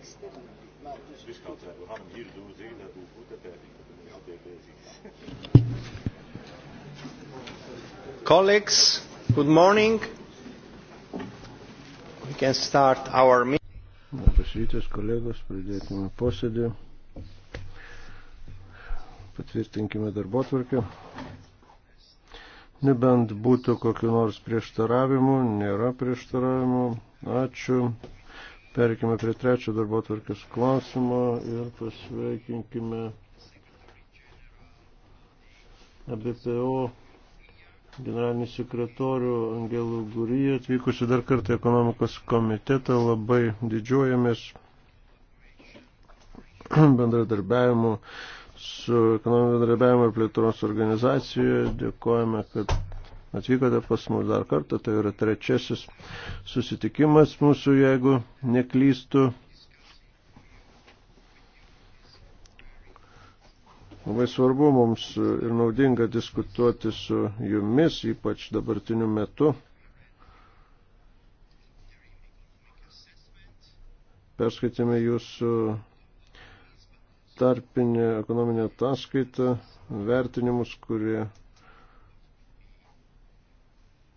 Dus kan zijn. We gaan hem hier doen zeggen dat hoe goed dat hij bezig Colleagues, good morning. We can start our meeting. Labas rytas, kolegos, pradėkime posėdį. Patvirtinkime darbo tvarkę. Nebent būtų kokiu nors prieštaravimu, nėra prieštaravimų. Ačiū. Perkime prie trečio darbo tvarkės klausimo ir pasveikinkime ABPO generalinį sekretorių Angelų Guriją atvykusi dar kartą ekonomikos komitetą. Labai didžiuojamės bendradarbiavimu su ekonominio bendradarbiavimo ir plėtros organizacijoje. Dėkojame, kad atvykote pas mus dar kartą, tai yra trečiasis susitikimas mūsų, jeigu neklystu. Labai svarbu mums ir naudinga diskutuoti su jumis, ypač dabartiniu metu. Perskaitėme jūsų tarpinę ekonominę ataskaitą, vertinimus, kurie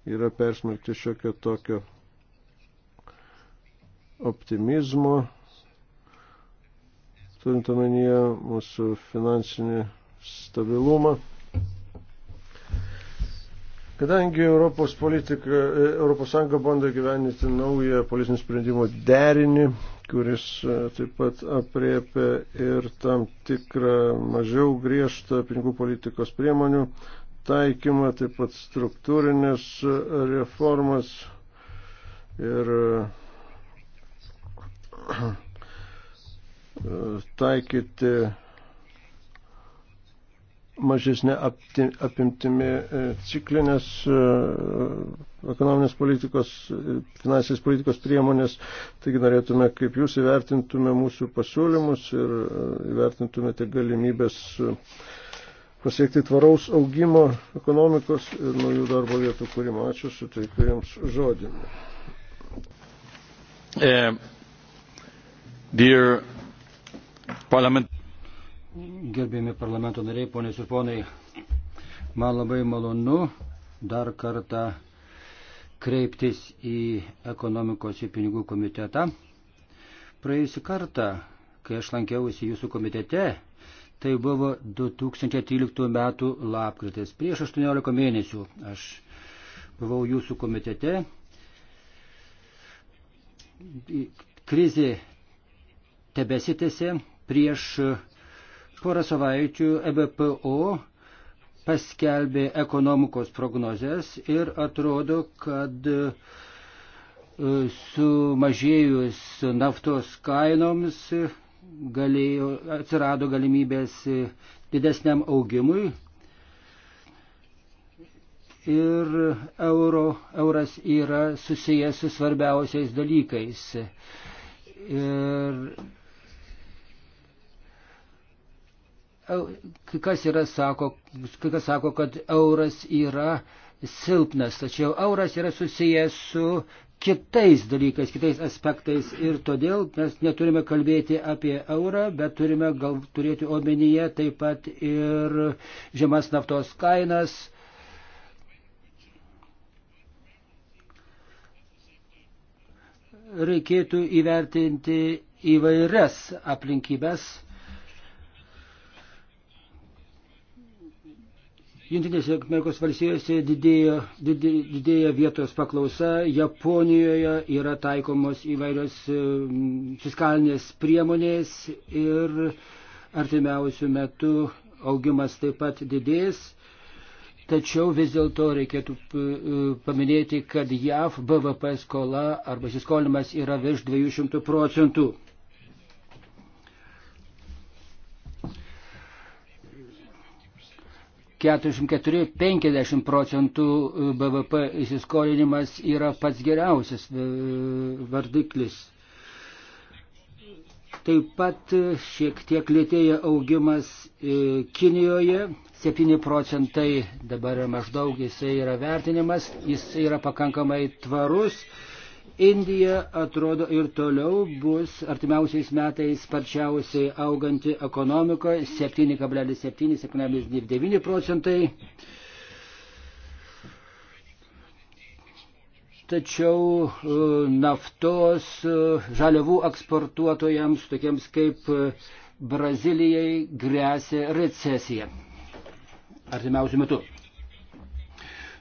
yra persmelkti šiokio tokio optimizmo, turint omenyje mūsų finansinį stabilumą. Kadangi Europos, politika, e, Europos Sąjunga bando gyveninti naują politinių sprendimų derinį, kuris e, taip pat apriepia ir tam tikrą mažiau griežtą pinigų politikos priemonių taikymą, taip pat struktūrinės reformas ir taikyti mažesnė apimtimi e, ciklinės e, ekonominės politikos, e, finansinės politikos priemonės. Taigi norėtume, kaip jūs įvertintume mūsų pasiūlymus ir įvertintumėte galimybės pasiekti tvaraus augimo ekonomikos ir naujų darbo vietų kūrimo. Ačiū, suteikiu Jums žodį. E, parlament... Gerbėmi parlamento nariai, ponės ir ponai, man labai malonu dar kartą kreiptis į ekonomikos ir pinigų komitetą. Praėjusį kartą, kai aš lankiausi jūsų komitete, Tai buvo 2013 metų lapkritis. Prieš 18 mėnesių aš buvau jūsų komitete. Krizė tebesitėse. Prieš porą savaičių EBPO paskelbė ekonomikos prognozes ir atrodo, kad e, sumažėjus naftos kainoms galėjo, atsirado galimybės didesniam augimui. Ir euro, euras yra susijęs su svarbiausiais dalykais. Ir kai kas, yra, sako, kai kas sako, kad euras yra silpnas, tačiau euras yra susijęs su kitais dalykais, kitais aspektais ir todėl mes neturime kalbėti apie eurą, bet turime gal turėti omenyje taip pat ir žemas naftos kainas. Reikėtų įvertinti įvairias aplinkybės Junktinėse Amerikos valstijose didėja, didėja vietos paklausa, Japonijoje yra taikomos įvairios e, fiskalinės priemonės ir artimiausių metų augimas taip pat didės. Tačiau vis dėlto reikėtų e, e, paminėti, kad JAV BVP skola arba įsiskolinimas yra virš 200 procentų. 44-50 procentų e, BVP įsiskolinimas yra pats geriausias e, vardiklis. Taip pat e, šiek tiek lėtėja augimas Kinijoje, 7 procentai dabar maždaug jisai yra vertinimas, jis yra pakankamai tvarus Indija atrodo ir toliau bus artimiausiais metais sparčiausiai auganti ekonomika 7,7-7,9 procentai. Tačiau e, naftos e, žaliavų eksportuotojams, tokiems kaip e, Brazilijai, grėsia recesija artimiausių metų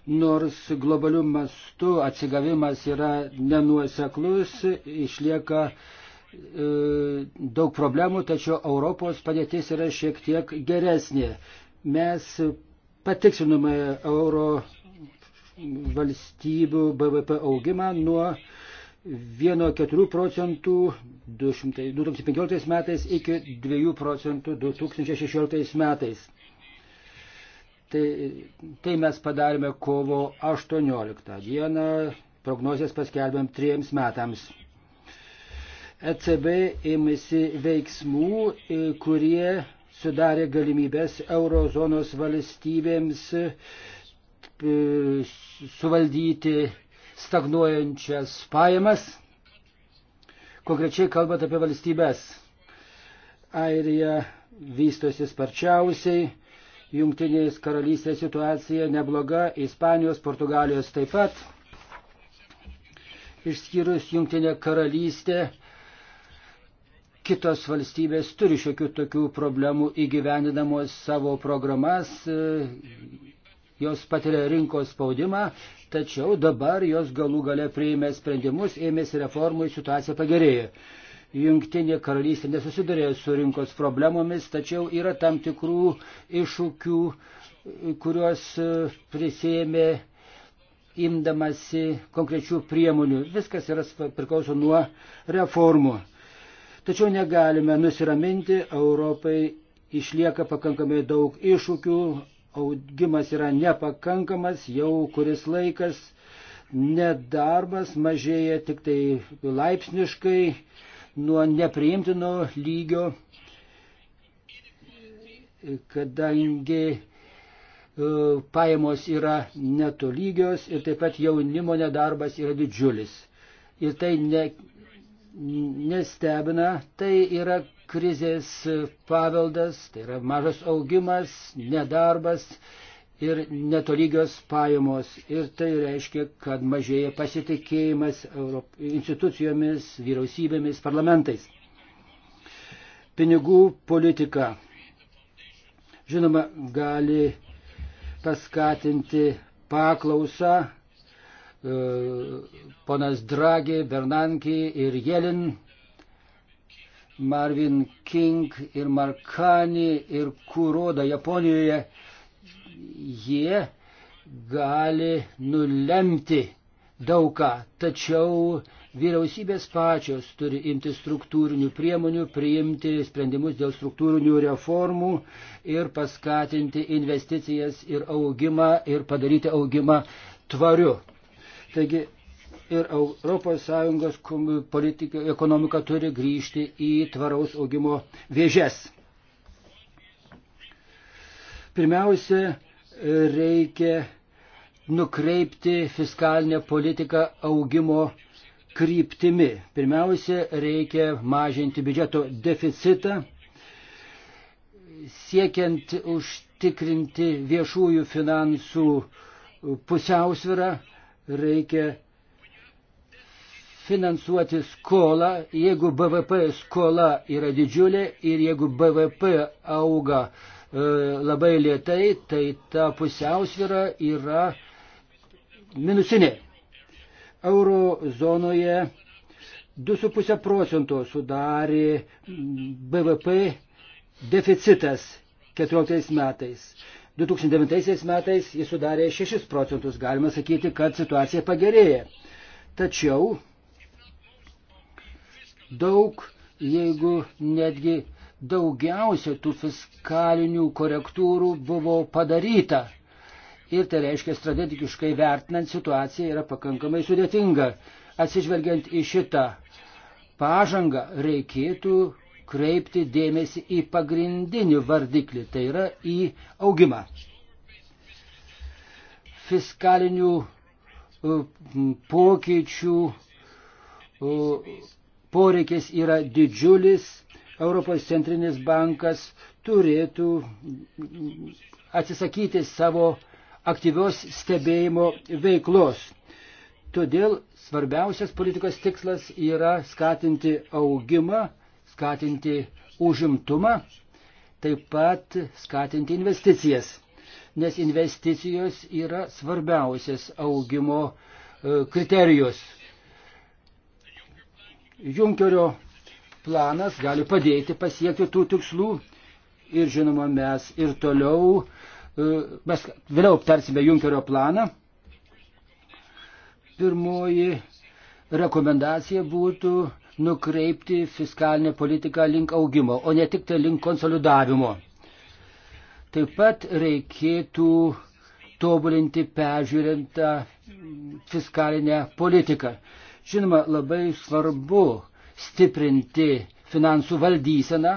nors globaliu mastu atsigavimas yra nenuoseklus, išlieka e, daug problemų, tačiau Europos padėtis yra šiek tiek geresnė. Mes patiksinome euro valstybių BVP augimą nuo 1,4 procentų 2015 metais iki 2 procentų 2016 metais. Tai, tai mes padarėme kovo 18 dieną, prognozijas paskelbėm triems metams. ECB ėmėsi veiksmų, e, kurie sudarė galimybės eurozonos valstybėms e, suvaldyti stagnuojančias pajamas, konkrečiai kalbant apie valstybės. Airija vystosi sparčiausiai, Jungtinės karalystės situacija nebloga, Ispanijos, Portugalijos taip pat. Išskyrus Jungtinę karalystę, kitos valstybės turi šiokių tokių problemų įgyvendinamos savo programas, jos patiria rinkos spaudimą, tačiau dabar jos galų gale priėmė sprendimus, ėmėsi reformų ir situacija pagerėjo. Jungtinė karalystė nesusidurė su rinkos problemomis, tačiau yra tam tikrų iššūkių, kuriuos e, prisėmė imdamasi konkrečių priemonių. Viskas yra priklauso nuo reformų. Tačiau negalime nusiraminti, Europai išlieka pakankamai daug iššūkių, augimas yra nepakankamas jau kuris laikas, nedarbas mažėja tik tai laipsniškai, nuo nepriimtino lygio, kadangi e, pajamos yra netolygios ir taip pat jaunimo nedarbas yra didžiulis. Ir tai ne, nestebina, tai yra krizės paveldas, tai yra mažas augimas, nedarbas, ir netolygios pajamos. Ir tai reiškia, kad mažėja pasitikėjimas Europ... institucijomis, vyriausybėmis, parlamentais. Pinigų politika, žinoma, gali paskatinti paklausą. E, ponas Dragi, Bernanki ir Jelin Marvin King ir Markani ir Kuroda Japonijoje jie gali nulemti daugą, tačiau vyriausybės pačios turi imti struktūrinių priemonių, priimti sprendimus dėl struktūrinių reformų ir paskatinti investicijas ir augimą ir padaryti augimą tvariu. Taigi ir ES politika, ekonomika turi grįžti į tvaraus augimo vėžes. Pirmiausia, reikia nukreipti fiskalinę politiką augimo kryptimi. Pirmiausia, reikia mažinti biudžeto deficitą, siekiant užtikrinti viešųjų finansų pusiausvirą, reikia finansuoti skolą, jeigu BVP skola yra didžiulė ir jeigu BVP auga E, labai lietai, tai ta pusiausvyra yra minusinė. Euro zonoje 2,5 procento sudarė BVP deficitas 14 metais. 2009 metais jis sudarė 6 procentus, galima sakyti, kad situacija pagerėja. Tačiau daug, jeigu netgi daugiausia tų fiskalinių korektūrų buvo padaryta. Ir tai reiškia strategiškai vertinant situaciją yra pakankamai sudėtinga. Atsižvelgiant į šitą pažangą reikėtų kreipti dėmesį į pagrindinį vardiklį, tai yra į augimą. Fiskalinių e, pokyčių e, poreikis yra didžiulis, Europos centrinis bankas turėtų atsisakyti savo aktyvios stebėjimo veiklos. Todėl svarbiausias politikos tikslas yra skatinti augimą, skatinti užimtumą, taip pat skatinti investicijas, nes investicijos yra svarbiausias augimo e, kriterijus. Junkerio planas gali padėti pasiekti tų tikslų. Ir žinoma, mes ir toliau, e, mes vėliau aptarsime Junkerio planą. Pirmoji rekomendacija būtų nukreipti fiskalinę politiką link augimo, o ne tik tai link konsolidavimo. Taip pat reikėtų tobulinti peržiūrintą fiskalinę politiką. Žinoma, labai svarbu, stiprinti finansų valdyseną,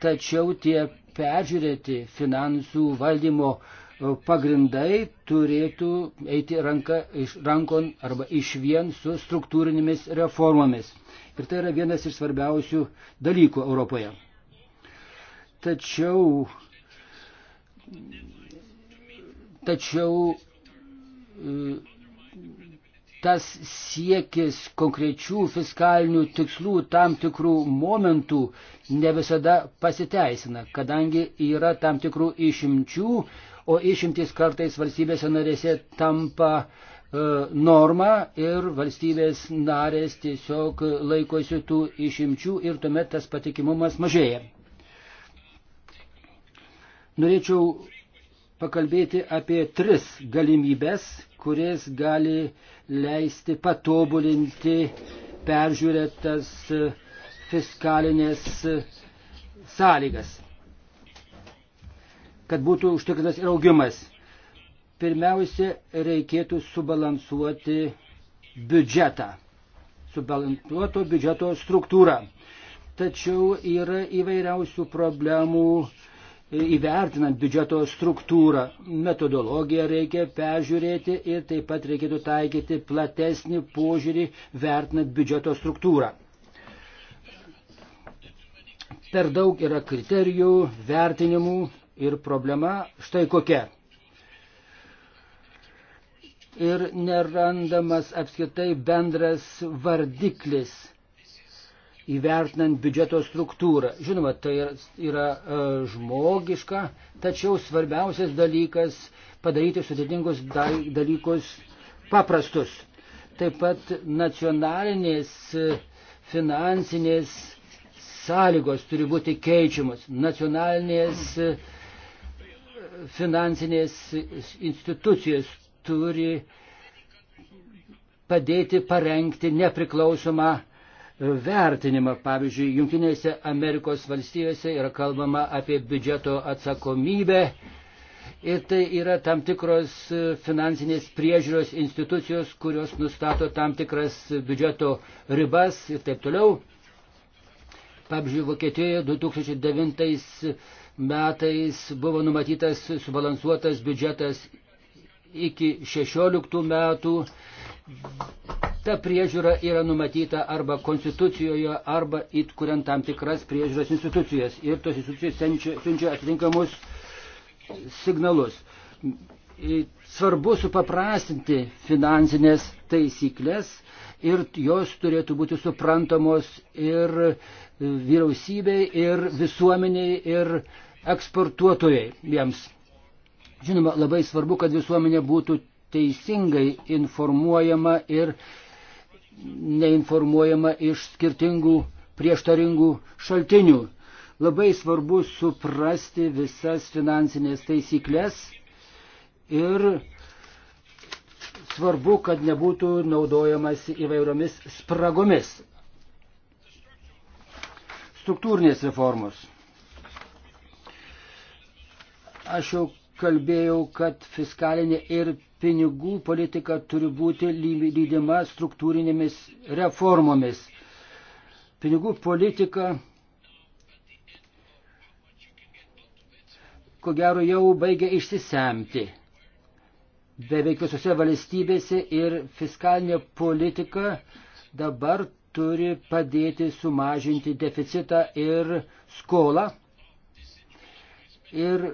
tačiau tie peržiūrėti finansų valdymo e, pagrindai turėtų eiti ranka, iš rankon arba iš vien su struktūrinėmis reformomis. Ir tai yra vienas iš svarbiausių dalykų Europoje. Tačiau, tačiau e, tas siekis konkrečių fiskalinių tikslų tam tikrų momentų ne visada pasiteisina, kadangi yra tam tikrų išimčių, o išimtis kartais valstybėse narėse tampa e, norma ir valstybės narės tiesiog laikosi tų išimčių ir tuomet tas patikimumas mažėja. Norėčiau pakalbėti apie tris galimybės, kuris gali leisti patobulinti peržiūrėtas fiskalinės sąlygas, kad būtų užtikrintas ir augimas. Pirmiausia, reikėtų subalansuoti biudžetą, subalansuoto biudžeto struktūrą. Tačiau yra įvairiausių problemų įvertinant biudžeto struktūrą, metodologiją reikia peržiūrėti ir taip pat reikėtų taikyti platesnį požiūrį vertinant biudžeto struktūrą. Per daug yra kriterijų, vertinimų ir problema štai kokia. Ir nerandamas apskritai bendras vardiklis įvertinant biudžeto struktūrą. Žinoma, tai yra, yra e, žmogiška, tačiau svarbiausias dalykas padaryti sudėtingus dalykus paprastus. Taip pat nacionalinės e, finansinės sąlygos turi būti keičiamos. Nacionalinės e, finansinės institucijos turi padėti parengti nepriklausomą uh, vertinimą. Pavyzdžiui, Junktinėse Amerikos valstijose yra kalbama apie biudžeto atsakomybę. Ir tai yra tam tikros e, finansinės priežiūros institucijos, kurios nustato tam tikras biudžeto ribas ir taip toliau. Pavyzdžiui, Vokietijoje 2009 metais buvo numatytas subalansuotas biudžetas iki 16 metų ta priežiūra yra numatyta arba konstitucijoje, arba įtkuriant tam tikras priežiūros institucijas. Ir tos institucijos siunčia atitinkamus signalus. Svarbu supaprastinti finansinės taisyklės ir jos turėtų būti suprantamos ir vyriausybei, ir visuomeniai, ir eksportuotojai jiems. Žinoma, labai svarbu, kad visuomenė būtų teisingai informuojama ir neinformuojama iš skirtingų prieštaringų šaltinių. Labai svarbu suprasti visas finansinės taisyklės ir svarbu, kad nebūtų naudojamas įvairiomis spragomis. Struktūrinės reformos. Aš jau kalbėjau, kad fiskalinė ir pinigų politika turi būti lydima struktūrinėmis reformomis. Pinigų politika, ko gero, jau baigia išsisemti. Beveik visose valstybėse ir fiskalinė politika dabar turi padėti sumažinti deficitą ir skolą. Ir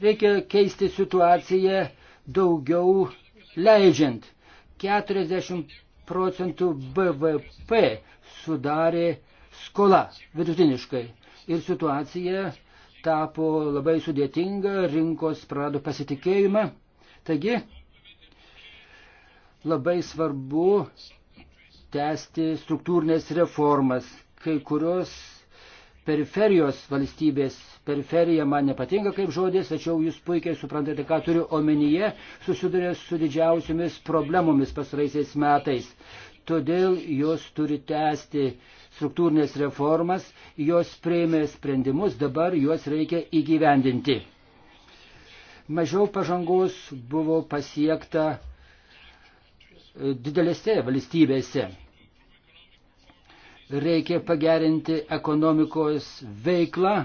Reikia keisti situaciją daugiau leidžiant. 40 procentų BVP sudarė skola vidutiniškai. Ir situacija tapo labai sudėtinga, rinkos prarado pasitikėjimą. Taigi, labai svarbu tęsti struktūrinės reformas, kai kurios periferijos valstybės. Periferija man nepatinka kaip žodis, tačiau jūs puikiai suprantate, ką turiu omenyje, susidurė su didžiausiamis problemomis pasraisiais metais. Todėl jos turi tęsti struktūrinės reformas, jos prieimė sprendimus, dabar juos reikia įgyvendinti. Mažiau pažangos buvo pasiekta didelėse valstybėse reikia pagerinti ekonomikos veiklą,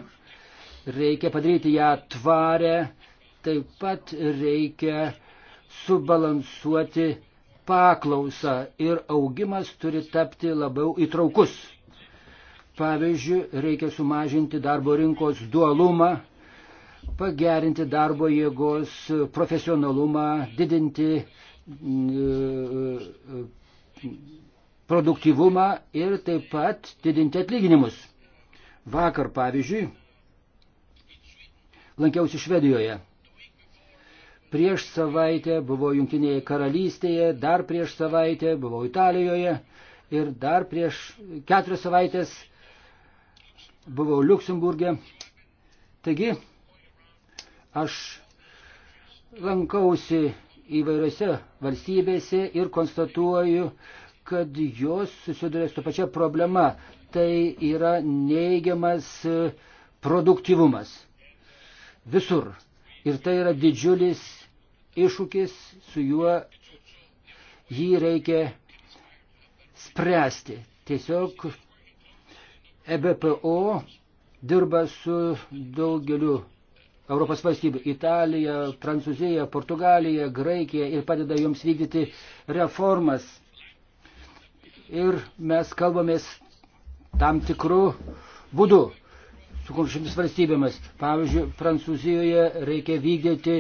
reikia padaryti ją tvarę, taip pat reikia subalansuoti paklausą ir augimas turi tapti labiau įtraukus. Pavyzdžiui, reikia sumažinti darbo rinkos dualumą, pagerinti darbo jėgos profesionalumą, didinti mm, e, e, produktyvumą ir taip pat didinti atlyginimus. Vakar, pavyzdžiui, lankiausi Švedijoje. Prieš savaitę buvau Junktinėje karalystėje, dar prieš savaitę buvau Italijoje ir dar prieš keturias savaitės buvau Luksemburgė. Taigi, aš lankausi įvairiose valstybėse ir konstatuoju, kad jos susiduria su pačia problema. Tai yra neigiamas e, produktyvumas. Visur. Ir tai yra didžiulis iššūkis, su juo jį reikia spręsti. Tiesiog EBPO dirba su daugeliu Europos valstybių - Italija, Prancūzija, Portugalija, Graikija ir padeda joms vykdyti reformas ir mes kalbamės tam tikrų būdų su kuršimis valstybėmis. Pavyzdžiui, Prancūzijoje reikia vykdyti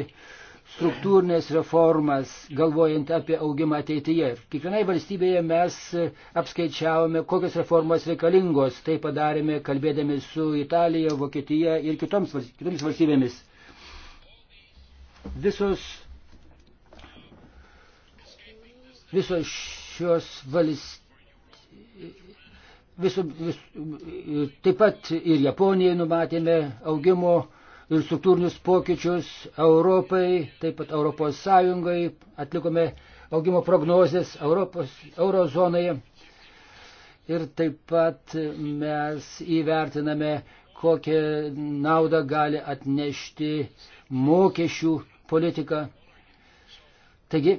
struktūrinės reformas, galvojant apie augimą ateityje. Ir kiekvienai valstybėje mes apskaičiavome, kokios reformos reikalingos. Tai padarėme kalbėdami su Italija, Vokietija ir kitoms, kitoms valstybėmis. Visos, visos šios valstybės visų, vis, taip pat ir Japonijai numatėme augimo ir struktūrinius pokyčius, Europai, taip pat Europos Sąjungai atlikome augimo prognozes Europos, Eurozonoje. Ir taip pat mes įvertiname, kokią naudą gali atnešti mokesčių politika. Taigi,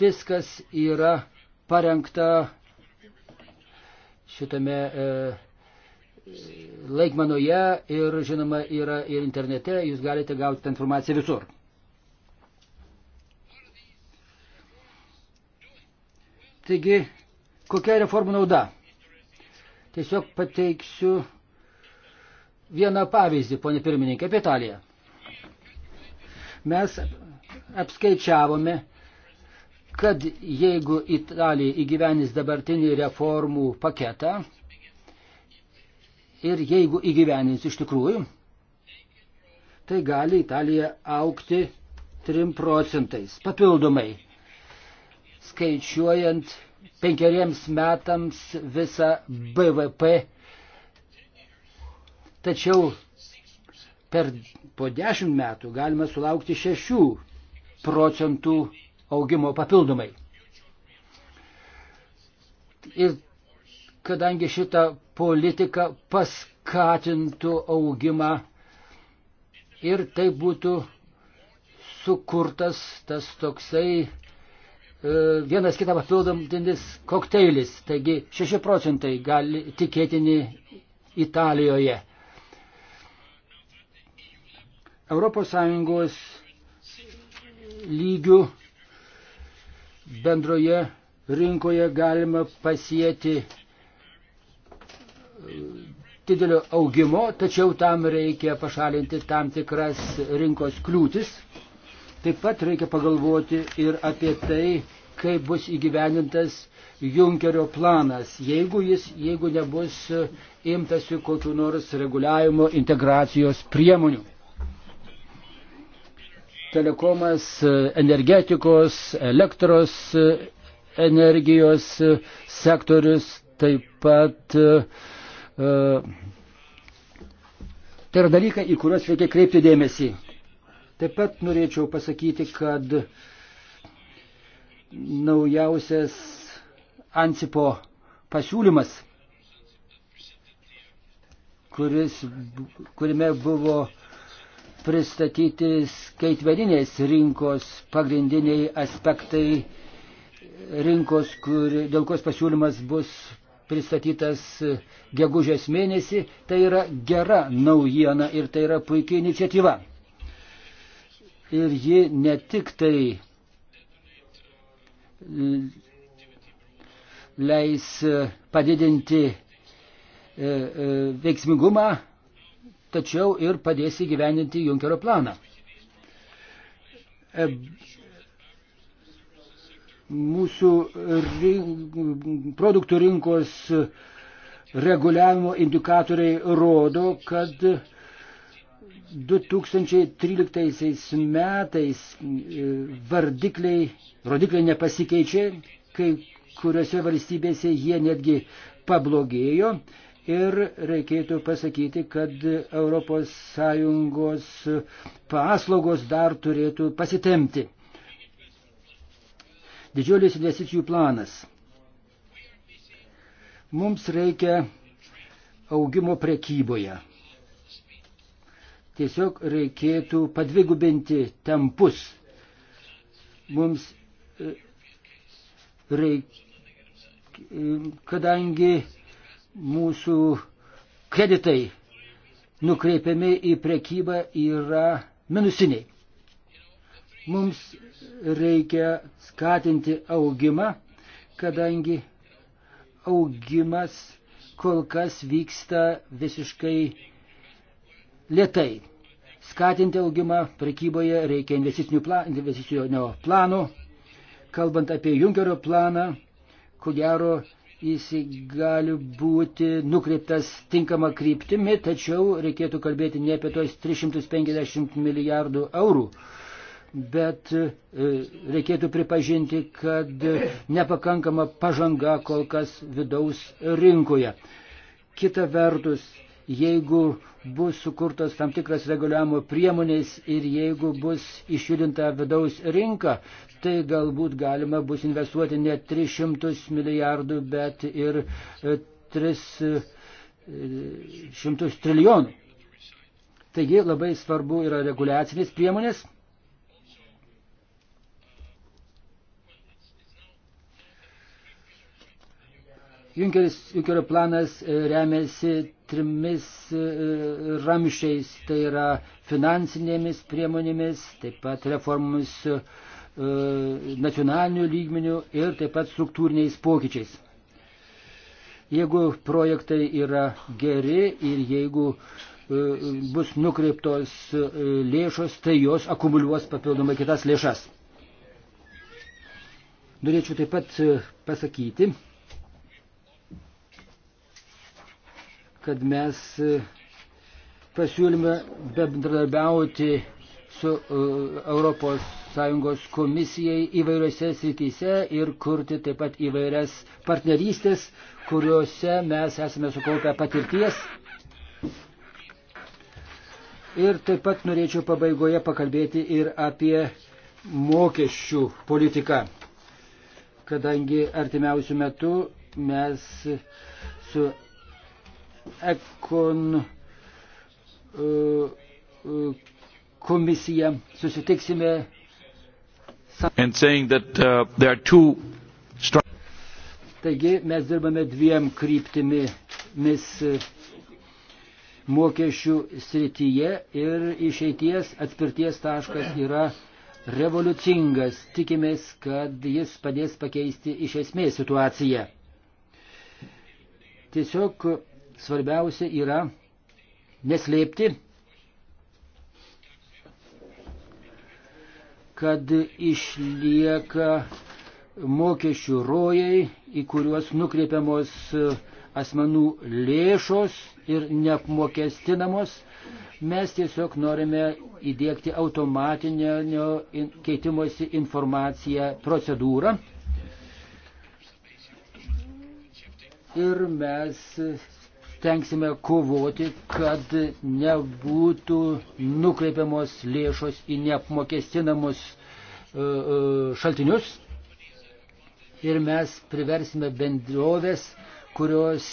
viskas yra parengta šitame e, laikmanoje ir, žinoma, yra ir internete, jūs galite gauti tą informaciją visur. Taigi, kokia reformų nauda? Tiesiog pateiksiu vieną pavyzdį, ponė pirmininkė, apie Italiją. Mes apskaičiavome, kad jeigu Italija įgyvenys dabartinį reformų paketą ir jeigu įgyvenys iš tikrųjų, tai gali Italija aukti 3 procentais papildomai, skaičiuojant penkeriems metams visą BVP. Tačiau per po 10 metų galima sulaukti 6 procentų augimo papildomai. Ir kadangi šita politika paskatintų augimą ir tai būtų sukurtas tas toksai e, vienas kitą papildomantis kokteilis. Taigi 6 procentai gali tikėtini Italijoje. ES lygių bendroje rinkoje galima pasieti e, didelio augimo, tačiau tam reikia pašalinti tam tikras rinkos kliūtis. Taip pat reikia pagalvoti ir apie tai, kaip bus įgyvenintas Junkerio planas, jeigu, jis, jeigu nebus e, imtasi kokiu nors reguliavimo integracijos priemonių telekomas, energetikos, elektros energijos sektorius, taip pat e, tai yra dalykai, į kuriuos reikia kreipti dėmesį. Taip pat norėčiau pasakyti, kad naujausias Ansipo pasiūlymas, kuris, kuriame buvo uh, pristatyti skaitmeninės rinkos pagrindiniai aspektai, rinkos, kur, dėl kos pasiūlymas bus pristatytas gegužės mėnesį. Tai yra gera naujiena ir tai yra puikia iniciatyva. Ir ji ne tik tai leis padidinti e, e, veiksmingumą tačiau ir padės įgyveninti Junkerio planą. E, mūsų rink, produktų rinkos reguliavimo indikatoriai rodo, kad 2013 metais e, vardikliai, rodikliai nepasikeičia, kai kuriuose valstybėse jie netgi pablogėjo. Ir reikėtų pasakyti, kad ES paslaugos dar turėtų pasitemti. Didžiulis investicijų planas. Mums reikia augimo prekyboje. Tiesiog reikėtų padvigubinti tempus. Mums e, reikia, e, kadangi mūsų kreditai nukreipiami į prekybą yra minusiniai. Mums reikia skatinti augimą, kadangi augimas kol kas vyksta visiškai lietai. Skatinti augimą prekyboje reikia investicinio plan, planų. Kalbant apie Junkerio planą, ko gero jis gali būti nukreiptas tinkama kryptimi, tačiau reikėtų kalbėti ne apie tos 350 milijardų eurų. Bet e, reikėtų pripažinti, kad nepakankama pažanga kol kas vidaus rinkoje. Kita vertus, jeigu bus sukurtos tam tikras reguliavimo priemonės ir jeigu bus išjudinta vidaus rinka, tai galbūt galima bus investuoti ne 300 milijardų, bet ir 300 e, e, trilijonų. Taigi labai svarbu yra reguliacinės priemonės Junkerio planas e, remiasi trimis e, ramšiais, tai yra finansinėmis priemonėmis, taip pat reformomis e, nacionalinių lygmenių ir taip pat struktūriniais pokyčiais. Jeigu projektai yra geri ir jeigu bus nukreiptos lėšos, tai jos akumuliuos papildomai kitas lėšas. Norėčiau taip pat pasakyti, kad mes e, pasiūlyme bendradarbiauti su ES komisijai įvairiose srityse ir kurti taip pat įvairias partnerystės, kuriuose mes esame sukaupę patirties. Ir taip pat norėčiau pabaigoje pakalbėti ir apie mokesčių politiką, kadangi artimiausių metų mes su Ekon e, e, komisija susitiksime. That, uh, Taigi mes dirbame dviem kryptimis e, mokesčių srityje ir išeities atspirties taškas yra revoliucingas. Tikimės, kad jis padės pakeisti iš esmės situaciją. Tiesiog Svarbiausia yra neslėpti, kad išlieka mokesčių rojai, į kuriuos nukreipiamos asmenų lėšos ir neapmokestinamos. Mes tiesiog norime įdėkti automatinio keitimosi informaciją procedūrą. Ir mes stengsime kovoti, kad nebūtų nukreipiamos lėšos į neapmokestinamus e, e, šaltinius. Ir mes priversime bendrovės, kurios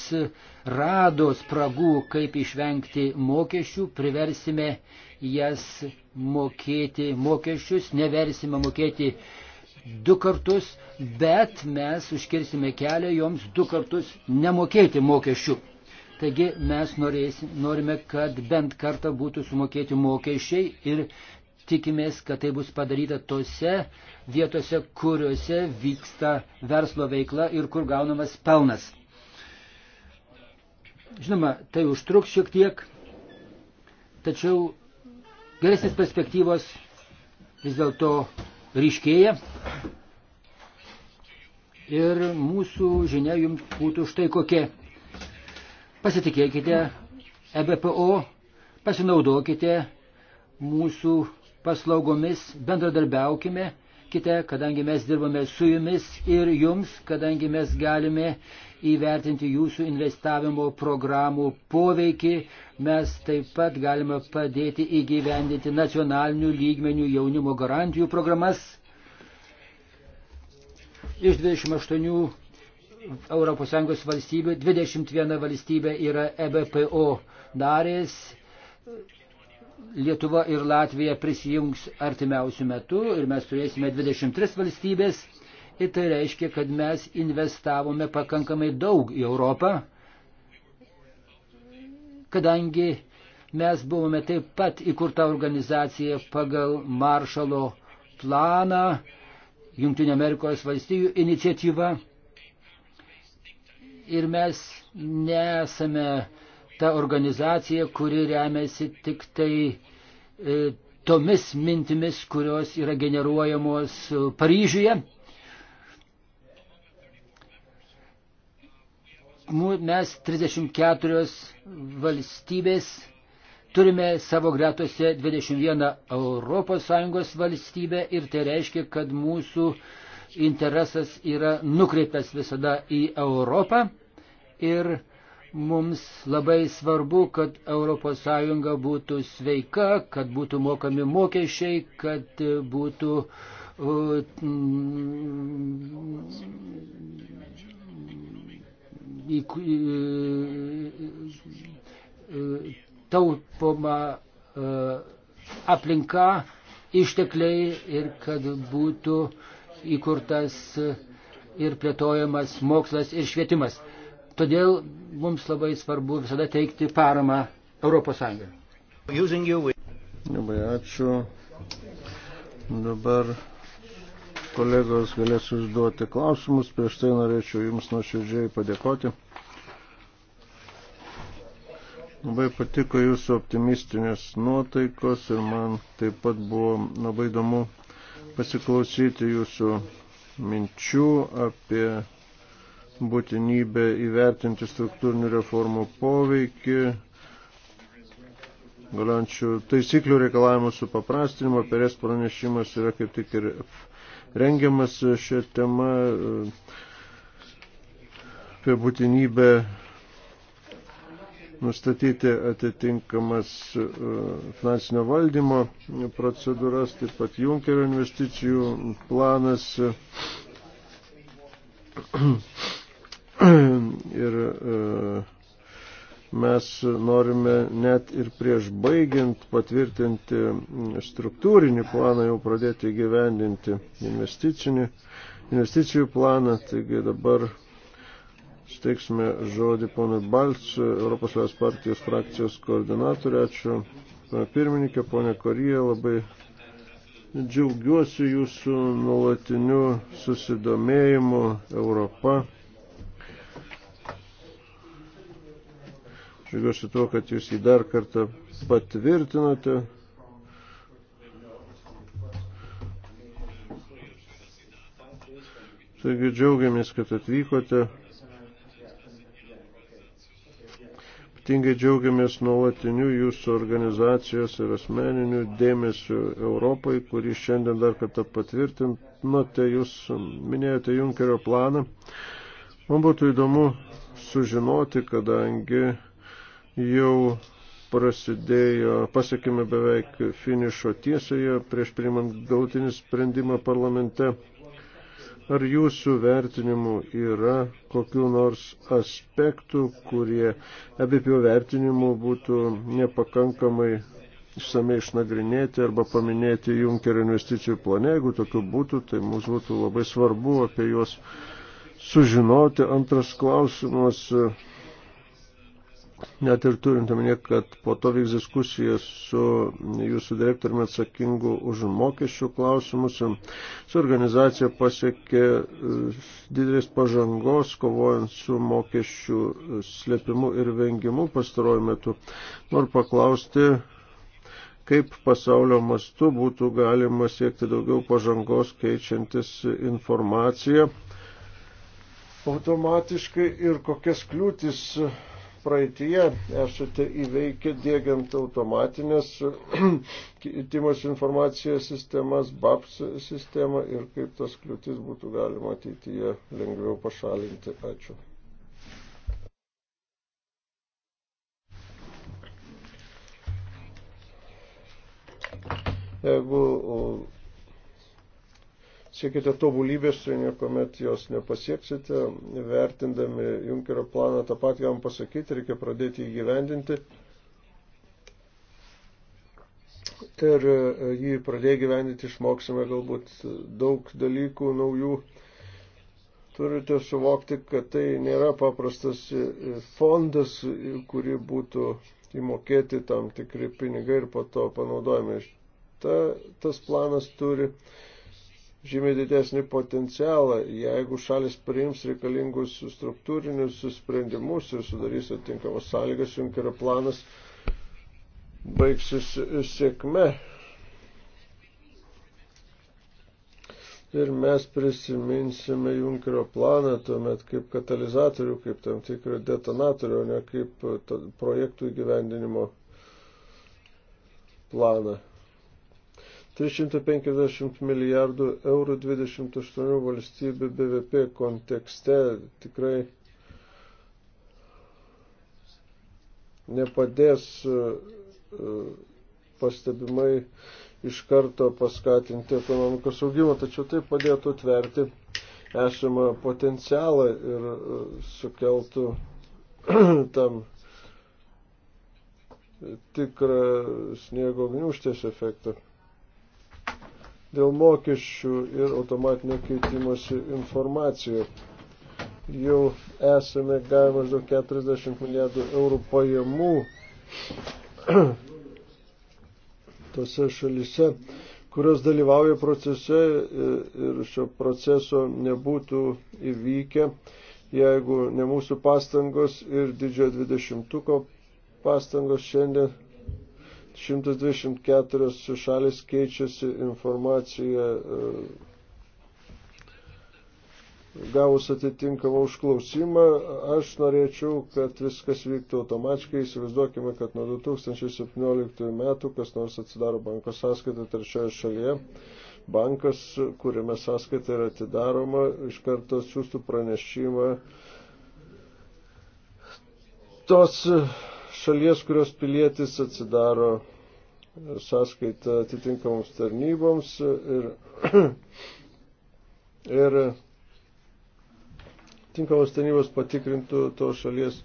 rado spragų, kaip išvengti mokesčių, priversime jas mokėti mokesčius, neversime mokėti du kartus, bet mes užkirsime kelią joms du kartus nemokėti mokesčių. Taigi mes norėsim, norime, kad bent kartą būtų sumokėti mokesčiai ir tikimės, kad tai bus padaryta tose vietose, kuriuose vyksta verslo veikla ir kur gaunamas pelnas. Žinoma, tai užtruks šiek tiek, tačiau geresnis perspektyvos vis dėlto ryškėja. Ir mūsų žinia jums būtų štai kokia. Pasitikėkite EBPO, pasinaudokite mūsų paslaugomis, bendradarbiaukime kite, kadangi mes dirbame su jumis ir jums, kadangi mes galime įvertinti jūsų investavimo programų poveikį, mes taip pat galime padėti įgyvendinti nacionalinių lygmenių jaunimo garantijų programas. Iš 28 ES valstybių, 21 valstybė yra EBPO narės. Lietuva ir Latvija prisijungs artimiausių metų ir mes turėsime 23 valstybės. Ir tai reiškia, kad mes investavome pakankamai daug į Europą, kadangi mes buvome taip pat įkurta organizacija pagal maršalo planą Junktinio Amerikos valstybių iniciatyvą ir mes nesame ta organizacija, kuri remiasi tik tai e, tomis mintimis, kurios yra generuojamos e, Paryžiuje. Mes 34 valstybės turime savo gretose 21 ES valstybę ir tai reiškia, kad mūsų e, interesas yra nukreiptas visada į Europą ir mums labai svarbu, kad ES būtų sveika, kad būtų mokami mokesčiai, kad būtų uh, mm, taupoma uh, aplinka, ištekliai ir kad būtų uh, įkurtas ir plėtojamas mokslas ir švietimas. Todėl mums labai svarbu visada teikti paramą Europos Sąjungai. Labai ačiū. Dabar kolegos galės užduoti klausimus. Prieš tai norėčiau Jums nuoširdžiai padėkoti. Labai patiko Jūsų optimistinės nuotaikos ir man taip pat buvo labai įdomu pasiklausyti jūsų minčių apie būtinybę įvertinti struktūrinių reformų poveikį, galiančių taisyklių reikalavimų supaprastinimo, perės pranešimas yra kaip tik ir rengiamas šią temą apie būtinybę nustatyti atitinkamas e, finansinio valdymo procedūras, taip pat Junkerio investicijų planas e, ir e, mes norime net ir prieš baigiant patvirtinti struktūrinį planą jau pradėti gyvendinti investicinį, investicijų planą, taigi dabar Steiksime žodį ponui Balts, Europos Liaus partijos frakcijos koordinatoriui. Ačiū, ponė pirmininkė, ponė Korija, labai džiaugiuosi jūsų nuolatiniu susidomėjimu Europą. Džiaugiuosi tuo, kad jūs jį dar kartą patvirtinote. Taigi džiaugiamės, kad atvykote. Ypatingai džiaugiamės nuolatiniu jūsų organizacijos ir asmeniniu dėmesiu Europai, kurį šiandien dar kartą patvirtinote, jūs minėjote Junkerio planą. Man būtų įdomu sužinoti, kadangi jau prasidėjo, pasiekime beveik finišo tiesioje prieš priimant galutinį sprendimą parlamente. Ar jūsų vertinimu yra kokiu nors aspektų, kurie abipio vertinimu būtų nepakankamai išsamei išnagrinėti arba paminėti Junkerio investicijų plane, jeigu tokių būtų, tai mums būtų labai svarbu apie juos sužinoti. Antras klausimas net ir turint omenyje, kad po to vyks diskusija su jūsų direktoriumi atsakingu už mokesčių klausimus, su organizacija pasiekė e, didelės pažangos, kovojant su mokesčių slėpimu ir vengimu pastaruoju metu. Noriu paklausti, kaip pasaulio mastu būtų galima siekti daugiau pažangos keičiantis informaciją automatiškai ir kokias kliūtis praeitie esate įveikę dėgiant automatinės keitimas informacija sistemas, BAPS sistemą ir kaip tas kliūtis būtų galima ateityje lengviau pašalinti. Ačiū. Jeigu siekite tobulybės ir tai niekuomet jos nepasieksite. Vertindami Junkerio planą tą patį jam pasakyti, reikia pradėti įgyvendinti. Ir e, jį pradėję gyvendinti išmoksime galbūt daug dalykų naujų. Turite suvokti, kad tai nėra paprastas e, fondas, kuri būtų įmokėti tam tikri pinigai ir po to panaudojami. Ta, tas planas turi uh, žymiai didesnį potencialą, jeigu šalis priims reikalingus struktūrinius sprendimus ir sudarys atitinkamas sąlygas, Junkerio planas baigsis sėkme. Ir mes prisiminsime Junkerio planą tuomet kaip katalizatorių, kaip tam tikrą detonatorių, o ne kaip projektų įgyvendinimo planą. 350 milijardų eurų 28 valstybių BVP kontekste tikrai nepadės e, pastebimai iš karto paskatinti ekonomikos augimą, tačiau tai padėtų tverti esamą potencialą ir e, sukeltų tam tikrą sniego gniuštės efektą dėl mokesčių ir automatinio keitimosi informacijoje. Jau esame gavę maždaug 40 milijardų eurų pajamų tose šalise, kurios dalyvauja procese e, ir šio proceso nebūtų įvykę, jeigu ne mūsų pastangos ir didžiojo dvidešimtuko pastangos šiandien 124 šalis keičiasi informaciją e, gavus atitinkamą užklausimą, aš norėčiau, kad viskas vyktų automatiškai. Įsivaizduokime, kad nuo 2017 metų kas nors atsidaro banko sąskaitą trečioje šalyje. Bankas, kuriame sąskaita yra atidaroma, iš karto siūstų pranešimą tos šalies, kurios pilietis atsidaro sąskaitą atitinkamoms tarnyboms ir, ir tinkamos tarnybos patikrintų to šalies,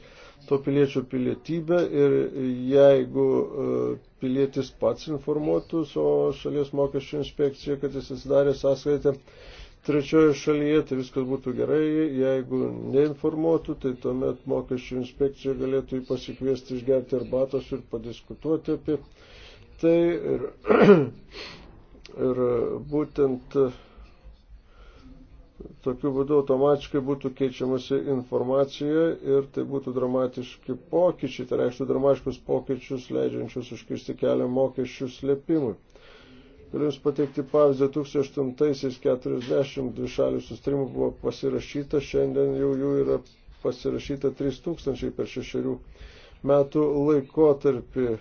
to piliečio pilietybę ir jeigu e, pilietis pats informuotų savo šalies mokesčių inspekciją, kad jis atsidarė sąskaitę trečioje šalyje, tai viskas būtų gerai, jeigu neinformuotų, tai tuomet mokesčių inspekcija galėtų jį pasikviesti išgerti arbatos ir padiskutuoti apie tai ir, ir būtent e, tokiu būdu automatiškai būtų keičiamasi informacija ir tai būtų dramatiški pokyčiai, tai reikštų dramatiškus pokyčius, leidžiančius užkirsti kelią mokesčių slėpimui. Galiu Jums pateikti pavyzdį, 1840 dvišalių sustrimų buvo pasirašyta, šiandien jau jų yra pasirašyta 3000 per šešerių metų laikotarpį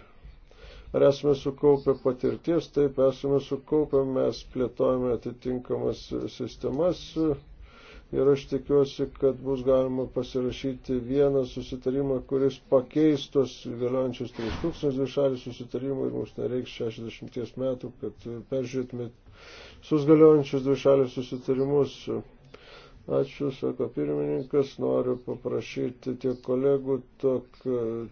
ar esame sukaupę patirties, taip esame sukaupę, mes plėtojame atitinkamas sistemas ir aš tikiuosi, kad bus galima pasirašyti vieną susitarimą, kuris pakeistos galiojančius 3000 dvišalį susitarimą ir mums nereiks 60 metų, kad peržiūrėtume visus galiojančius dvišalius susitarimus Ačiū, sako pirmininkas, noriu paprašyti tiek kolegų, tiek,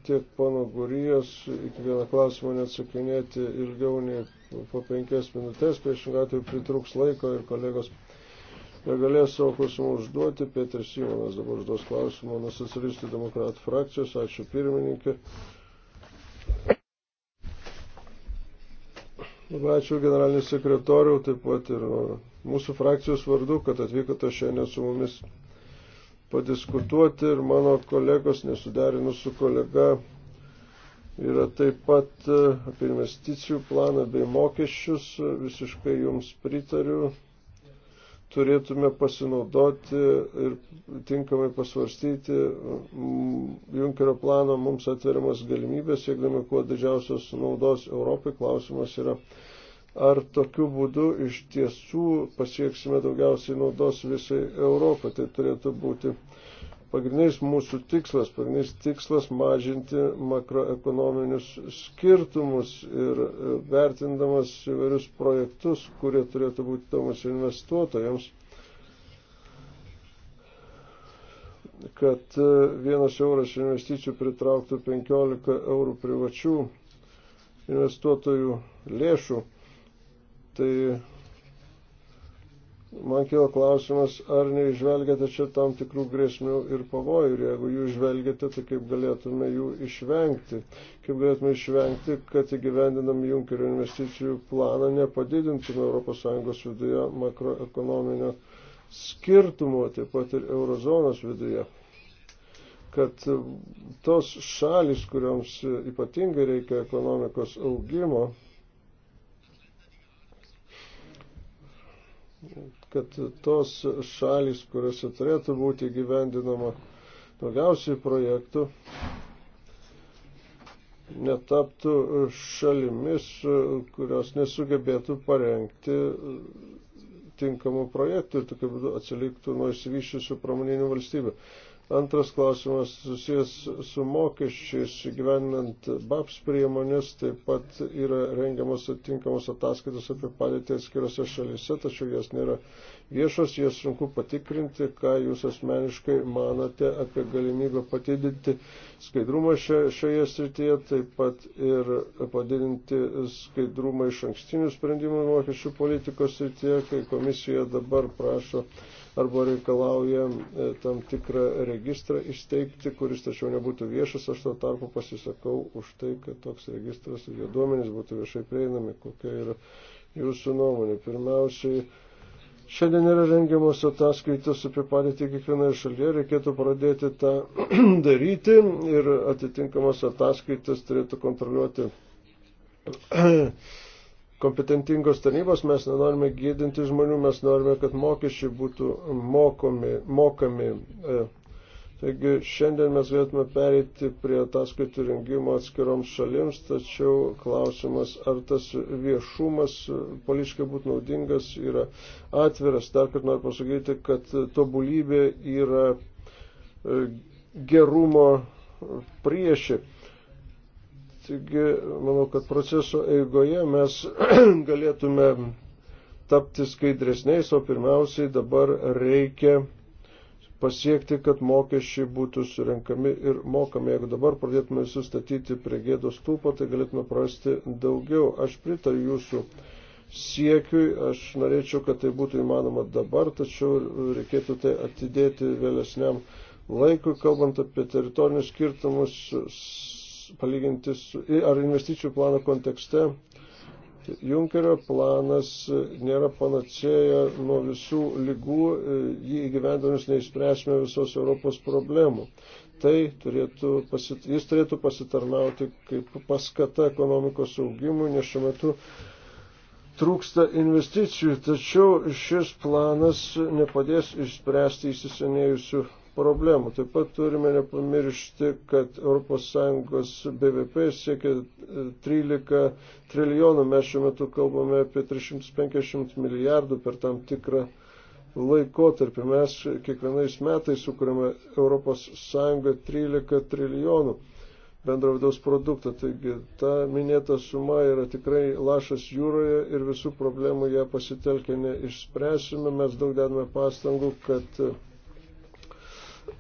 tiek pono Gurijos iki vieną klausimą neatsakinėti ilgiau nei po penkias minutės, priešingą atveju pritrūks laiko ir kolegos negalės savo klausimų užduoti. Petris Simonas dabar užduos klausimą nuo socialistų demokratų frakcijos. Ačiū pirmininkė. Labai ačiū generalinį sekretorių, taip pat ir mūsų frakcijos vardu, kad atvykote šiandien su mumis padiskutuoti ir mano kolegos nesuderinus su kolega yra taip pat e, apie investicijų planą bei mokesčius. E, visiškai jums pritariu. Turėtume pasinaudoti ir tinkamai pasvarstyti Junkerio plano mums atveriamas galimybės, siekdami kuo didžiausios naudos Europai. Klausimas yra ar tokiu būdu iš tiesų pasieksime daugiausiai naudos visai Europai. Tai turėtų būti pagrindinis mūsų tikslas, pagrindinis tikslas mažinti makroekonominius skirtumus ir e, vertindamas įvairius projektus, kurie turėtų būti įdomus investuotojams, kad e, vienas euras investicijų pritrauktų 15 eurų privačių investuotojų lėšų tai man kilo klausimas, ar neižvelgiate čia tam tikrų grėsmių ir pavojų, ir jeigu jų žvelgiate, tai kaip galėtume jų išvengti, kaip galėtume išvengti, kad įgyvendinam Junkerio investicijų planą nepadidintume ES viduje makroekonominio skirtumo, taip pat ir eurozonos viduje kad tos šalis, kuriams ypatingai reikia ekonomikos augimo, kad tos šalis, kuriuose turėtų būti gyvendinama daugiausiai projektų, netaptų šalimis, kurios nesugebėtų parengti tinkamų projektų ir tokiu būdu atsiliktų nuo įsivyščiusių pramoninių valstybių. Antras klausimas susijęs su mokesčiais, gyvenant BAPS priemonės, taip pat yra rengiamas atinkamos ataskaitos apie padėtį atskirose šalyse, tačiau jas nėra viešos, jas sunku patikrinti, ką jūs asmeniškai manote apie galimybę patidinti skaidrumą šioje srityje, taip pat ir padidinti skaidrumą iš ankstinių sprendimų mokesčių politikos srityje, kai komisija dabar prašo arba reikalauja e, tam tikrą registrą įsteigti, kuris tačiau nebūtų viešas. Aš tuo tarpu pasisakau už tai, kad toks registras ir jo duomenys būtų viešai prieinami. Kokia yra jūsų nuomonė? Pirmiausiai, Šiandien yra rengiamos ataskaitos apie padėtį kiekvienoje šalyje, reikėtų pradėti tą daryti ir atitinkamas ataskaitas turėtų kontroliuoti kompetentingos tarnybos, mes nenorime gydinti žmonių, mes norime, kad mokesčiai būtų mokomi, mokami. E. Taigi šiandien mes galėtume pereiti prie ataskaitų rengimo atskiroms šalims, tačiau klausimas, ar tas viešumas politiškai būtų naudingas, yra atviras. Dar kartą noriu pasakyti, kad tobulybė yra e, gerumo priešė. Taigi, manau, kad proceso eigoje mes galėtume tapti skaidresniais, o pirmiausiai dabar reikia pasiekti, kad mokesčiai būtų surenkami ir mokami. Jeigu dabar pradėtume sustatyti prie gėdos tūpo, tai galėtume prasti daugiau. Aš pritariu jūsų siekiui, aš norėčiau, kad tai būtų įmanoma dabar, tačiau reikėtų tai atidėti vėlesniam laikui, kalbant apie teritorinius skirtumus palyginti su, ar investicijų plano kontekste, Junkerio planas e, nėra panacėja nuo visų lygų, e, jį įgyvendinus neišspręsime visos Europos problemų. Tai turėtų pasit, jis turėtų pasitarnauti kaip paskata ekonomikos augimui, nes šiuo metu trūksta investicijų, tačiau šis planas nepadės išspręsti įsisenėjusių problemų. Taip pat turime nepamiršti, kad ES BVP siekia 13 e, trilijonų, mes šiuo metu kalbame apie 350 milijardų per tam tikrą laikotarpį. Mes kiekvienais metais sukūrėme ES 13 trilijonų bendro vidaus produkto. Taigi ta minėta suma yra tikrai lašas jūroje ir visų problemų ją pasitelkę neišspręsime. Mes daug dedame pastangų, kad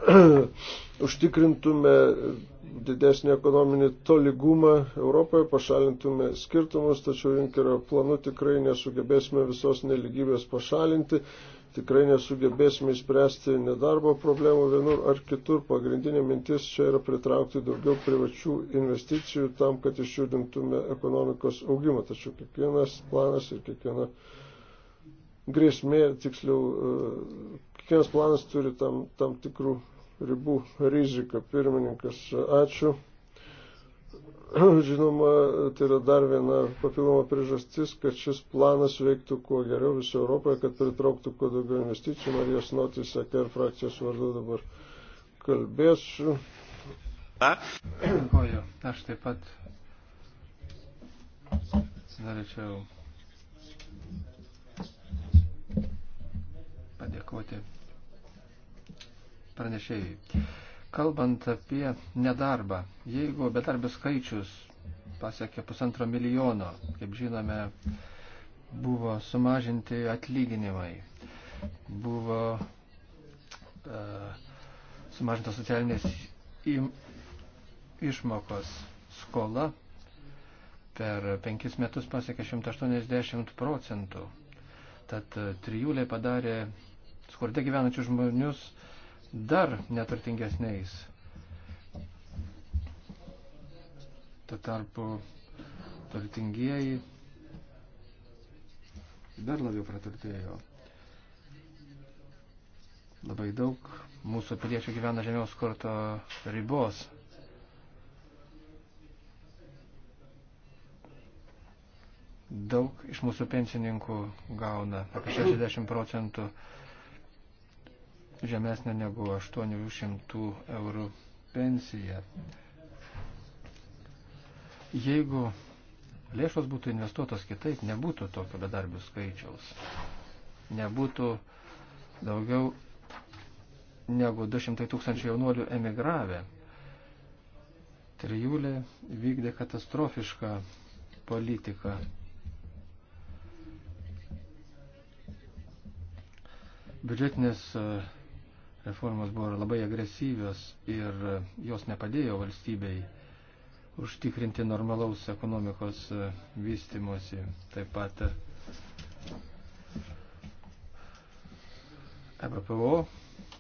užtikrintume didesnį ekonominį tolygumą Europoje, pašalintume skirtumus, tačiau Junkerio planu tikrai nesugebėsime visos neligybės pašalinti, tikrai nesugebėsime įspręsti nedarbo problemų vienur ar kitur. Pagrindinė mintis čia yra pritraukti daugiau privačių investicijų tam, kad išjudintume ekonomikos augimą. Tačiau kiekvienas planas ir kiekviena grėsmė, tiksliau, e, kiekvienas planas turi tam, tam tikrų ribų riziką. Pirmininkas, ačiū. Žinoma, tai yra dar viena papildoma priežastis, kad šis planas veiktų kuo geriau viso Europoje, kad pritrauktų kuo daugiau investicijų. Marijos Notis, AKR frakcijos vardu dabar kalbėsiu. Dėkoju. Aš taip pat norėčiau padėkoti pranešėjai. Kalbant apie nedarbą, jeigu bedarbių skaičius pasiekė pusantro milijono, kaip žinome, buvo sumažinti atlyginimai, buvo e, sumažintos socialinės im, išmokos skola per penkis metus pasiekė 180 procentų. Tad e, trijulė padarė skurde gyvenančius žmonius dar neturtingesniais. Tuo tarpu turtingieji dar labiau praturtėjo. Labai daug mūsų piliečių gyvena žemiaus skurto ribos. Daug iš mūsų pensininkų gauna apie 60 procentų žemesnė negu 800 eurų pensija. Jeigu lėšos būtų investuotos kitaip, nebūtų tokio bedarbių skaičiaus. Nebūtų daugiau negu 200 tūkstančių jaunuolių emigravę. Trijulė vykdė katastrofišką politiką. Biudžetinės uh, reformos buvo labai agresyvios ir jos nepadėjo valstybei užtikrinti normalaus ekonomikos e, vystimosi. Taip pat EBPO e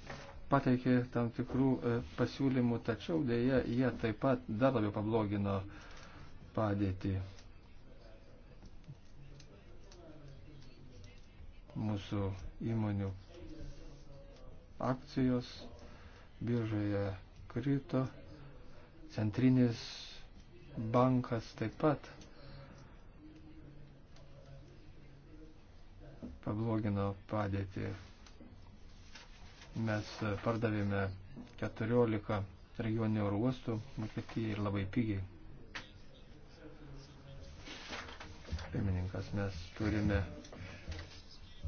pateikė tam tikrų e, pasiūlymų, tačiau dėja jie taip pat dar labiau pablogino padėtį. mūsų įmonių akcijos biržoje krito, centrinis bankas taip pat pablogino padėtį. Mes pardavėme 14 regioninių oro uostų Vokietijai ir labai pigiai. Pirmininkas, mes turime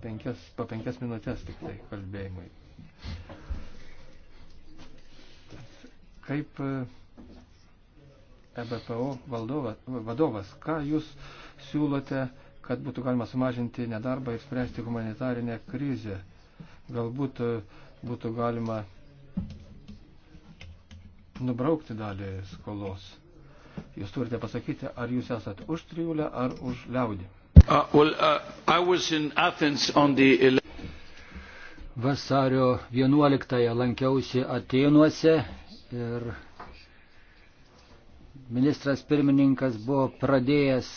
penkias, po penkias minutės tik tai kalbėjimui. kaip EBPO e valdovas, vadovas, ką jūs siūlote, kad būtų galima sumažinti nedarbą ir spręsti humanitarinę krizę. Galbūt e, būtų galima nubraukti dalį skolos. Jūs turite pasakyti, ar jūs esat už trijulę ar už liaudį. Uh, well, uh, the... Vasario 11 lankiausi Atenuose ir ministras pirmininkas buvo pradėjęs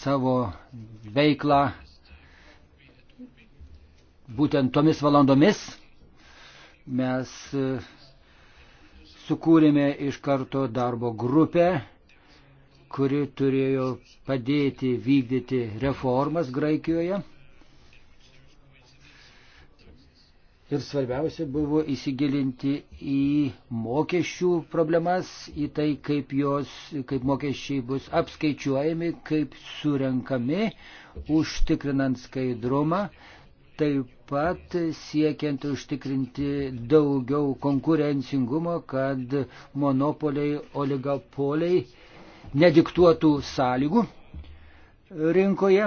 savo veiklą būtent tomis valandomis. Mes e, sukūrėme iš karto darbo grupę, kuri turėjo padėti vykdyti reformas Graikijoje. Ir svarbiausia buvo įsigilinti į mokesčių problemas, į tai, kaip, jos, kaip mokesčiai bus apskaičiuojami, kaip surenkami, užtikrinant skaidrumą, taip pat siekiant užtikrinti daugiau konkurencingumo, kad monopoliai, oligopoliai nediktuotų sąlygų rinkoje.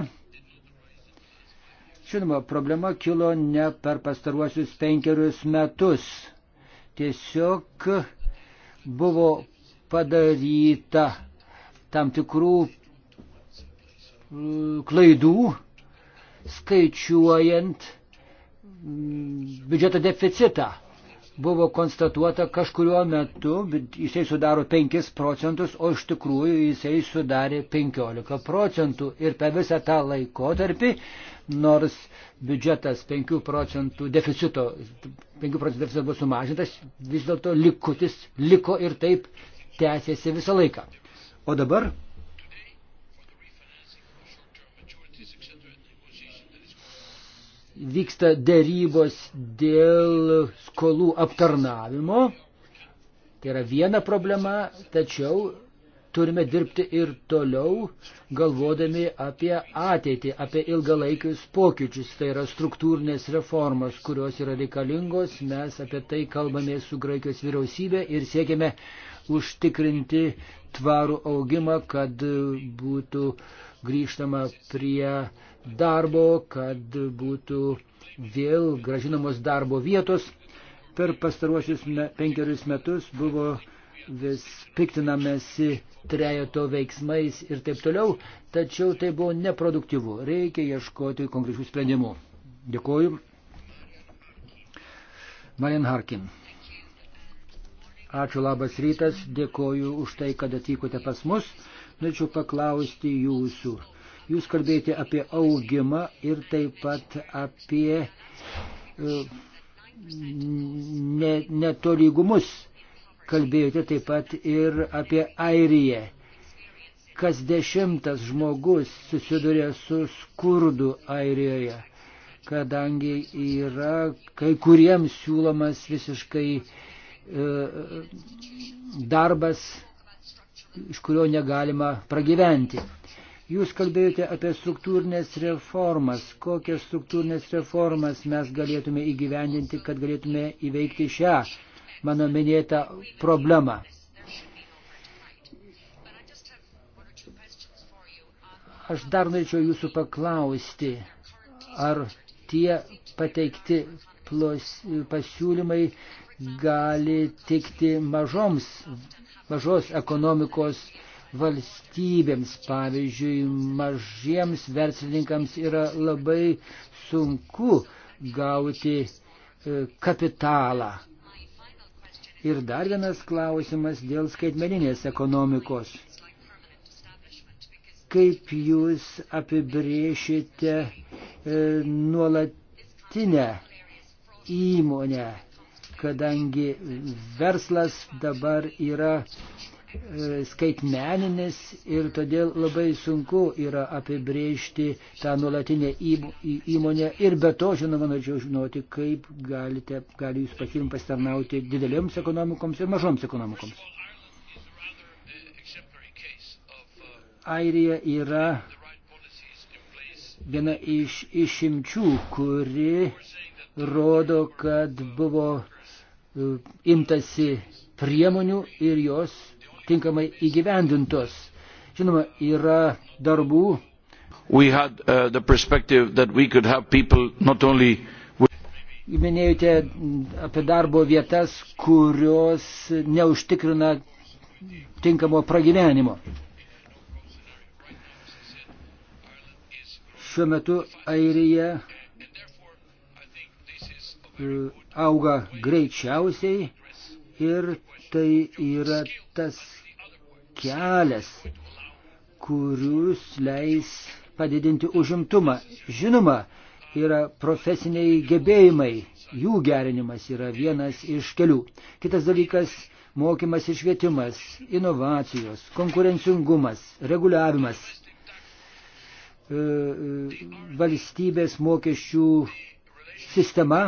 Žinoma, problema kilo ne per pastaruosius penkerius metus. Tiesiog buvo padaryta tam tikrų mm, klaidų, skaičiuojant mm, biudžeto deficitą buvo konstatuota kažkuriuo metu, jisai sudaro 5 procentus, o iš tikrųjų jisai sudarė 15 procentų. Ir per visą tą laikotarpį, nors biudžetas 5 procentų deficito, 5 procentų deficito buvo sumažintas, vis dėlto likutis liko ir taip tęsėsi visą laiką. O dabar vyksta dėrybos dėl skolų aptarnavimo. Tai yra viena problema, tačiau turime dirbti ir toliau, galvodami apie ateitį, apie ilgalaikius pokyčius. Tai yra struktūrinės reformos, kurios yra reikalingos. Mes apie tai kalbame su Graikijos vyriausybė ir siekime užtikrinti tvarų augimą, kad būtų grįžtama prie darbo, kad būtų vėl gražinamos darbo vietos. Per pastaruosius penkerius metus buvo vis piktinamėsi trejato veiksmais ir taip toliau, tačiau tai buvo neproduktyvu. Reikia ieškoti konkrečių sprendimų. Dėkuoju. Marian Harkin. Ačiū labas rytas, dėkoju už tai, kad atvykote pas mus. Norėčiau paklausti jūsų. Jūs kalbėjote apie augimą ir taip pat apie e, ne, netolygumus. Kalbėjote taip pat ir apie Airiją. Kas dešimtas žmogus susiduria su skurdu Airijoje, kadangi yra kai kuriems siūlomas visiškai e, darbas, iš kurio negalima pragyventi. Jūs kalbėjote apie struktūrinės reformas. Kokias struktūrinės reformas mes galėtume įgyvendinti, kad galėtume įveikti šią mano minėtą problemą? Aš dar norėčiau jūsų paklausti, ar tie pateikti pasiūlymai gali tikti mažoms, mažos ekonomikos uh, valstybėms. Pavyzdžiui, mažiems verslininkams yra labai sunku gauti e, kapitalą. Ir dar vienas klausimas dėl skaitmeninės ekonomikos. Kaip jūs apibrėšite e, nuolatinę įmonę, kadangi verslas dabar yra E, skaitmeninis ir todėl labai sunku yra apibrėžti tą nuolatinę įmonę ir be to, žinoma, norėčiau žinoti, kaip galite, gali jūs pasirim pasitarnauti didelėms ekonomikoms ir mažoms ekonomikoms. Airija yra viena iš išimčių, kuri rodo, kad buvo e, imtasi priemonių ir jos tinkamai įgyvendintos. Žinoma, yra darbų. Had, uh, only... Minėjote apie darbo vietas, kurios neužtikrina tinkamo pragyvenimo. Šiuo metu Airija uh, auga greičiausiai ir tai yra tas kelias, kurius leis padidinti užimtumą. Žinoma, yra profesiniai gebėjimai, jų gerinimas yra vienas iš kelių. Kitas dalykas - mokymas ir švietimas, inovacijos, konkurencingumas, reguliavimas, e, e, valstybės mokesčių sistema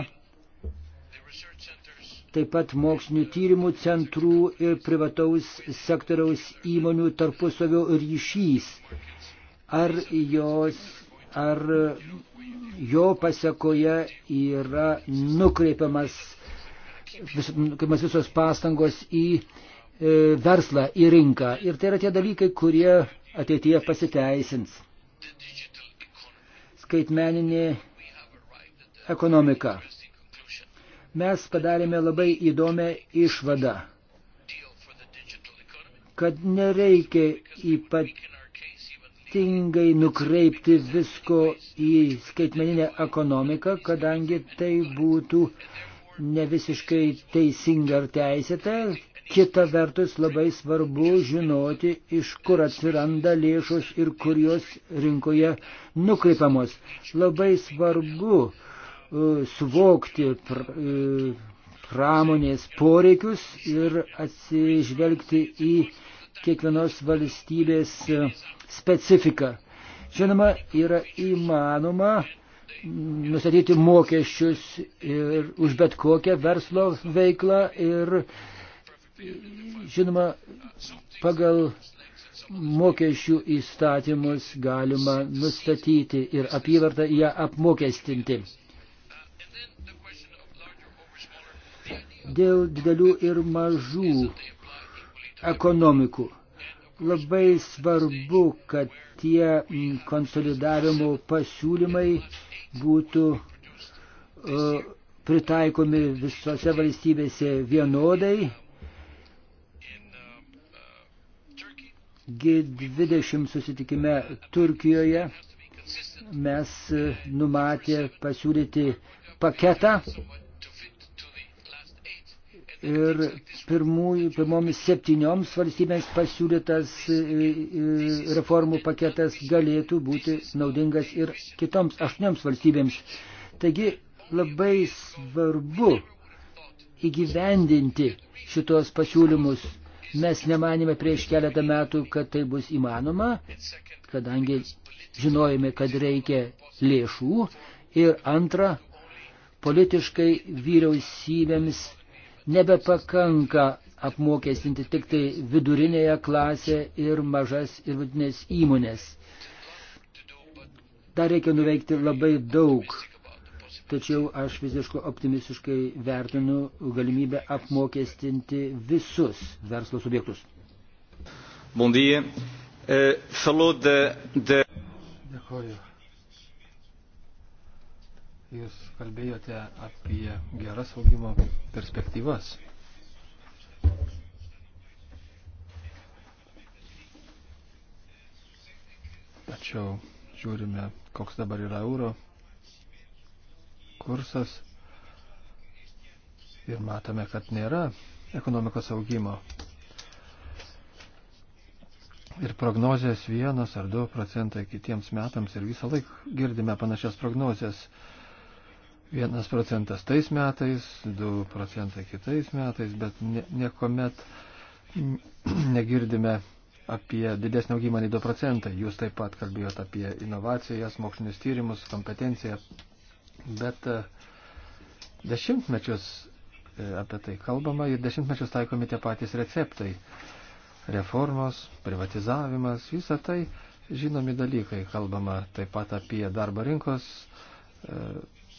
taip pat mokslinių tyrimų centrų ir privataus sektoriaus įmonių tarpusavio ryšys. Ar, jos, ar jo pasakoje yra nukreipiamas vis, visos pastangos į e, verslą, į rinką. Ir tai yra tie dalykai, kurie ateityje pasiteisins. Skaitmeninė ekonomika mes padarėme labai įdomią išvadą, kad nereikia ypatingai nukreipti visko į skaitmeninę ekonomiką, kadangi tai būtų ne visiškai teisinga ar teisėta. Kita vertus labai svarbu žinoti, iš kur atsiranda lėšos ir kur jos rinkoje nukreipamos. Labai svarbu uh, E, suvokti pr e, pramonės poreikius ir atsižvelgti į kiekvienos valstybės e, specifiką. Žinoma, yra įmanoma nustatyti mokesčius ir už bet kokią verslo veiklą ir, žinoma, pagal mokesčių įstatymus galima nustatyti ir apyvartą ją apmokestinti. dėl didelių ir mažų ekonomikų. Labai svarbu, kad tie mm, konsolidavimo pasiūlymai būtų uh, pritaikomi visose valstybėse vienodai. G20 susitikime Turkijoje mes e, numatė pasiūlyti paketą ir pirmųjų, pirmomis septynioms valstybėms pasiūlytas e, e, reformų paketas galėtų būti naudingas ir kitoms aštuonioms valstybėms. Taigi labai svarbu įgyvendinti šitos pasiūlymus. Mes nemanėme prieš keletą metų, kad tai bus įmanoma, kadangi žinojome, kad reikia lėšų. Ir antra, politiškai vyriausybėms Nebepakanka apmokestinti tik tai vidurinėje klasė ir mažas ir vidinės įmonės. Dar reikia nuveikti labai daug, tačiau aš visiškai optimistiškai vertinu galimybę apmokestinti visus verslo subjektus. Bom dia. Uh, falou de, de... Dėkoju. Jūs kalbėjote apie geras augimo perspektyvas. Tačiau žiūrime, koks dabar yra euro kursas ir matome, kad nėra ekonomikos augimo. Ir prognozijas vienas ar du procentai kitiems metams ir visą laiką girdime panašias prognozijas. Uh, 1 procentas tais metais, 2 procentai kitais metais, bet ne, niekuomet negirdime apie didesnį augimą nei 2 procentai. Jūs taip pat kalbėjot apie inovacijas, mokslinius tyrimus, kompetenciją, bet e, dešimtmečius e, apie tai kalbama ir dešimtmečius taikomi tie patys receptai. Reformos, privatizavimas, visa tai žinomi dalykai. Kalbama taip pat apie darbo rinkos e,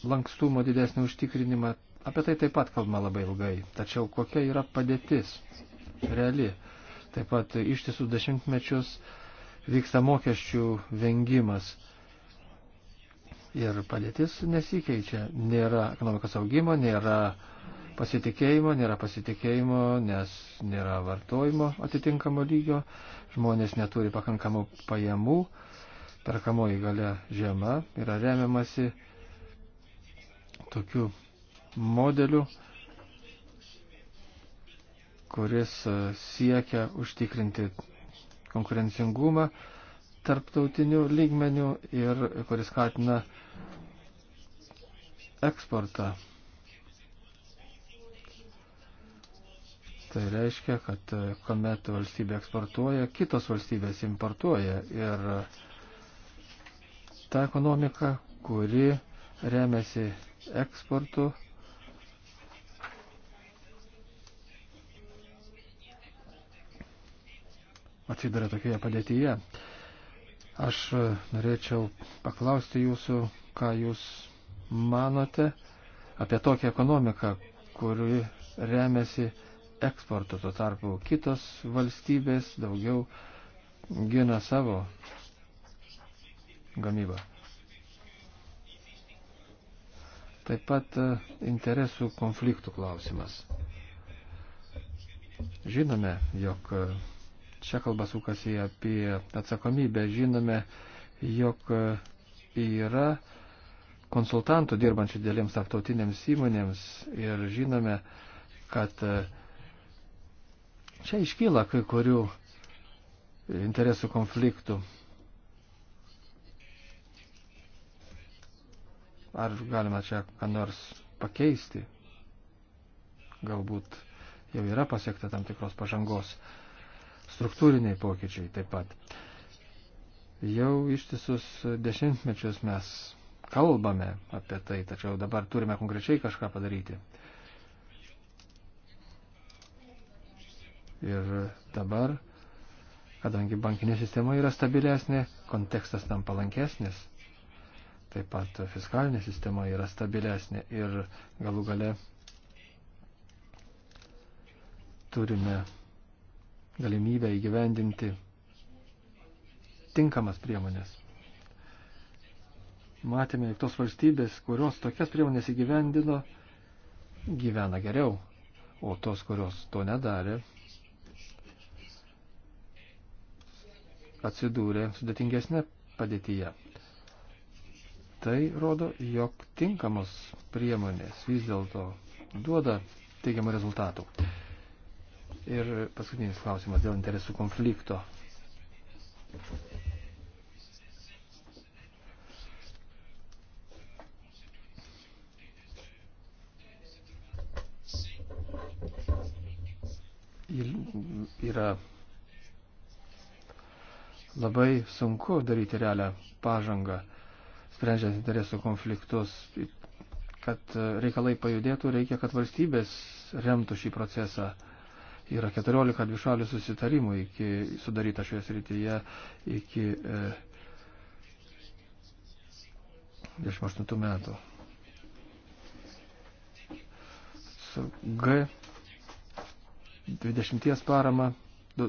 lankstumo didesnį užtikrinimą. Apie tai taip pat kalbama labai ilgai. Tačiau kokia yra padėtis reali? Taip pat ištisus dešimtmečius vyksta mokesčių vengimas. Ir padėtis nesikeičia. Nėra ekonomikos augimo, nėra pasitikėjimo, nėra pasitikėjimo, nes nėra vartojimo atitinkamo lygio, žmonės neturi pakankamų pajamų, perkamoji galia žema, yra remiamasi tokiu modeliu, kuris e, siekia užtikrinti konkurencingumą tarptautinių lygmenių ir kuris skatina eksportą. Tai reiškia, kad e, kuomet valstybė eksportuoja, kitos valstybės importuoja ir ta ekonomika, kuri remiasi eksportu. Atsiduria tokioje padėtyje. Aš norėčiau paklausti jūsų, ką jūs manote apie tokią ekonomiką, kuri remiasi eksportu. Tuo tarpu kitos valstybės daugiau gina savo gamybą. Taip pat e, interesų konfliktų klausimas. Žinome, jog e, čia kalba sukasi apie atsakomybę, žinome, jog e, yra konsultantų dirbančių dėlėms tarptautinėms įmonėms ir žinome, kad čia iškyla kai kurių interesų konfliktų. Ar galima čia ką nors pakeisti? Galbūt jau yra pasiekta tam tikros pažangos. Struktūriniai pokyčiai taip pat. Jau ištisus dešimtmečius mes kalbame apie tai, tačiau dabar turime konkrečiai kažką padaryti. Ir dabar, kadangi bankinė sistema yra stabilesnė, kontekstas tam palankesnis, Taip pat fiskalinė sistema yra stabilesnė ir galų gale turime galimybę įgyvendinti tinkamas priemonės. Matėme, jog tos valstybės, kurios tokias priemonės įgyvendino, gyvena geriau, o tos, kurios to nedarė, atsidūrė sudėtingesnė padėtyje tai rodo, jog tinkamos priemonės vis dėlto duoda teigiamų rezultatų. Ir paskutinis klausimas dėl interesų konflikto. Yra labai sunku daryti realią pažangą sprendžiant interesų konfliktus. Tai kad reikalai pajudėtų, reikia, kad valstybės remtų šį procesą. Yra 14 dvišalių susitarimų iki, sudaryta šioje srityje iki e, 28 metų. Su G 20 parama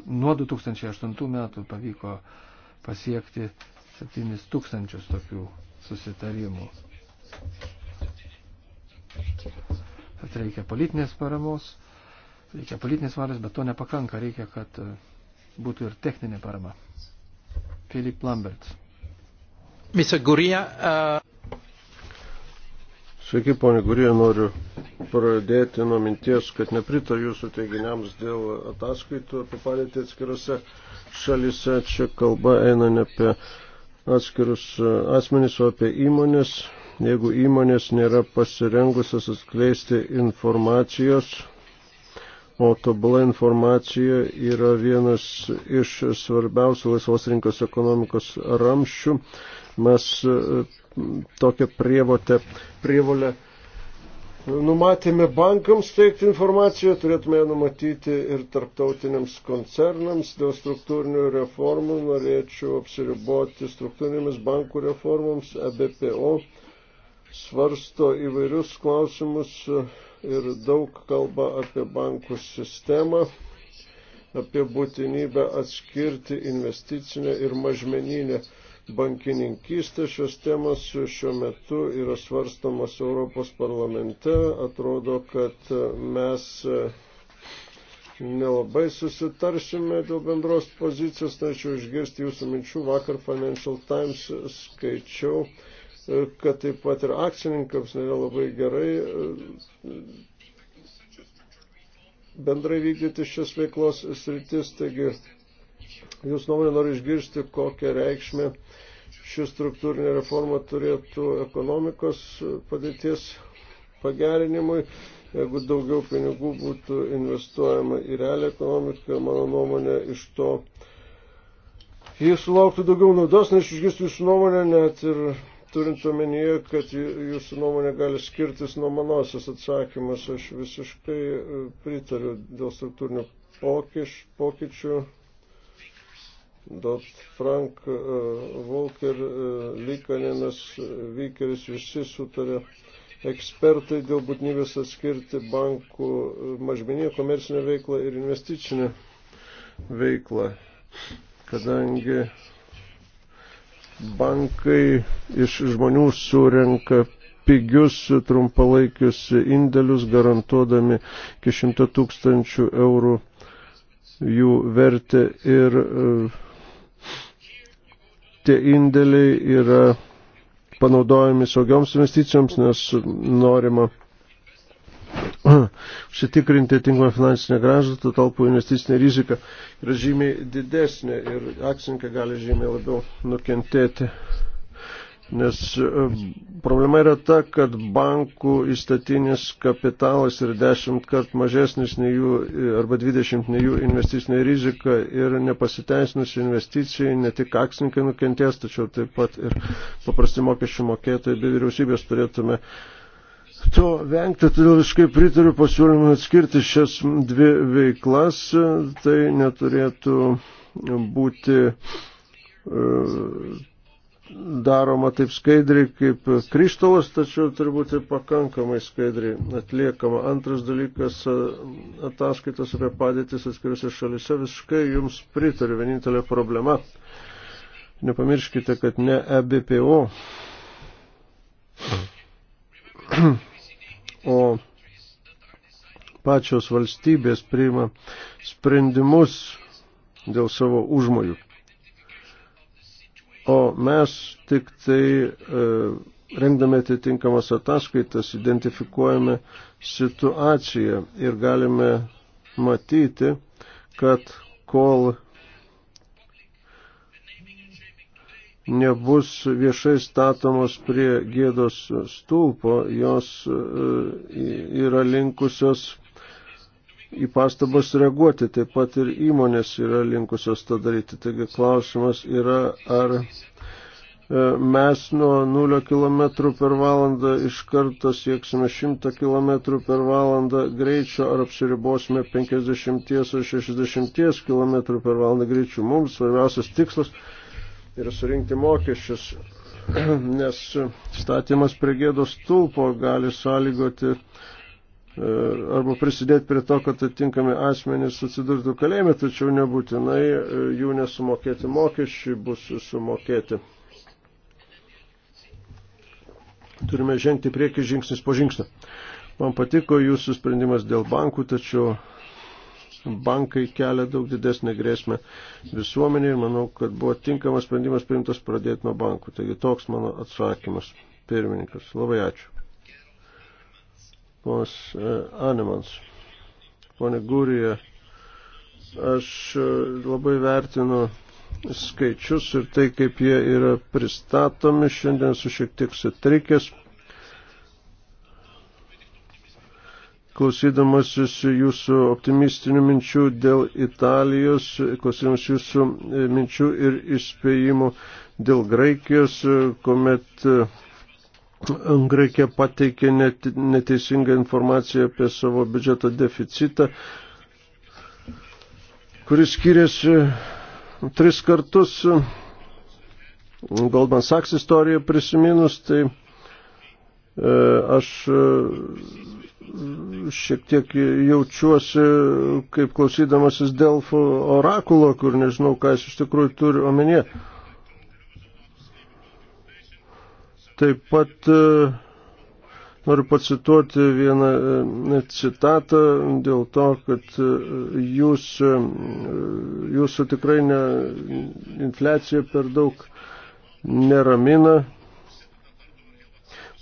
nuo 2008 metų pavyko pasiekti 7 tūkstančius tokių susitarimų. Tad reikia politinės paramos, reikia politinės valios, bet to nepakanka, reikia, kad e, būtų ir techninė parama. Filip Lambert. Mr. Gurija. Uh... E, Sveiki, ponė Gurija, noriu pradėti nuo minties, kad nepritariu jūsų teiginiams dėl ataskaitų apie padėtį atskirose šalise. Čia kalba eina ne apie uh, atskirus e, asmenys, o apie įmonės. Jeigu įmonės nėra pasirengusios atskleisti informacijos, o tobula informacija yra vienas iš svarbiausių laisvos rinkos ekonomikos ramščių, mes e, tokią prievolę numatėme bankams teikti informaciją, turėtume ją numatyti ir tarptautiniams koncernams. Dėl struktūrinių reformų norėčiau apsiriboti struktūrinėmis bankų reformoms ABPO e svarsto įvairius klausimus ir daug kalba apie bankų sistemą, apie būtinybę atskirti investicinę ir mažmeninę bankininkystė šios temos šiuo metu yra svarstamos Europos parlamente. Atrodo, kad mes nelabai susitarsime dėl bendros pozicijos, tačiau išgirsti jūsų minčių vakar Financial Times skaičiau kad taip pat ir akcininkams nėra labai gerai e, bendrai vykdyti šias veiklos sritis, taigi jūs nuomonė noriu išgirsti, kokią reikšmę ši struktūrinė reforma turėtų ekonomikos padėties pagerinimui. Jeigu daugiau pinigų būtų investuojama į realią ekonomiką, mano nuomonė, iš to jis sulauktų daugiau naudos, nes išgirstų jūsų nuomonę net ir turint omenyje, kad jūsų nuomonė gali skirtis nuo manosios atsakymas, aš visiškai e, pritariu dėl struktūrinių pokyčių Dodd-Frank, e, Volker, e, Likanenas, e, Vykeris, visi sutarė ekspertai dėl būtinybės atskirti bankų mažmeninę komercinę veiklą ir investicinę veiklą, kadangi bankai iš žmonių surenka pigius trumpalaikius indėlius, garantuodami iki 100 tūkstančių eurų jų vertę ir uh, tie indėliai yra panaudojami saugioms investicijoms, nes norima užsitikrinti tinkamą finansinę gražą, tuo talpų investicinė rizika yra žymiai didesnė ir akcininkai gali žymiai labiau nukentėti Nes problema yra ta, kad bankų įstatinis kapitalas yra dešimt kart mažesnis nei jų arba dvidešimt nei jų investicinė rizika ir nepasiteisinus investicijai ne tik akcininkai nukentės, tačiau taip pat ir paprasti mokesčių mokėtojai bei vyriausybės turėtume to vengti, todėl visiškai pritariu pasiūlymui atskirti šias dvi veiklas, tai neturėtų būti e, daroma taip skaidriai kaip kryštovas, tačiau turbūt ir pakankamai skaidriai atliekama. Antras dalykas - ataskaitos apie padėtis atskiriuose šalise. Visiškai jums pritariu. Vienintelė problema. Nepamirškite, kad ne EBPO, o pačios valstybės priima sprendimus dėl savo užmojų. O mes tik tai e, rengdami atitinkamas ataskaitas identifikuojame situaciją ir galime matyti, kad kol nebus viešai statomos prie gėdos stulpo, jos e, yra linkusios į pastabas reaguoti, taip pat ir įmonės yra linkusios tą daryti. Taigi klausimas yra, ar e, mes nuo 0 km per valandą iš karto sieksime 100 km per valandą greičio ar apsiribosime 50 ar 60 km per valandą greičiu. Mums svarbiausias tikslas yra surinkti mokesčius, nes statymas prie gėdos tulpo gali sąlygoti arba prisidėti prie to, kad atitinkami asmenys susidurtų kalėjime, tačiau nebūtinai e, jų nesumokėti mokesčiai bus sumokėti. Turime žengti prieki žingsnis po žingsnio. Man patiko jūsų sprendimas dėl bankų, tačiau bankai kelia daug didesnį grėsmę visuomenį ir manau, kad buvo tinkamas sprendimas priimtas pradėti nuo bankų. Taigi toks mano atsakymas. Pirmininkas, labai ačiū. Ponas e, Animans, ponė Gūrija, aš e, labai vertinu skaičius ir tai, kaip jie yra pristatomi. Šiandien su šiek tiek sutrikęs. klausydamasis jūsų optimistinių minčių dėl Italijos, klausydamas jūsų minčių ir įspėjimų dėl Graikijos, kuomet Graikija pateikė neteisingą informaciją apie savo biudžeto deficitą, kuris skiriasi tris kartus Goldman Sachs istoriją prisiminus, tai e, aš e, šiek tiek jaučiuosi, kaip klausydamasis Delfo orakulo, kur nežinau, ką jis iš tikrųjų turi omenyje. Taip pat e, noriu pacituoti vieną e, citatą dėl to, kad e, jūs, jūsų tikrai ne, infliacija per daug neramina,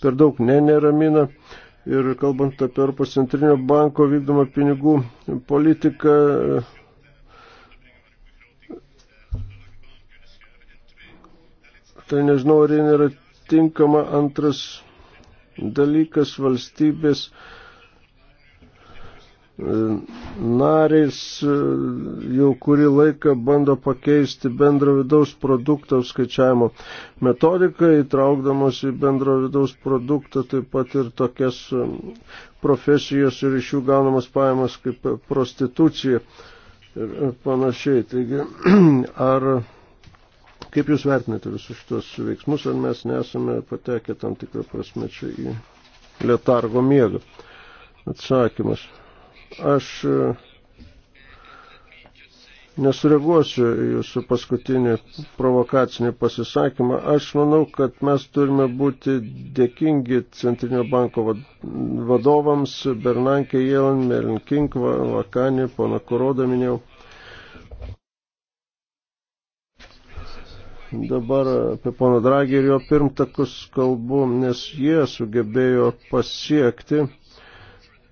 per daug neneramina. Ir kalbant apie Europos centrinio banko vykdomą pinigų politiką, tai nežinau, ar jin yra tinkama. Antras dalykas valstybės e, narės e, jau kurį laiką bando pakeisti bendro vidaus produkto skaičiavimo metodiką, įtraukdamos į bendro vidaus produktą taip pat ir tokias e, profesijos ir iš jų gaunamas pajamas kaip prostitucija ir panašiai. Taigi, ar Kaip Jūs vertinate visus šitos veiksmus, ar mes nesame patekę tam tikrą prasme čia į letargo miegą? Atsakymas. Aš e, nesureaguosiu jūsų paskutinį provokacinį pasisakymą. Aš manau, kad mes turime būti dėkingi Centrinio banko vadovams Bernankė Jelen, Melinkink, Vakani, Pana Kuroda minėjau. dabar apie poną Dragį ir jo pirmtakus kalbu, nes jie sugebėjo pasiekti,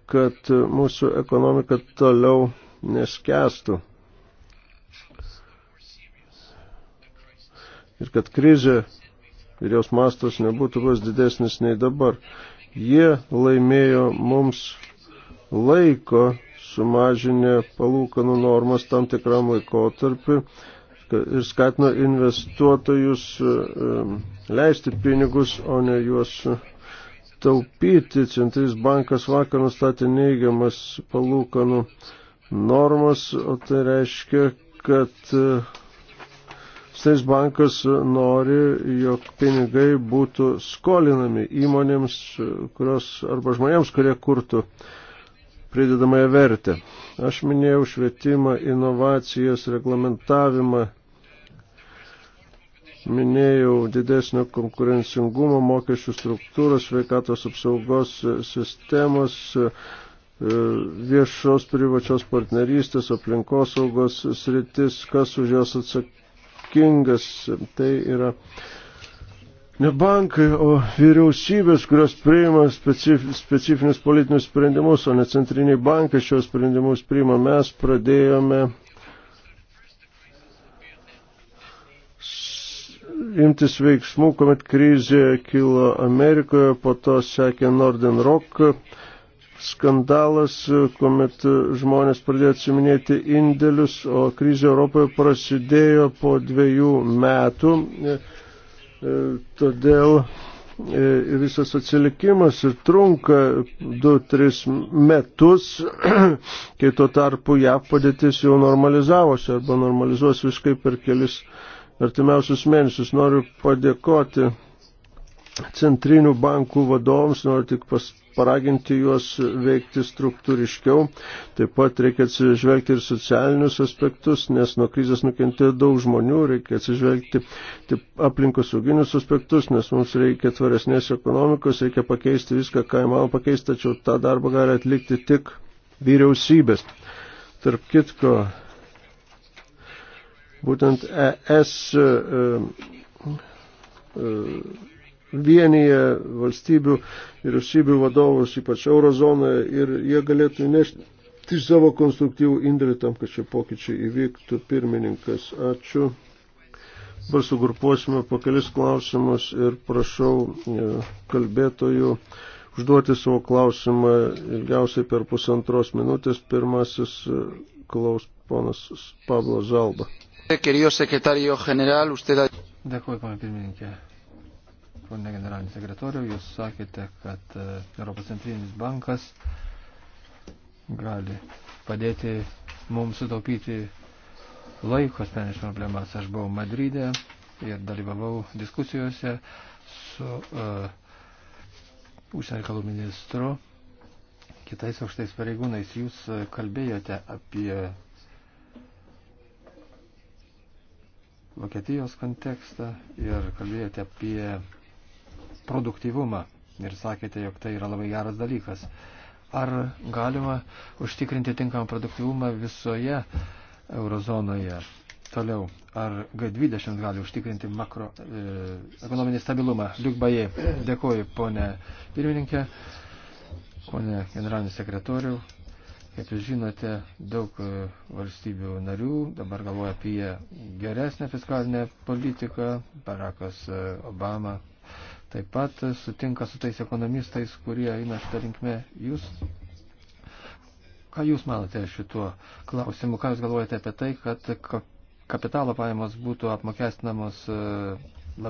kad mūsų ekonomika toliau neskestų. Ir kad krizė ir jos mastas nebūtų bus didesnis nei dabar. Jie laimėjo mums laiko sumažinę palūkanų normas tam tikram laikotarpiu ir skatino investuotojus e, e, leisti pinigus, o ne juos e, taupyti. Centrinis bankas vakar nustatė neigiamas palūkanų normas, o tai reiškia, kad Centrinis bankas nori, jog pinigai būtų skolinami įmonėms, kurios arba žmonėms, kurie kurtų pridedamąją vertę. Aš minėjau švietimą, inovacijas, reglamentavimą, minėjau didesnio konkurencingumo, mokesčių struktūros, sveikatos apsaugos sistemos, e, viešos privačios partnerystės, aplinkosaugos sritis, kas už jos atsakingas. Tai yra ne bankai, o vyriausybės, kurios priima specif specifinius politinius sprendimus, o ne centriniai bankai šios sprendimus priima. Mes pradėjome imtis veiksmų, kuomet krizė kilo Amerikoje, po to sekė Norden Rock skandalas, kuomet žmonės pradėjo atsiminėti indėlius, o krizė Europoje prasidėjo po dviejų metų. E, e, todėl e, visas atsilikimas ir trunka 2-3 metus, kai tuo tarpu JAV padėtis jau normalizavosi arba normalizuos viskai per kelis metus artimiausius mėnesius. Noriu padėkoti centrinių bankų vadovams, noriu tik pas, paraginti juos veikti struktūriškiau. Taip pat reikia atsižvelgti ir socialinius aspektus, nes nuo krizės nukentėjo daug žmonių, reikia atsižvelgti aplinkos sauginius aspektus, nes mums reikia tvaresnės ekonomikos, reikia pakeisti viską, ką įmanoma pakeisti, tačiau tą darbą gali atlikti tik vyriausybės. Tarp kitko, Būtent ES e, e, vienyje valstybių, vyriausybių vadovus, ypač eurozonoje, ir jie galėtų nešti savo konstruktyvų indėlį tam, kad šie pokyčiai įvyktų. Pirmininkas, ačiū. Dabar sugrupuosime po kelis klausimus ir prašau e, kalbėtojų užduoti savo klausimą ilgiausiai per pusantros minutės. Pirmasis klaus ponas Pablo Zalba. Querido sekretario general, usted... Dėkuoju, pana pirmininkė. Pone generalinį sekretorių, jūs sakėte, kad e, Europos centrinis bankas gali padėti mums sutaupyti laiko asmeniškai problemas. Aš buvau Madride ir dalyvavau diskusijose su uh, užsienio reikalų ministru, kitais aukštais pareigūnais. Jūs e, kalbėjote apie Vokietijos kontekstą ir kalbėjote apie produktyvumą ir sakėte, jog tai yra labai geras dalykas. Ar galima užtikrinti tinkamą produktyvumą visoje eurozonoje? Toliau, ar G20 gali užtikrinti makro e, ekonominį stabilumą? Liuk Bajai, dėkuoju, ponė pirmininkė, ponė generalinis sekretoriau, Kaip jūs žinote, daug e, valstybių narių dabar galvoja apie geresnę fiskalinę politiką. Barakas e, Obama taip pat sutinka su tais ekonomistais, kurie eina šitą linkmę. Jūs, ką jūs manote šituo klausimu, ką jūs galvojate apie tai, kad kapitalo pajamos būtų apmokestinamos e,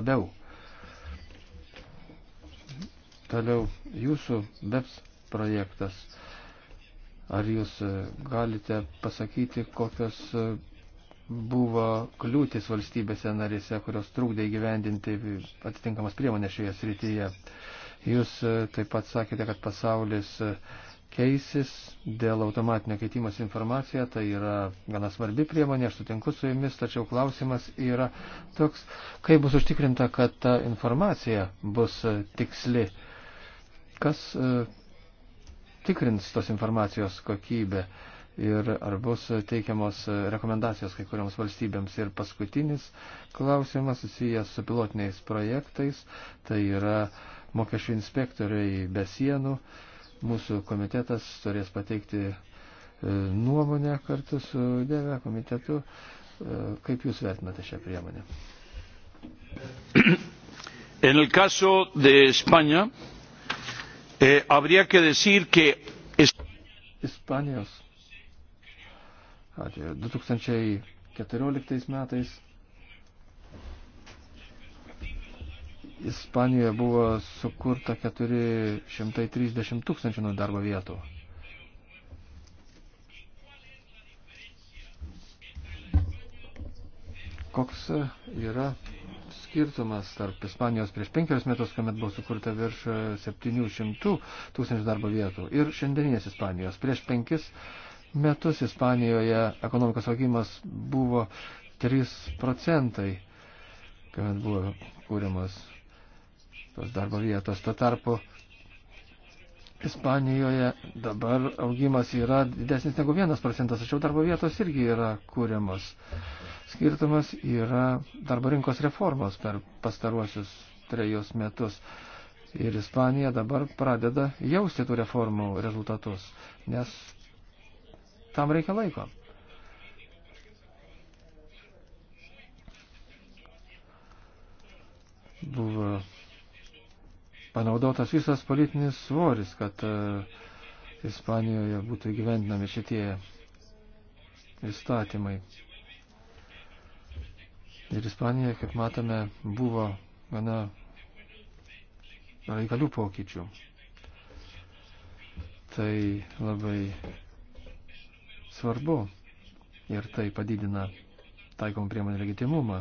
labiau? Toliau jūsų BEPS projektas Ar jūs e, galite pasakyti, kokios e, buvo kliūtis valstybėse narėse, kurios trūkdė įgyvendinti atitinkamas priemonės šioje srityje? Jūs e, taip pat sakėte, kad pasaulis keisis dėl automatinio keitimas informacija, tai yra gana svarbi priemonė, aš sutinku su jumis, tačiau klausimas yra toks, kaip bus užtikrinta, kad ta informacija bus tiksli, kas tikrins tos informacijos kokybę ir ar bus teikiamos rekomendacijos kai kuriams valstybėms. Ir paskutinis klausimas susijęs su pilotiniais projektais, tai yra mokesčių inspektoriai be sienų. Mūsų komitetas turės pateikti e, nuomonę kartu su DV komitetu. E, kaip Jūs vertinate šią priemonę? En el caso de España, eh, habría que decir que. Ispanijos. Atėjo 2014 metais. Ispanijoje buvo sukurta 430 tūkstančių nuo darbo vietų. Koks yra skirtumas tarp Ispanijos prieš penkerius metus, kuomet buvo sukurta virš 700 e, tūkstančių darbo vietų, ir šiandieninės Ispanijos. Prieš penkis metus Ispanijoje ekonomikos augimas buvo 3 procentai, kuomet buvo kūrimas tos darbo vietos. Tuo tarpu Ispanijoje dabar augimas yra didesnis negu 1 procentas, tačiau darbo vietos irgi yra kūriamos skirtumas yra darbo rinkos reformos per pastaruosius trejus metus. Ir Ispanija dabar pradeda jausti tų reformų rezultatus, nes tam reikia laiko. Buvo panaudotas visas politinis svoris, kad e, Ispanijoje būtų įgyvendinami šitie įstatymai. Ir Ispanija, kaip matome, buvo gana radikalių pokyčių. Tai labai svarbu ir tai padidina taikom priemonę legitimumą.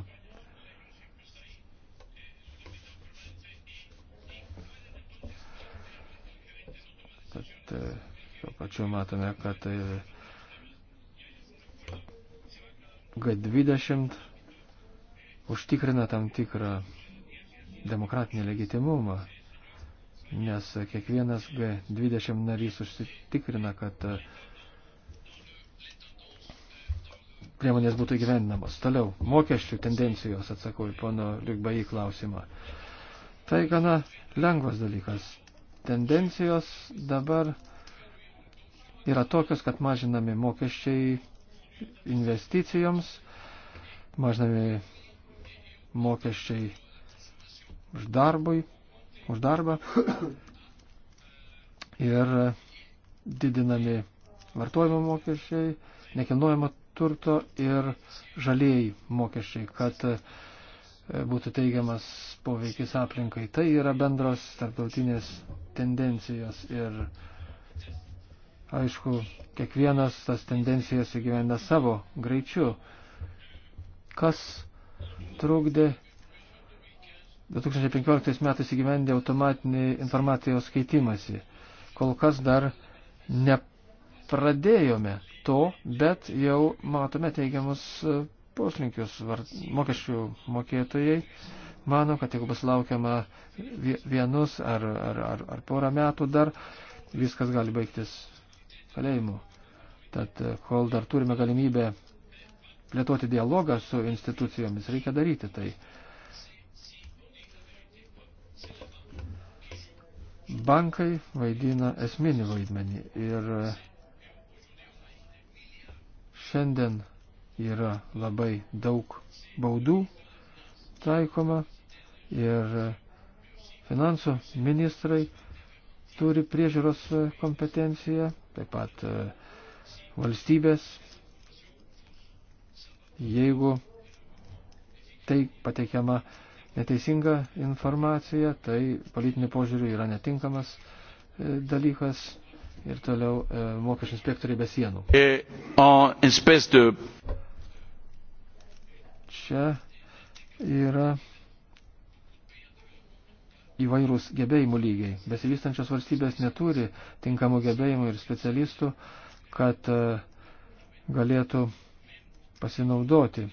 Tad e, tuo pačiu matome, kad e, G20 užtikrina tam tikrą demokratinį legitimumą, nes kiekvienas G20 narys užsitikrina, kad e, priemonės būtų gyvendinamos. Toliau, mokesčių tendencijos, atsakau į pono Liukbai klausimą. Tai gana lengvas dalykas. Tendencijos dabar yra tokios, kad mažinami mokesčiai investicijoms, mažinami mokesčiai už, darbui, už darbą ir didinami vartojimo mokesčiai, nekilnojamo turto ir žalieji mokesčiai, kad e, būtų teigiamas poveikis aplinkai. Tai yra bendros tarptautinės tendencijos ir aišku, kiekvienas tas tendencijas įgyvena savo greičiu. Kas trukdė 2015 metais įgyvendė automatinį informacijos keitimąsi. Kol kas dar nepradėjome to, bet jau matome teigiamus e, poslinkius mokesčių mokėtojai. Mano, kad jeigu bus laukiama vienus ar, ar, ar, ar porą metų dar, viskas gali baigtis kalėjimu. Tad e, kol dar turime galimybę plėtoti dialogą su institucijomis, reikia daryti tai. Bankai vaidina esminį vaidmenį ir šiandien yra labai daug baudų taikoma ir finansų ministrai turi priežiūros kompetenciją, taip pat e, valstybės jeigu tai pateikiama neteisinga informacija, tai politiniu požiūriu yra netinkamas e, dalykas ir toliau e, mokesčių inspektoriai be sienų. E, Čia yra įvairūs gebėjimų lygiai. Besivystančios valstybės neturi tinkamų gebėjimų ir specialistų, kad galėtų pasinaudoti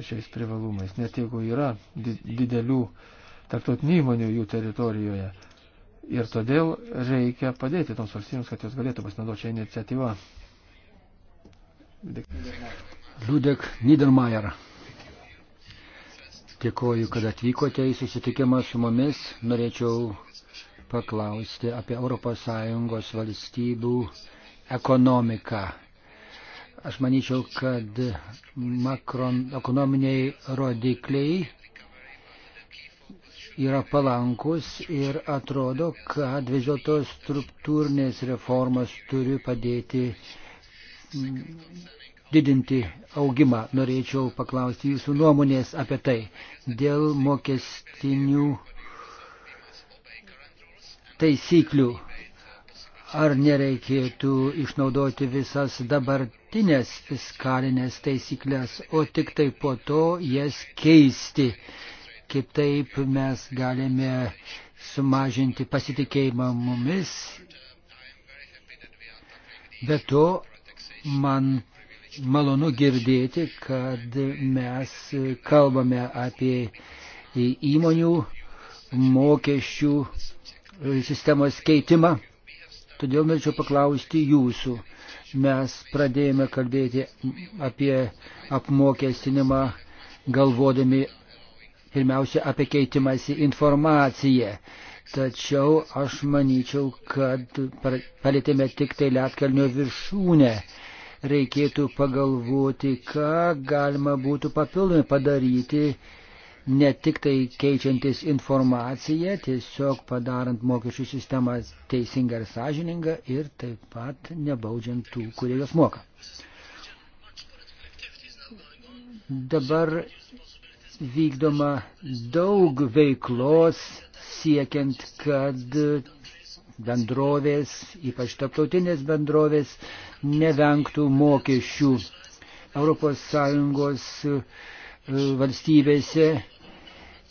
šiais privalumais, net jeigu yra didelių tarptautinių įmonių jų teritorijoje. Ir todėl reikia padėti toms valstybėms, kad jos galėtų pasinaudoti šią iniciatyvą. Liudek Niedermayer. Dėkoju, kad atvykote į susitikimą su mumis. Norėčiau paklausti apie ES valstybių ekonomiką Aš manyčiau, kad makroekonominiai rodikliai yra palankus ir atrodo, kad vis dėlto struktūrinės reformas turi padėti mm, didinti augimą. Norėčiau paklausti jūsų nuomonės apie tai. Dėl mokestinių taisyklių ar nereikėtų išnaudoti visas dabartinės fiskalinės taisyklės, o tik tai po to jas keisti. Kitaip mes galime sumažinti pasitikėjimą mumis. Be to, man malonu girdėti, kad mes kalbame apie įmonių mokesčių sistemos keitimą. Todėl norėčiau paklausti jūsų. Mes pradėjome kalbėti apie apmokestinimą galvodami pirmiausia apie keitimąsi informaciją. Tačiau aš manyčiau, kad palėtėme tik tai Lietkalnio viršūnę. Reikėtų pagalvoti, ką galima būtų papildomai padaryti, ne tik tai keičiantis informaciją, tiesiog padarant mokesčių sistemą teisingą ir sąžiningą ir taip pat nebaudžiant tų, kurie jos moka. Dabar vykdoma daug veiklos siekiant, kad bendrovės, ypač taptautinės bendrovės, nevengtų mokesčių. ES e, valstybėse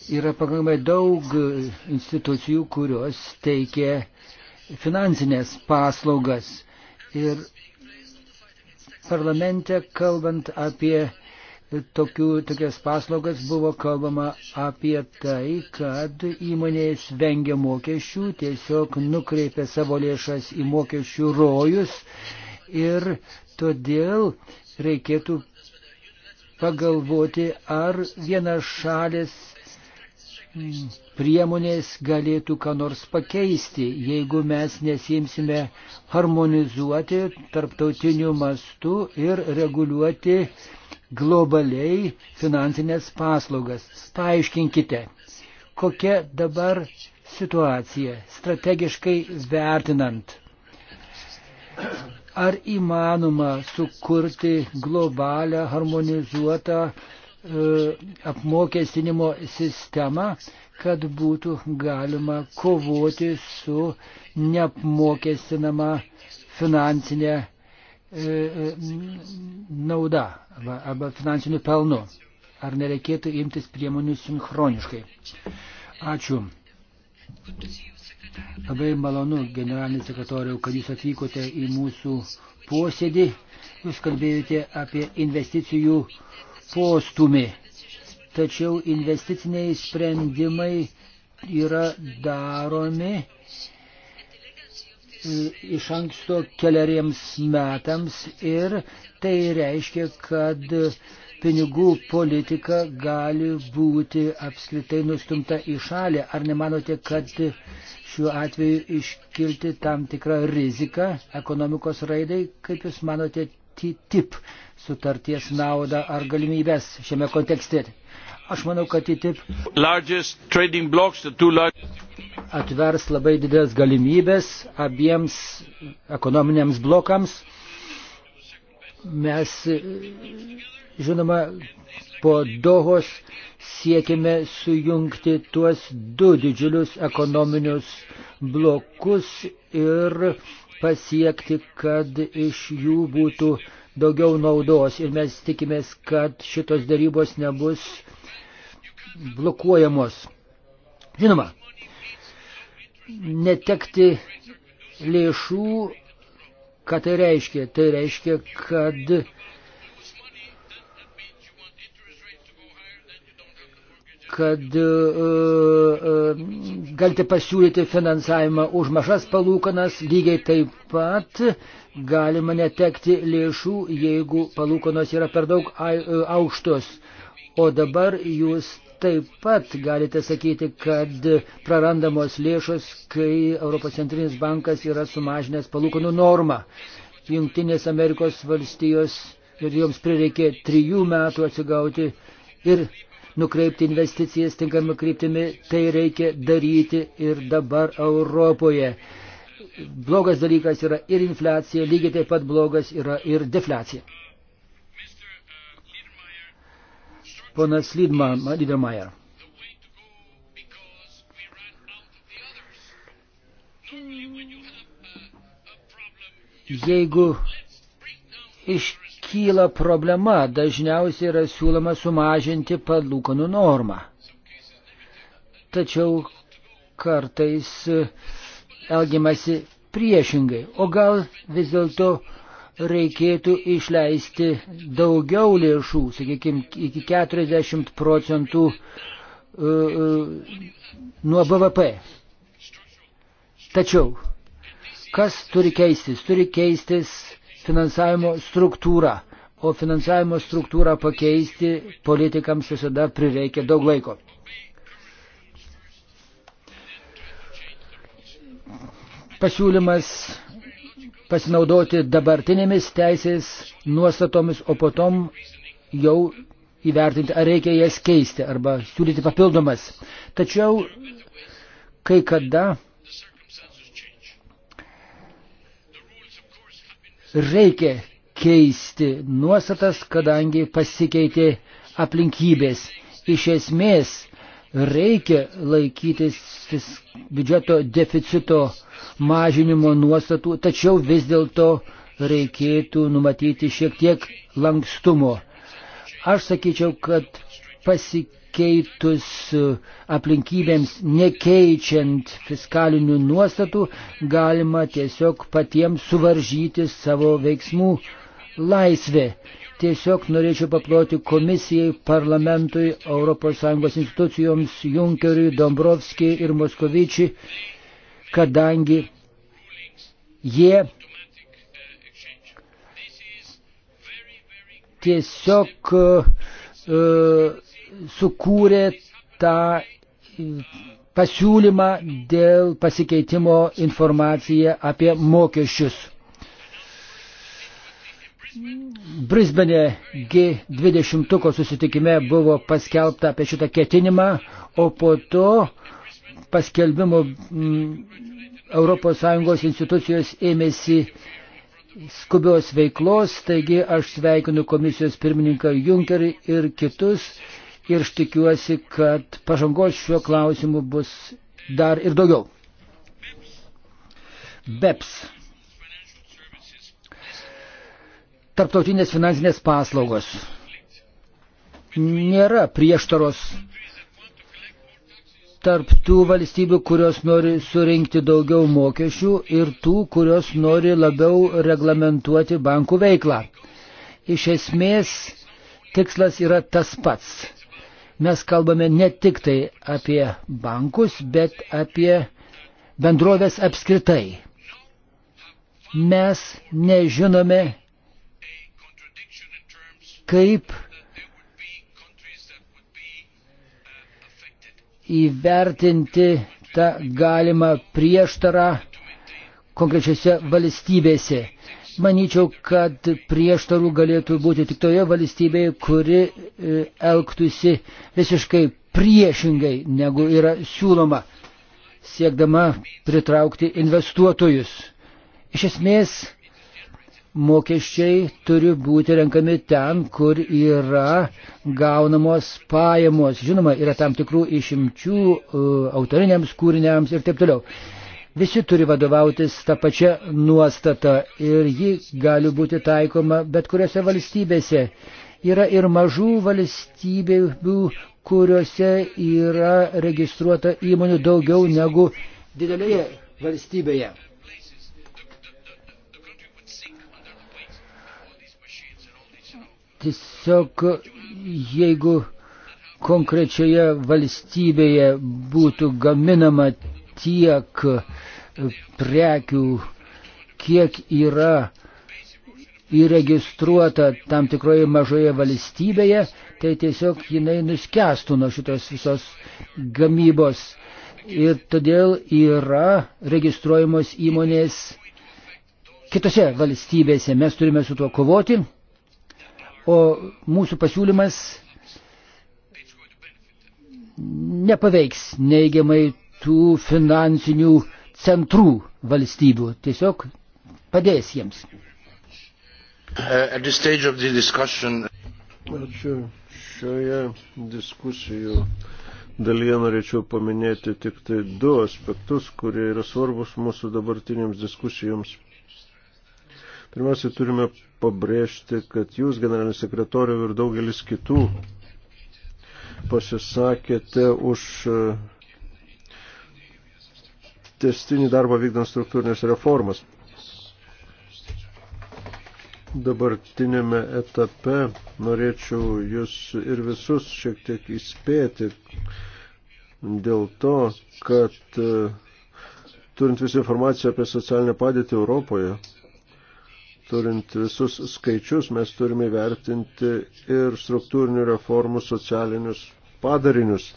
yra pakankamai daug institucijų, kurios teikia finansinės paslaugas. Ir parlamente, kalbant apie tokių, tokias paslaugas, buvo kalbama apie tai, kad įmonės vengia mokesčių, tiesiog nukreipia savo lėšas į mokesčių rojus ir todėl reikėtų pagalvoti, ar vienas šalis priemonės galėtų ką nors pakeisti, jeigu mes nesimsime harmonizuoti tarptautiniu mastu ir reguliuoti globaliai finansinės paslaugas. Paaiškinkite, kokia dabar situacija strategiškai vertinant. Ar įmanoma sukurti globalią harmonizuotą E, apmokestinimo sistemą, kad būtų galima kovoti su neapmokestinama finansinė e, e, nauda arba finansiniu pelnu. Ar nereikėtų imtis priemonių sinchroniškai? Ačiū. Labai malonu, generalinis sekretoriau, kad jūs atvykote į mūsų posėdį. Jūs kalbėjote apie investicijų uh, postumį. Tačiau investiciniai sprendimai yra daromi e, iš anksto keliariems metams ir tai reiškia, kad pinigų politika gali būti apskritai nustumta į šalį. Ar nemanote, kad šiuo atveju iškilti tam tikrą riziką ekonomikos raidai? Kaip Jūs manote, TTIP sutarties naudą ar galimybės šiame kontekste. Aš manau, kad TTIP atvers labai didelės galimybės abiems ekonominiams blokams. Mes, žinoma, po Dohos siekime sujungti tuos du didžiulius ekonominius blokus ir pasiekti, kad iš jų būtų daugiau naudos ir mes tikimės, kad šitos darybos nebus blokuojamos. Žinoma, netekti lėšų, ką tai reiškia? Tai reiškia, kad kad e, e, galite pasiūlyti finansavimą už mažas palūkanas, lygiai taip pat galima netekti lėšų, jeigu palūkanos yra per daug e, aukštos. O dabar jūs taip pat galite sakyti, kad prarandamos lėšos, kai ES bankas yra sumažinęs palūkanų normą. Junktinės Amerikos valstijos ir joms prireikė trijų metų atsigauti ir nukreipti investicijas tinkamą kryptimį, tai reikia daryti ir dabar Europoje. Blogas dalykas yra ir infliacija, lygiai taip pat blogas yra ir defliacija. Ponas Lydmajer. Jeigu iš kyla problema, dažniausiai yra siūloma sumažinti palūkanų normą. Tačiau kartais e, elgiamasi priešingai. O gal vis dėlto reikėtų išleisti daugiau lėšų, sakykime, iki 40 procentų e, e, nuo BVP. Tačiau, kas turi keistis? Turi keistis finansavimo struktūrą, o finansavimo struktūrą pakeisti politikams visada prireikia daug laiko. Pasiūlymas pasinaudoti dabartinėmis teisės nuostatomis, o potom jau įvertinti, ar reikia jas keisti arba siūlyti papildomas. Tačiau kai kada reikia keisti nuostatas, kadangi pasikeitė aplinkybės. Iš esmės reikia laikytis biudžeto deficito mažinimo nuostatų, tačiau vis dėlto reikėtų numatyti šiek tiek lankstumo. Aš sakyčiau, kad pasikeitus aplinkybėms, nekeičiant fiskalinių nuostatų, galima tiesiog patiems suvaržyti savo veiksmų laisvę. Tiesiog norėčiau paploti komisijai, parlamentui, ES institucijoms, Junkeriui, Dombrovskijai ir Moskovičiui, kadangi jie tiesiog uh, sukūrė tą pasiūlymą dėl pasikeitimo informaciją apie mokesčius. Brisbane G20 susitikime buvo paskelbta apie šitą ketinimą, o po to paskelbimo mm, ES institucijos ėmėsi skubios veiklos, taigi aš sveikinu komisijos pirmininką Junkerį ir kitus ir aš tikiuosi, kad pažangos šiuo klausimu bus dar ir daugiau. BEPS. Tarptautinės finansinės paslaugos. Nėra prieštaros tarp tų valstybių, kurios nori surinkti daugiau mokesčių ir tų, kurios nori labiau reglamentuoti bankų veiklą. Iš esmės tikslas yra tas pats mes kalbame ne tik tai apie bankus, bet apie bendrovės apskritai. Mes nežinome, kaip įvertinti tą galimą prieštarą konkrečiose valstybėse. Manyčiau, kad prieštarų galėtų būti tik toje valstybėje, kuri e, elgtųsi visiškai priešingai, negu yra siūloma, siekdama pritraukti investuotojus. Iš esmės, mokesčiai turi būti renkami ten, kur yra gaunamos pajamos. Žinoma, yra tam tikrų išimčių e, autoriniams kūriniams ir taip toliau. Visi turi vadovautis tą pačią nuostatą ir ji gali būti taikoma bet kuriuose valstybėse. Yra ir mažų valstybių, kuriuose yra registruota įmonių daugiau negu didelėje valstybėje. Tiesiog jeigu konkrečioje valstybėje būtų gaminama tiek e, prekių, kiek yra įregistruota tam tikroje mažoje valstybėje, tai tiesiog jinai nuskestų nuo šitos visos gamybos. Ir todėl yra registruojamos įmonės kitose valstybėse. Mes turime su tuo kovoti. O mūsų pasiūlymas nepaveiks neigiamai tų finansinių centrų valstybių. Tiesiog padės jiems. Uh, Ačiū. Šioje diskusijų dalyje norėčiau paminėti tik tai du aspektus, kurie yra svarbus mūsų dabartinėms diskusijoms. Pirmiausia, turime pabrėžti, kad jūs, generalinis sekretoriau ir daugelis kitų pasisakėte už testinį darbą vykdant struktūrinės reformas. Dabartinėme etape norėčiau jūs ir visus šiek tiek įspėti dėl to, kad e, turint visą informaciją apie socialinę padėtį Europoje, turint visus skaičius, mes turime vertinti ir struktūrinių reformų socialinius padarinius.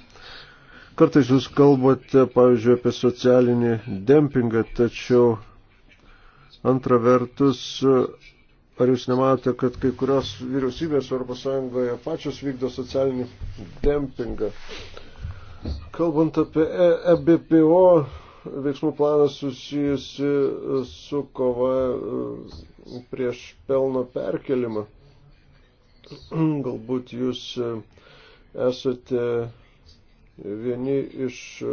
Kartais jūs kalbate, pavyzdžiui, apie socialinį dempingą, tačiau antra vertus, ar jūs nematote, kad kai kurios vyriausybės Europos Sąjungoje pačios vykdo socialinį dempingą? Kalbant apie EBPO e veiksmų planą susijusi su kova e, prieš pelno perkelimą, galbūt jūs e, esate vieni iš e,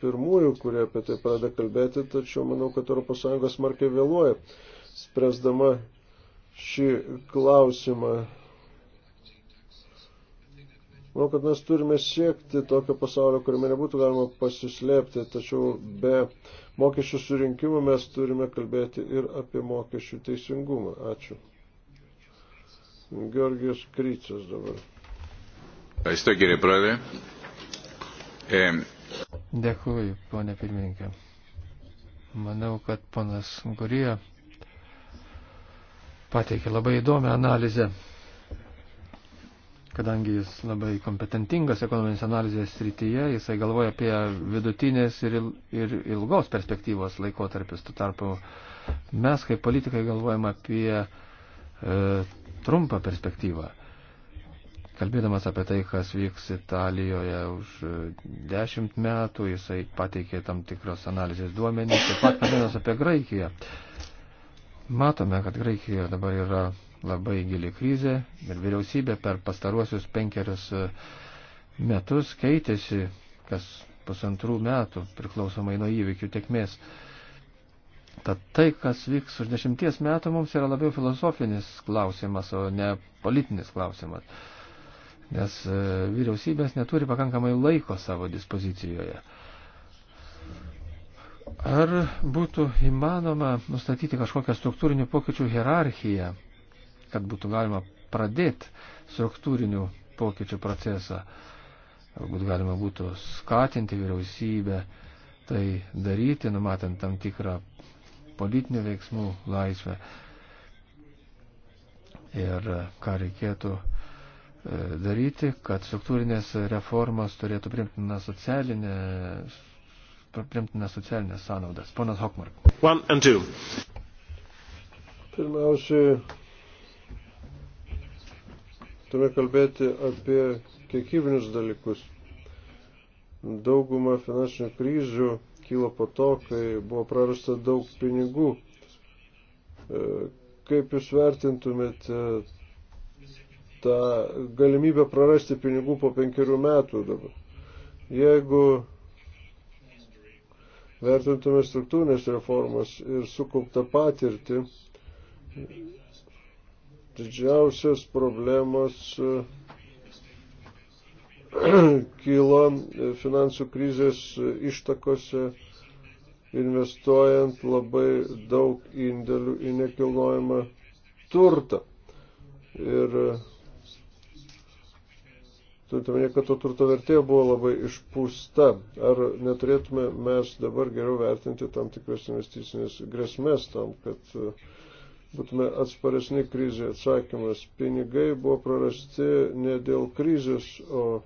pirmųjų, kurie apie tai pradeda kalbėti, tačiau manau, kad ES smarkiai vėluoja, spręsdama šį klausimą. Manau, kad mes turime siekti tokio pasaulio, kuriame nebūtų galima pasislėpti, tačiau be mokesčių surinkimo mes turime kalbėti ir apie mokesčių teisingumą. Ačiū. Georgijos Krycas dabar. Aistė, gerai pradė. Dėkuoju, ponė pirmininkė. Manau, kad ponas Gurija pateikė labai įdomią analizę, kadangi jis labai kompetentingas ekonominės analizės srityje, jisai galvoja apie vidutinės ir, il, ir ilgos perspektyvos laikotarpius. Tuo tarpu mes, kaip politikai, galvojam apie e, trumpą perspektyvą. Kalbėdamas apie tai, kas vyks Italijoje už e, dešimt metų, jisai pateikė tam tikros analizės duomenys, taip pat kalbėdamas apie Graikiją. Matome, kad Graikijoje dabar yra labai gili krizė ir vyriausybė per pastaruosius penkerius e, metus keitėsi kas pusantrų metų priklausomai nuo įvykių tekmės. Tad tai, kas vyks už dešimties metų, mums yra labiau filosofinis klausimas, o ne politinis klausimas nes e, vyriausybės neturi pakankamai laiko savo dispozicijoje. Ar būtų įmanoma nustatyti kažkokią struktūrinių pokyčių hierarchiją, kad būtų galima pradėti struktūrinių pokyčių procesą? Galbūt galima būtų skatinti vyriausybę tai daryti, numatant tam tikrą politinių veiksmų laisvę. Ir ką reikėtų uh, E, daryti, kad struktūrinės reformos turėtų primtiną socialinę primtinas socialinės sąnaudas. Ponas Hokmark. One and two. Pirmiausiai, turime kalbėti apie kiekybinius dalykus. Dauguma finansinių kryžių kyla po to, kai buvo prarasta daug pinigų. E, kaip jūs vertintumėte tą galimybę prarasti pinigų po penkerių metų dabar. Jeigu vertintume struktūrinės reformas ir sukauptą patirtį, didžiausias problemas kilo finansų krizės ištakose investuojant labai daug indėlių į nekilnojamą turtą. Ir Turintame, kad to turto vertė buvo labai išpūsta. Ar neturėtume mes dabar geriau vertinti tam tikras investicinės grėsmės tam, kad e, būtume atsparesni krizė? Atsakymas. Pinigai buvo prarasti ne dėl krizės, o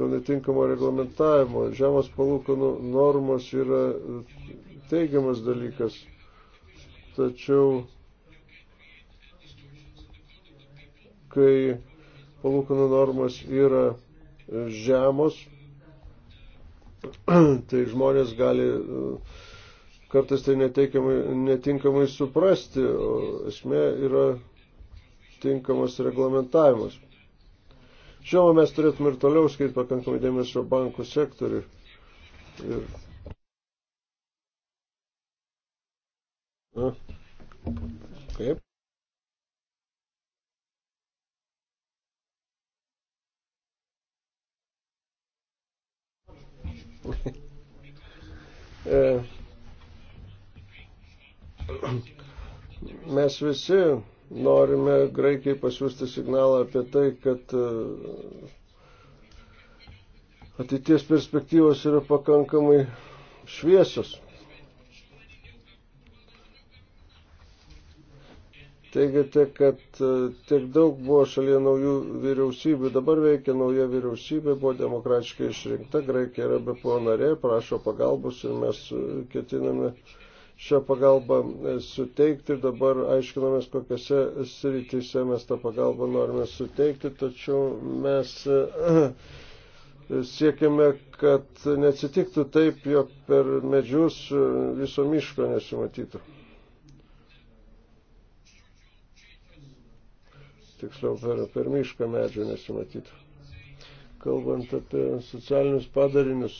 dėl netinkamo reglamentavimo. Žemas palūkanų normos yra teigiamas dalykas. Tačiau, kai palūkanų normos yra žemos, tai žmonės gali e, kartais tai netinkamai suprasti, o esmė yra tinkamas reglamentavimas. Žinoma, mes turėtume ir toliau skaityti pakankamai dėmesio bankų sektoriui. Ir... Kaip? E, mes visi norime Graikijai pasiūsti signalą apie tai, kad e, ateities perspektyvos yra pakankamai šviesos. Teigiate, kad e, tiek daug buvo šalyje naujų vyriausybių, dabar veikia nauja vyriausybė, buvo demokratiškai išrinkta, Graikija yra BPO narė, prašo pagalbos ir mes e, ketiname šią pagalbą e, suteikti ir dabar aiškinomės, kokiose srityse mes tą pagalbą norime suteikti, tačiau mes siekiame, kad neatsitiktų taip, jog per medžius viso miško nesimatytų. tiksliau per, per mišką medžio nesimatytų. Kalbant apie socialinius padarinius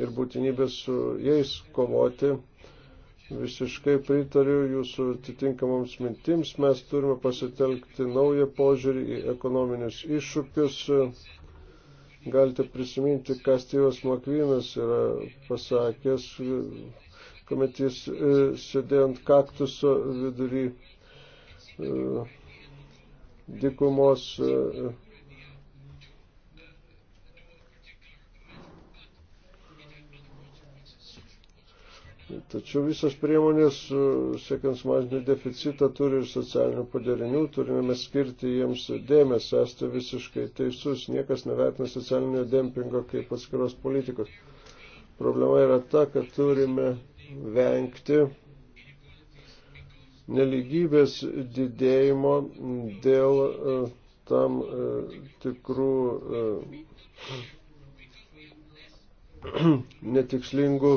ir būtinybę su jais kovoti, visiškai pritariu jūsų atitinkamoms mintims. Mes turime pasitelkti naują požiūrį į ekonominius iššūkius. Galite prisiminti, ką Styvas Makvynas yra pasakęs, kuomet jis e, sėdėjo ant kaktuso vidury e, dikumos e, e, Tačiau visas priemonės, e, siekiant sumažinti deficitą, turi ir socialinių padarinių, turime mes skirti jiems dėmesį, esate visiškai teisus, niekas nevertina socialinio dempingo kaip atskiros politikos. Problema yra ta, kad turime vengti neligybės didėjimo dėl e, tam e, tikrų e, netikslingų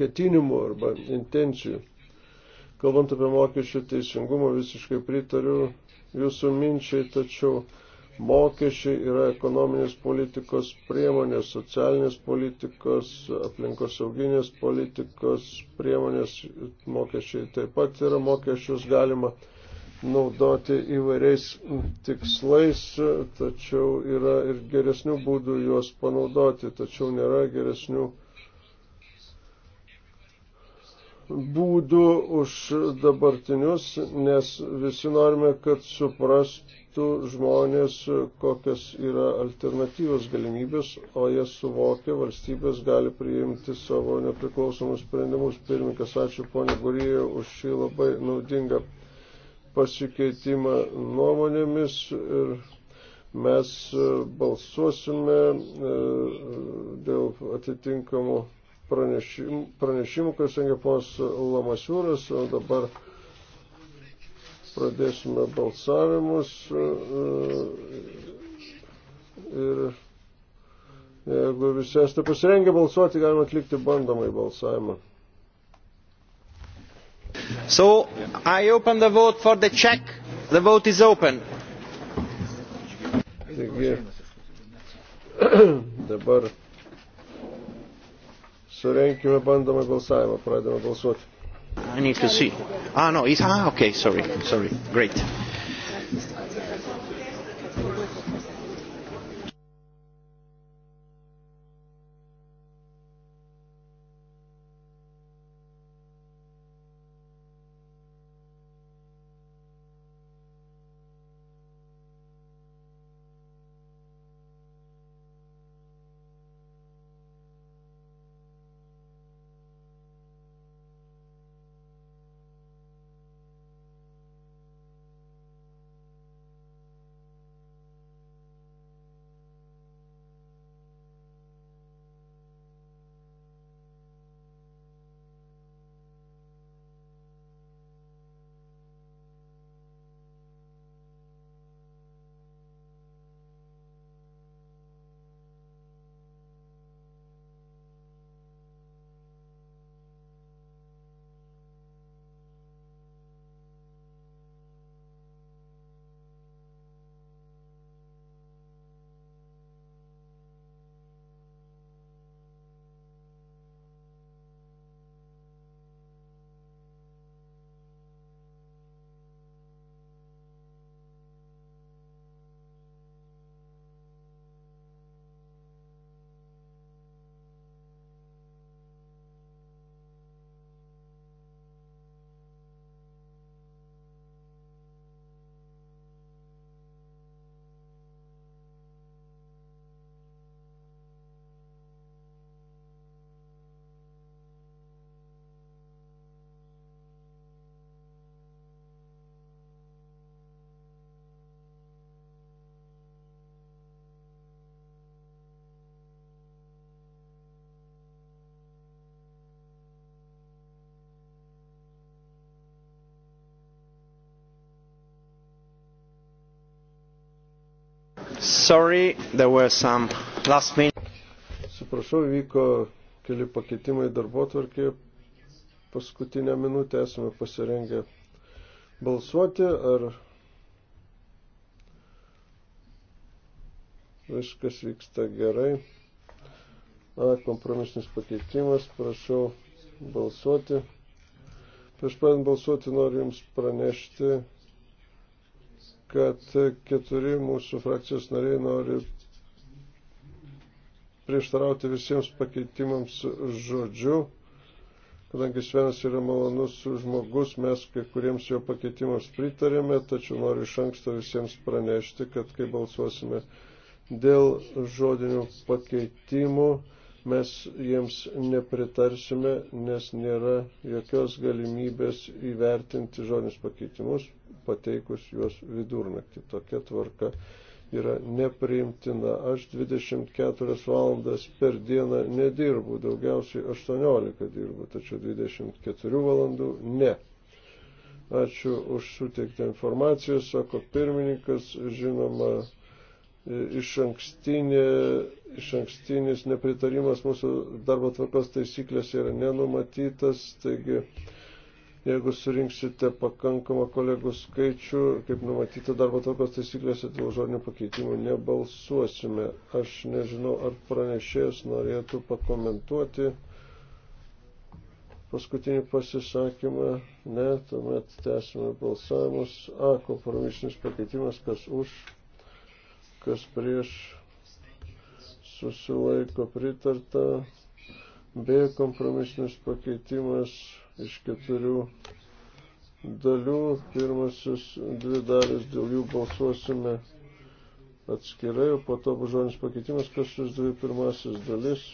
ketinimų arba intencijų. Kalbant apie mokesčių teisingumą, visiškai pritariu jūsų minčiai, tačiau Mokesčiai yra ekonominės politikos priemonės, socialinės politikos, aplinkosauginės politikos priemonės, mokesčiai taip pat yra mokesčius galima naudoti įvairiais tikslais, tačiau yra ir geresnių būdų juos panaudoti, tačiau nėra geresnių būdų už dabartinius, nes visi norime, kad suprastų paklaustų žmonės, kokios yra alternatyvos galimybės, o jie suvokia, valstybės gali priimti savo nepriklausomus sprendimus. Pirmininkas, ačiū ponė Gurija už šį labai naudingą pasikeitimą nuomonėmis ir mes balsuosime e, dėl atitinkamų pranešimų, pranešimų kuris rengia ponas Lamasiūras, o dabar pradėsime balsavimus e, e, ir jeigu visi esate pasirengę balsuoti, galima atlikti bandomai balsavimą. So, I open the vote for the check. The vote is open. Taigi, dabar surenkime bandomą balsavimą, pradėme balsuoti. I need to see. Ah, no, it's, ah, okay, sorry, sorry, great. Sorry, there were some last minute. Suprašau, vyko keli pakeitimai darbo tvarkėje. Paskutinę minutę esame pasirengę balsuoti. Ar viskas vyksta gerai? A, kompromisinis pakeitimas. Prašau balsuoti. Prieš pradant balsuoti noriu Jums pranešti kad keturi mūsų frakcijos nariai nori prieštarauti visiems pakeitimams žodžiu. Kadangi Svenas yra malonus žmogus, mes kai kuriems jo pakeitimams pritarėme, tačiau noriu iš anksto visiems pranešti, kad kai balsuosime dėl žodinių pakeitimų, mes jiems nepritarsime, nes nėra jokios galimybės įvertinti žodinius pakeitimus, pateikus juos vidurnaktį. Tokia tvarka yra nepriimtina. Aš 24 valandas per dieną nedirbu, daugiausiai 18 dirbu, tačiau 24 valandų ne. Ačiū už suteiktą informaciją, sako pirmininkas, žinoma, iš, ankstinė, iš ankstinis nepritarimas mūsų darbo tvarkos taisyklės yra nenumatytas, taigi jeigu surinksite pakankamą kolegų skaičių, kaip numatyta darbo tvarkos taisyklėse, dėl žodinių pakeitimų nebalsuosime. Aš nežinau, ar pranešėjas norėtų pakomentuoti paskutinį pasisakymą. Ne, tuomet tęsime balsavimus. A, kompromisinis pakeitimas, kas už kas prieš susilaiko pritarta, B kompromisinis pakeitimas iš keturių dalių, pirmasis dvi dalis, dėl jų balsuosime atskirai, po to bus žodis pakeitimas, kas už dvi pirmasis dalis,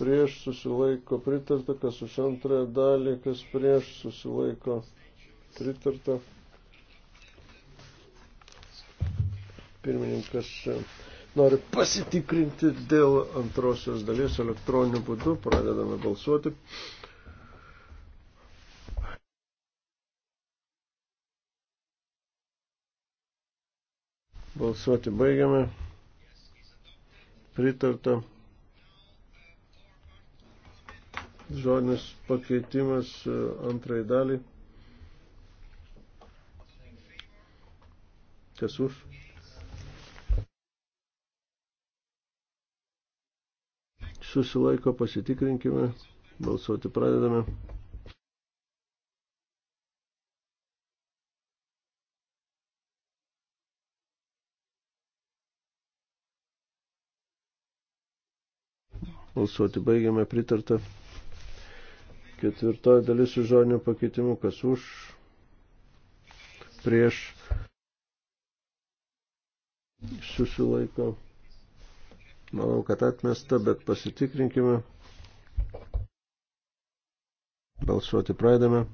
prieš susilaiko pritarta, kas už antrąją dalį, kas prieš susilaiko pritarta. pirmininkas e, nori pasitikrinti dėl antrosios dalies elektroniniu būdu. Pradedame balsuoti. Balsuoti baigiame. Pritarta. Žodinis pakeitimas e, antrai daliai. Kas už? susilaiko, pasitikrinkime, balsuoti pradedame. Balsuoti baigiame pritartą. Ketvirtoji dalis su žodiniu pakeitimu, kas už, prieš, susilaiko. Manau, kad atmesta, bet pasitikrinkime. Balsuoti praeidame.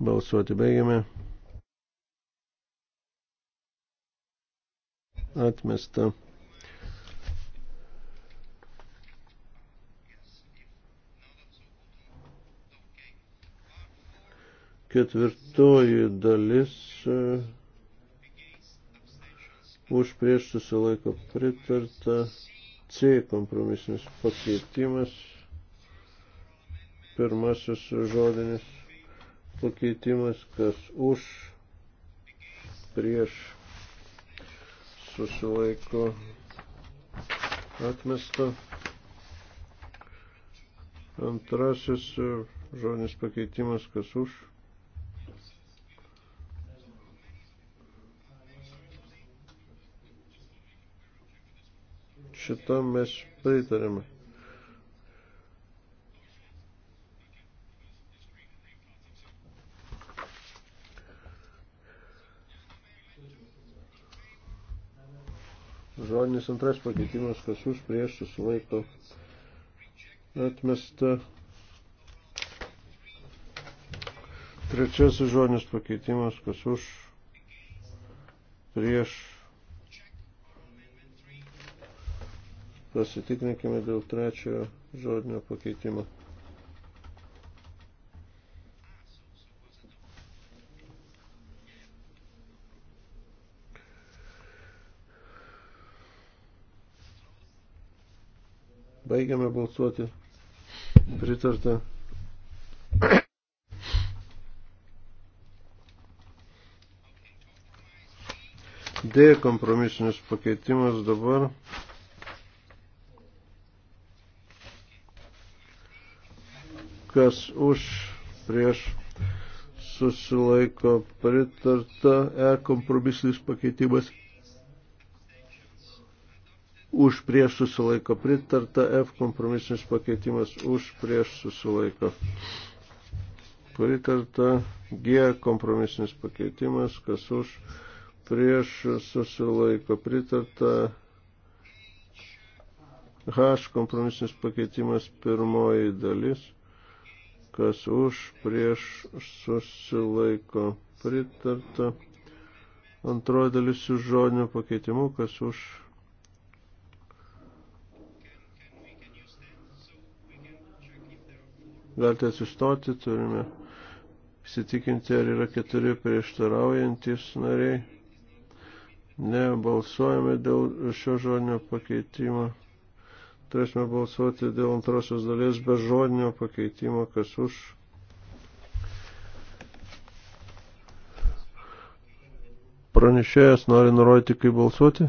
Balsuoti baigiame. Atmesta. Ketvirtoji dalis e, už prieš susilaiko pritarta C kompromisinis pakeitimas. Pirmasis žodinis pakeitimas, kas už prieš susilaiko atmesta. Antrasis žodinis pakeitimas, kas už Šitam mes pritarėme. Žodinis antras pakeitimas, kas už prieš susilaiko atmesta. Trečiasis žodinis pakeitimas, kas už prieš Pasitikrinkime dėl trečiojo žodinio pakeitimo. Baigiame balsuoti. Pritarta. D kompromisinis pakeitimas dabar. kas už prieš susilaiko pritarta E kompromisinis pakeitimas. Už prieš susilaiko pritarta F kompromisinis pakeitimas. Už prieš susilaiko pritarta G kompromisinis pakeitimas. Kas už prieš susilaiko pritarta H kompromisinis pakeitimas pirmoji dalis kas už, prieš susilaiko pritarta. Antroji dalis su žodiniu pakeitimu, kas už. Galite atsistoti, turime įsitikinti, ar yra keturi prieštaraujantis nariai. Ne, balsuojame dėl šio žodinio pakeitimo. Turėsime balsuoti dėl antrosios dalies be žodinio pakeitimo, kas už. Pranešėjas nori nurodyti, kaip balsuoti.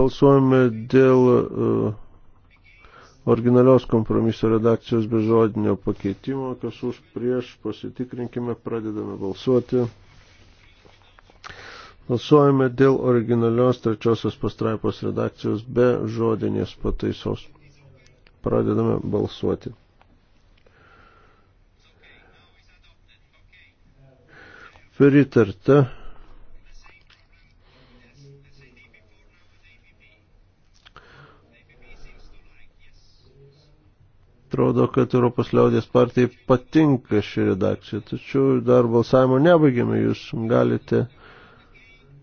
Balsuojame dėl uh, originalios kompromiso redakcijos be žodinio pakeitimo, kas už prieš, pasitikrinkime, pradedame balsuoti. Balsuojame dėl originalios trečiosios pastraipos redakcijos be žodinės pataisos. Pradedame balsuoti. Pritarta. Atrodo, kad Europos liaudės partijai patinka ši redakcija, tačiau dar balsavimo nebaigėme, jūs galite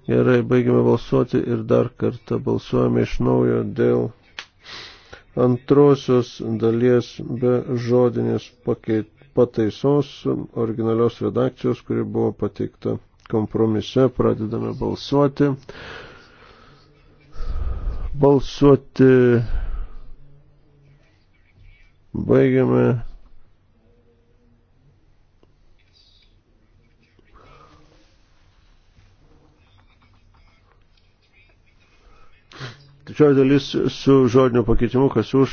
Gerai, baigiame balsuoti ir dar kartą balsuojame iš naujo dėl antrosios dalies be žodinės pakeit, pataisos originalios redakcijos, kuri buvo pateikta kompromise. Pradedame balsuoti. Balsuoti baigiame Trečioji dalis su žodiniu pakeitimu, kas už.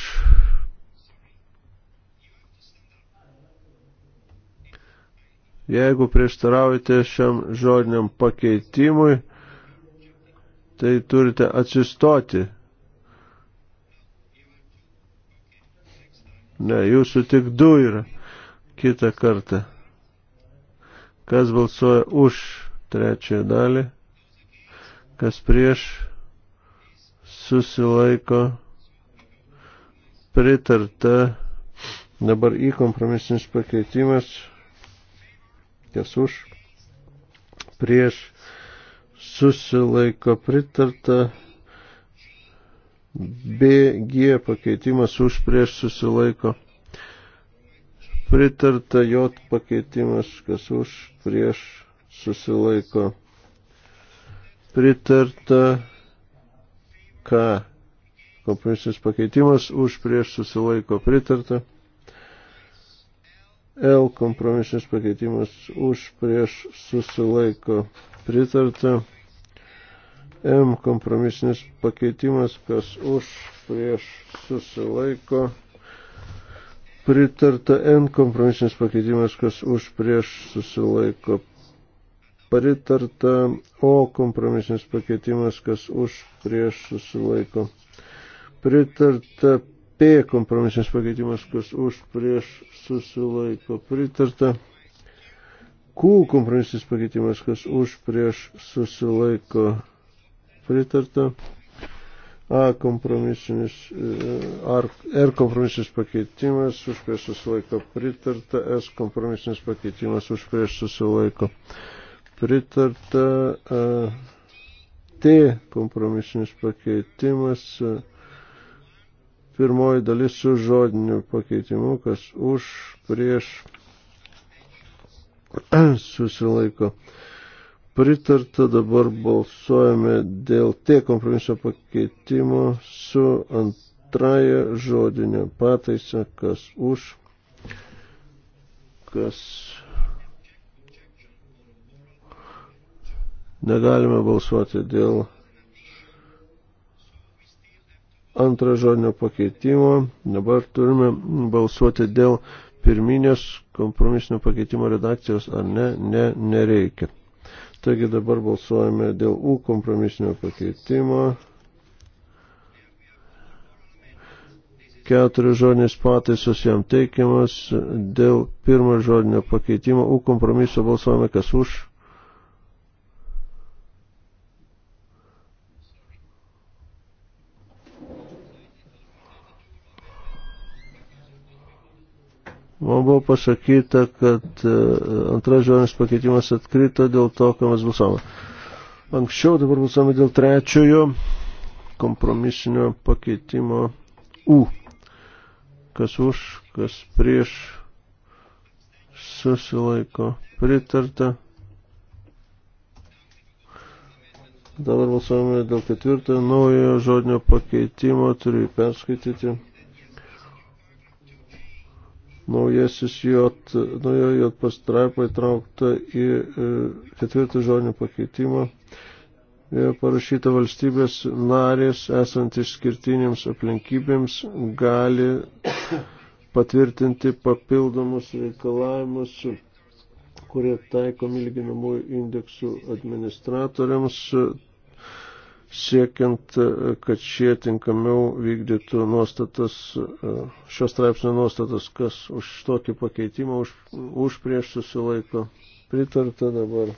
Jeigu prieštaraujate šiam žodiniam pakeitimui, tai turite atsistoti. Ne, jūsų tik du yra kitą kartą. Kas balsuoja už trečiąją dalį, kas prieš susilaiko pritarta. Dabar į kompromisinis pakeitimas, kas už, prieš susilaiko pritarta. BG pakeitimas už prieš susilaiko. Pritarta J pakeitimas, kas už prieš susilaiko. Pritarta K kompromisinis pakeitimas už prieš susilaiko pritarta. L kompromisinis pakeitimas už prieš susilaiko pritarta. M kompromisinis pakeitimas, kas už prieš susilaiko pritarta. N kompromisinis pakeitimas, kas už prieš susilaiko Pritarta O kompromisinis pakeitimas, kas už prieš susilaiko. Pritarta P kompromisinis pakeitimas, kas už prieš susilaiko. Pritarta Q kompromisinis pakeitimas, kas už prieš susilaiko. Pritarta. A kompromisinis, e, R kompromisinis pakeitimas už prieš susilaiko pritarta, S kompromisinis pakeitimas už prieš susilaiko pritarta pritarta T kompromisinis pakeitimas, pirmoji dalis su žodiniu pakeitimu, kas už, prieš, susilaiko. Pritarta dabar balsuojame dėl T kompromiso pakeitimo su antraja žodinė pataisa, kas už, kas Negalime balsuoti dėl antrą žodinio pakeitimo. Dabar turime balsuoti dėl pirminės kompromisinio pakeitimo redakcijos, ar ne, ne, nereikia. Taigi dabar balsuojame dėl U kompromisinio pakeitimo. Keturi žodinės pataisos jam teikiamas dėl pirmo žodinio pakeitimo. U kompromiso balsuojame kas už, Man buvo pasakyta, kad e, antras žodinis pakeitimas atkrito dėl to, ką mes balsavome. Anksčiau dabar balsavome dėl trečiojo kompromisinio pakeitimo U. Kas už, kas prieš susilaiko pritarta. Dabar balsavome dėl ketvirtojo naujo žodinio pakeitimo, turiu perskaityti naujasis jot, naujo jot pastraipa įtraukta į e, ketvirtą žodinį pakeitimą. E, parašyta valstybės narės, esant išskirtinėms aplinkybėms, gali patvirtinti papildomus reikalavimus, kurie taikomi lyginamųjų indeksų administratoriams siekiant, e, kad šie tinkamiau vykdytų nuostatas, e, šios straipsnio nuostatas, kas už tokį pakeitimą, už, už prieš susilaiko pritarta dabar.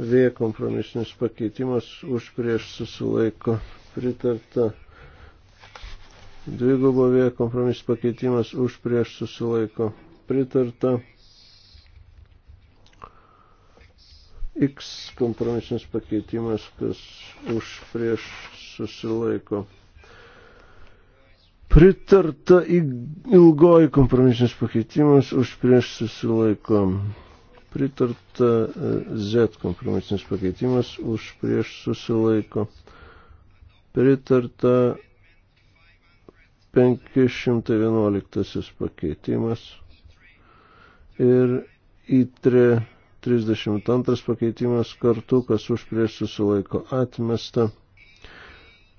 V kompromisinis pakeitimas už prieš susilaiko pritarta. Dvigubo V kompromisinis pakeitimas už prieš susilaiko pritarta. X kompromisinis pakeitimas, kas už prieš susilaiko. Pritarta ilgoji kompromisinis pakeitimas, už prieš susilaiko. Pritarta e, Z kompromisinis pakeitimas, už prieš susilaiko. Pritarta 511 pakeitimas ir įtre 32 pakeitimas kartu, kas už prieš susilaiko atmesta.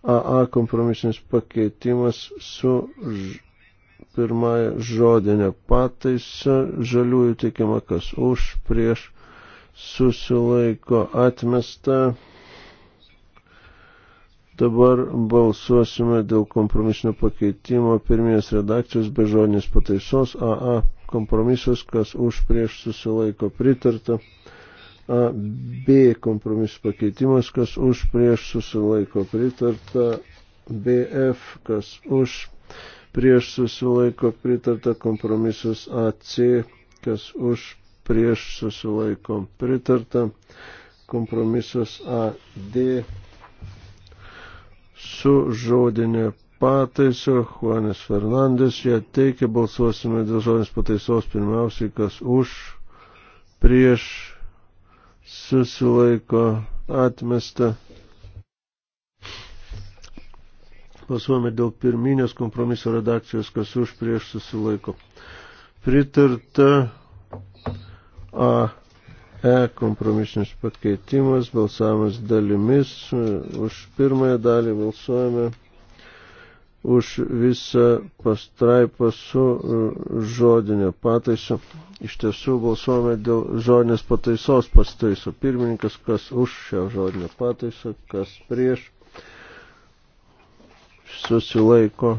AA kompromisinis pakeitimas su pirmąją žodinę pataisą žaliųjų teikiama, kas už prieš susilaiko atmesta. Dabar balsuosime dėl kompromisinio pakeitimo pirminės redakcijos be žodinės pataisos AA kompromisas, kas už prieš susilaiko pritarta. A, B kompromis pakeitimas, kas už prieš susilaiko pritarta. BF, kas už prieš susilaiko pritarta. Kompromisas AC, kas už prieš susilaiko pritarta. Kompromisas AD su žodinė pataisą. Juanis Fernandes ją teikia. Balsuosime dėl žodinės pataisos. Pirmiausiai, kas už, prieš, susilaiko, atmesta. Balsuojame dėl pirminės kompromiso redakcijos, kas už, prieš, susilaiko. Pritarta A. E kompromisinis pakeitimas, balsavimas dalimis. Už pirmąją dalį balsuojame už visą pastraipą su e, žodinė pataisa. Iš tiesų balsuome dėl žodinės pataisos pastaiso. Pirmininkas, kas už šią žodinę pataisą, kas prieš, susilaiko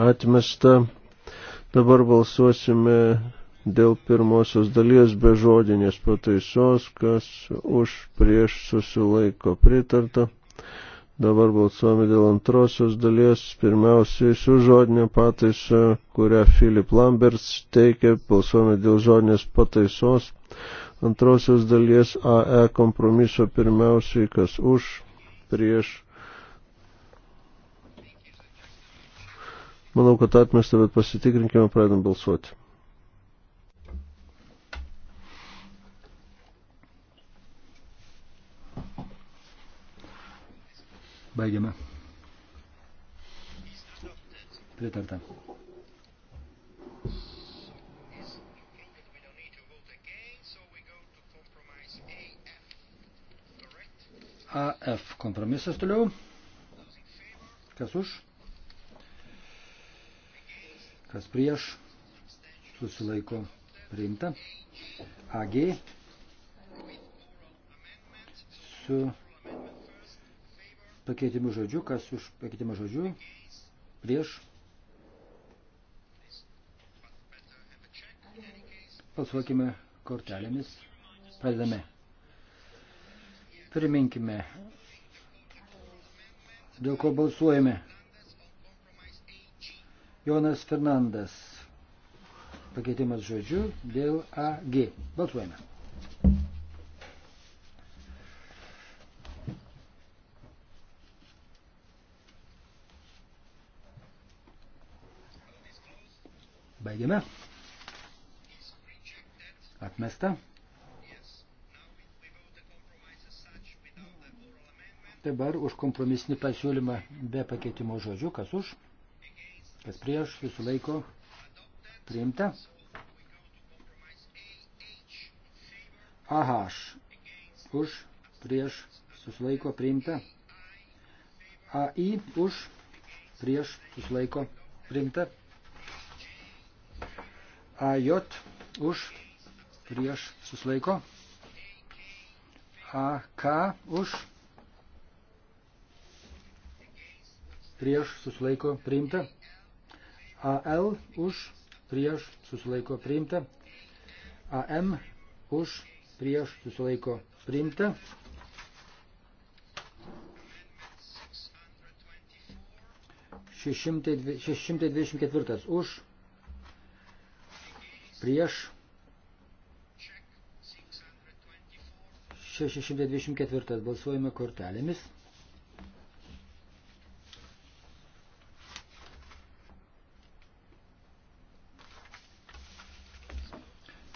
atmesta. Dabar balsuosime dėl pirmosios dalies be žodinės pataisos, kas už prieš susilaiko pritarta Dabar balsuojame dėl antrosios dalies, pirmiausiai su žodinė pataisa, kurią Filip Lamberts teikia, balsuojame dėl žodinės pataisos. Antrosios dalies AE kompromiso pirmiausiai, kas už, prieš. Manau, kad atmestą, bet pasitikrinkime, pradedam balsuoti. Baigiame. Pritarta. AF kompromisas toliau. Kas už? Kas prieš? Susilaiko priimta. AG su pakeitimu žodžiu, kas už pakeitimą žodžiu, prieš. Balsuokime kortelėmis, pradedame. Priminkime, dėl ko balsuojame. Jonas Fernandas. Pakeitimas žodžiu dėl AG. Balsuojame. Baigiame. Atmesta. Dabar už kompromisinį pasiūlymą be pakeitimo žodžių, kas už, kas prieš, visų laiko priimta. AH už, prieš, susilaiko priimta. AI už, prieš, susilaiko priimta. AJ už, prieš susilaiko. AK už, prieš susilaiko priimta. AL už, prieš susilaiko priimta. AM už, prieš susilaiko priimta. Šešimtai dvidešimt ketvirtas už prieš 624 balsuojame kortelėmis.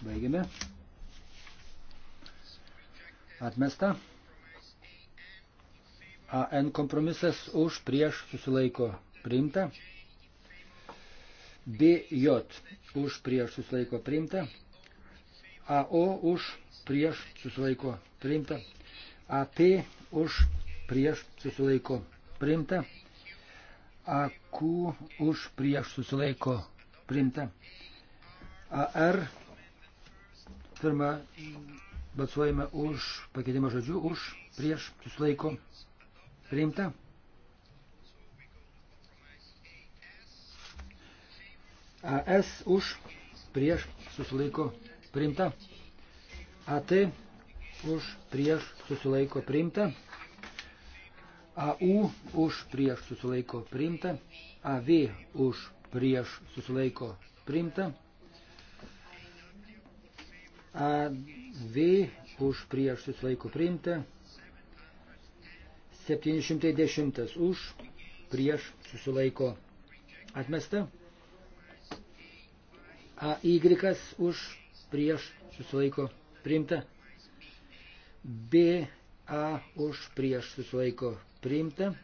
Baigiame. Atmesta. AN kompromisas už prieš susilaiko priimta. BJ už prieš susilaiko priimta, AO už prieš susilaiko priimta, AP už prieš susilaiko priimta, AQ už prieš susilaiko priimta, AR pirmą balsuojame už pakeitimą žodžių, už prieš susilaiko priimta. AS už prieš susilaiko priimta. AT už prieš susilaiko priimta. AU už prieš susilaiko priimta. AV už prieš susilaiko priimta. AV už prieš susilaiko priimta. 710 už prieš susilaiko atmesta. AY už prieš susilaiko priimta. BA už prieš susilaiko priimta.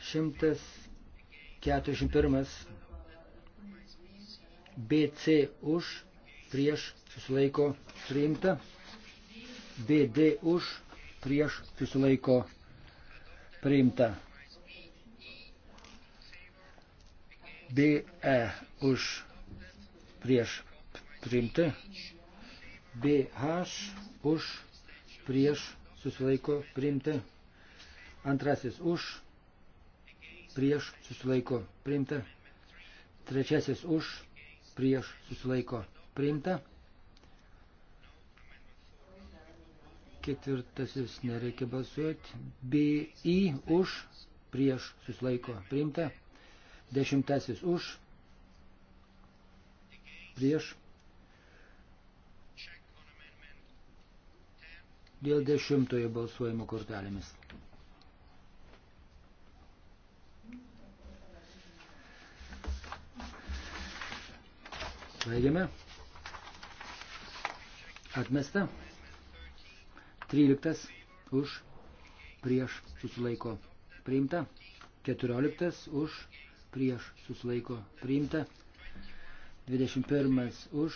141 BC už prieš susilaiko priimta. BD už prieš susilaiko priimta. BE už prieš priimti, BH už prieš susilaiko priimti, antrasis už prieš susilaiko priimti, trečiasis už prieš susilaiko priimta. Ketvirtasis nereikia balsuoti. BI už prieš susilaiko priimta. Dešimtasis už, prieš. Dėl dešimtojo balsuojimo kortelėmis. Baigiame. Atmesta. 13 už prieš susilaiko priimta. 14 už prieš susilaiko priimta, 21 už,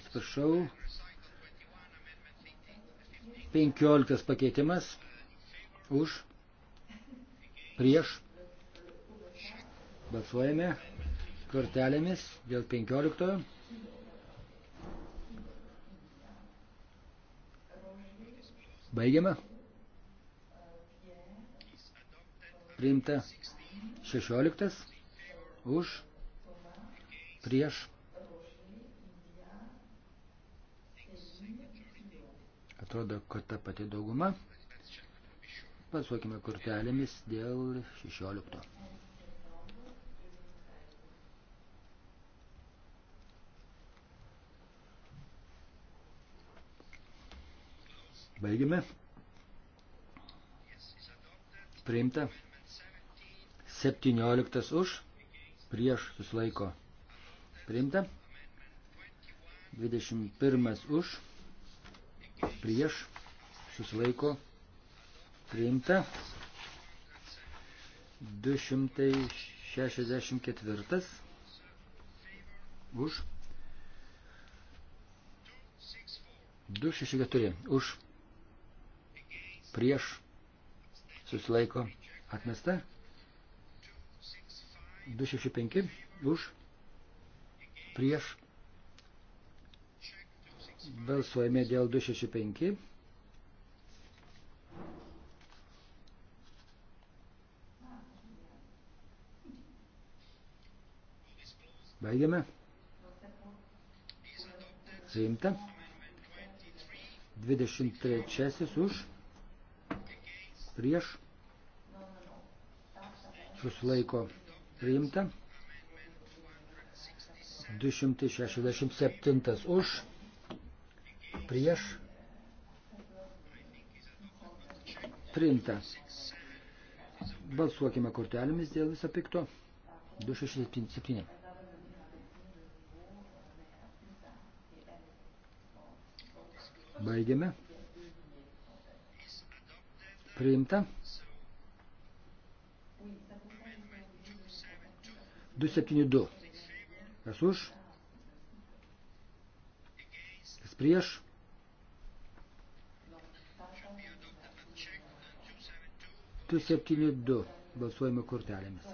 atsiprašau, 15 pakeitimas už, prieš, balsuojame kortelėmis dėl 15. Baigiame. Priimta 16 už prieš atrodo, kad ta pati dauguma. Pasuokime kortelėmis dėl 16. Baigime. Priimta. 17 už, prieš susilaiko priimta, 21 už, prieš susilaiko priimta, 264 už, 264 už, prieš susilaiko atmesta. 265 už prieš balsuojame dėl 265 baigiame priimta 23 už prieš susilaiko priimta. 267 už, prieš, priimta. Balsuokime kortelėmis dėl viso pikto. 267. Baigiame. Priimta. 272. Kas už? Kas prieš? Tu 72 balsuojame kortelėmis.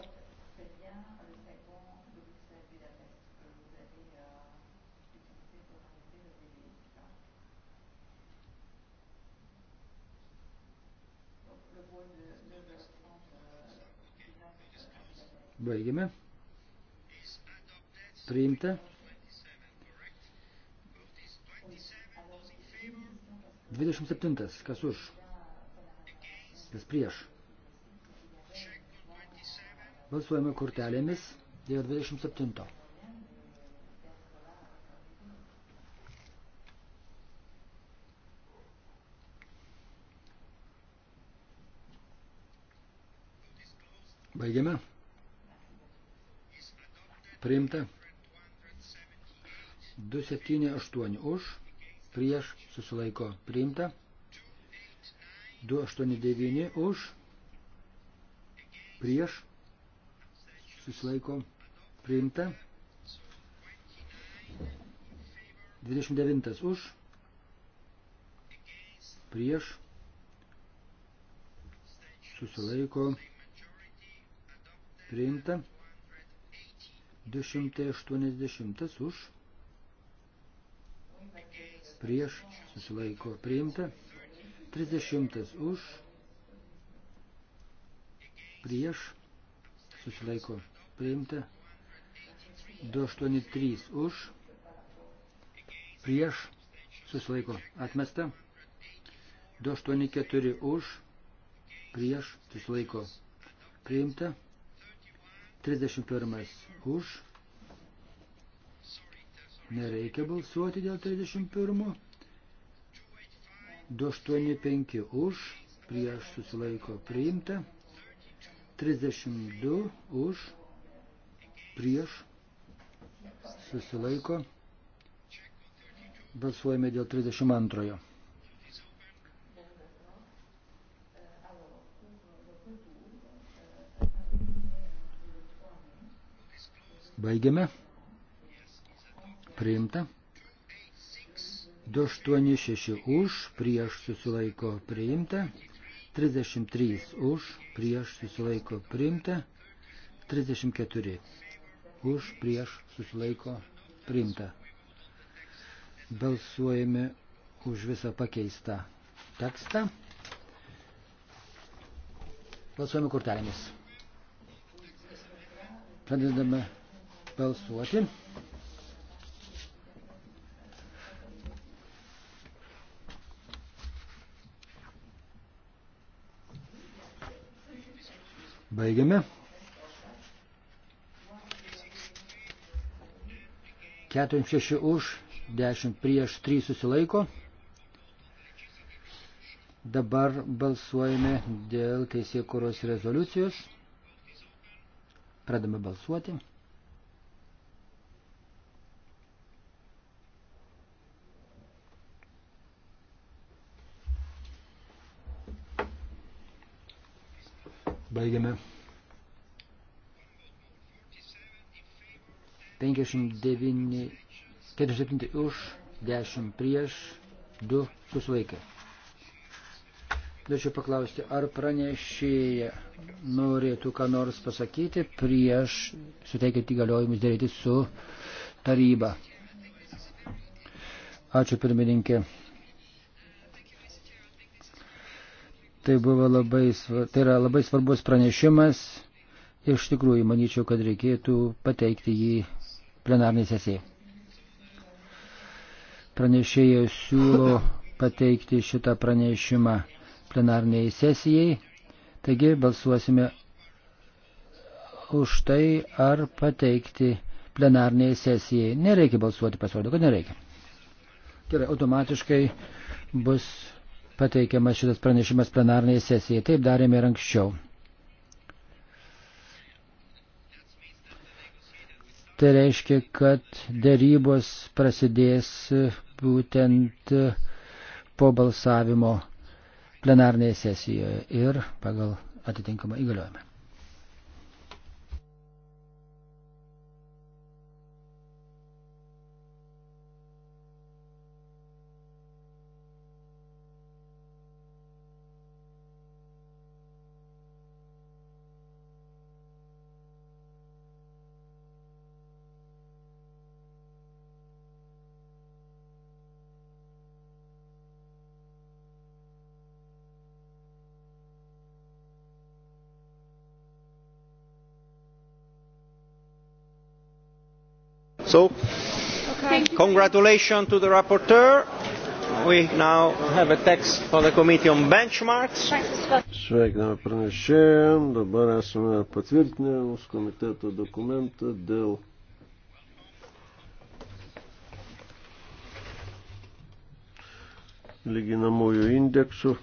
Baigime priimta. 27. Kas už? Kas prieš? Balsuojame kortelėmis dėl 27. Baigiame. Priimta. 278 už, prieš susilaiko priimta, 289 už, prieš susilaiko priimta, 29 už, prieš susilaiko priimta, 280 už, prieš susilaiko priimta, 30 už, prieš susilaiko priimta, 283 už, prieš susilaiko atmesta, 284 už, prieš susilaiko priimta, 31 už, Nereikia balsuoti dėl 31. 285 už, prieš susilaiko priimta. 32 už, prieš susilaiko. Balsuojame dėl 32. Baigiame priimta. 286 už, prieš susilaiko priimta. 33 už, prieš susilaiko priimta. 34 už, prieš susilaiko priimta. Balsuojame už visą pakeistą tekstą. Balsuojame kortelėmis. Pradedame balsuoti. Baigiame. 46 už, 10 prieš 3 susilaiko. Dabar balsuojame dėl teisėkuros rezoliucijos. Pradame balsuoti. Baigiame. 59, 47 už, 10 prieš, 2 susilaikė. Norėčiau paklausti, ar pranešėja norėtų ką nors pasakyti prieš suteikiant įgaliojimus dėrėti su taryba. Ačiū pirmininkė. Tai, buvo labai, tai yra labai svarbus pranešimas. Iš tikrųjų, manyčiau, kad reikėtų pateikti jį plenarnį sesiją. Pranešėjas siūlo pateikti šitą pranešimą plenarniai sesijai. Taigi balsuosime už tai, ar pateikti plenarniai sesijai. Nereikia balsuoti, pasirodo, kad nereikia. Gerai, automatiškai bus pateikiamas šitas pranešimas plenarnėje sesijoje. Taip darėme ir anksčiau. Tai reiškia, kad dėrybos prasidės būtent po balsavimo plenarnėje sesijoje ir pagal atitinkamą įgaliojimą. So, congratulations to the rapporteur. We now have a text for the committee on benchmarks. Sveikiname pranešėjom, dabar esame patvirtinę mūsų komiteto dokumentą dėl lyginamųjų indeksų.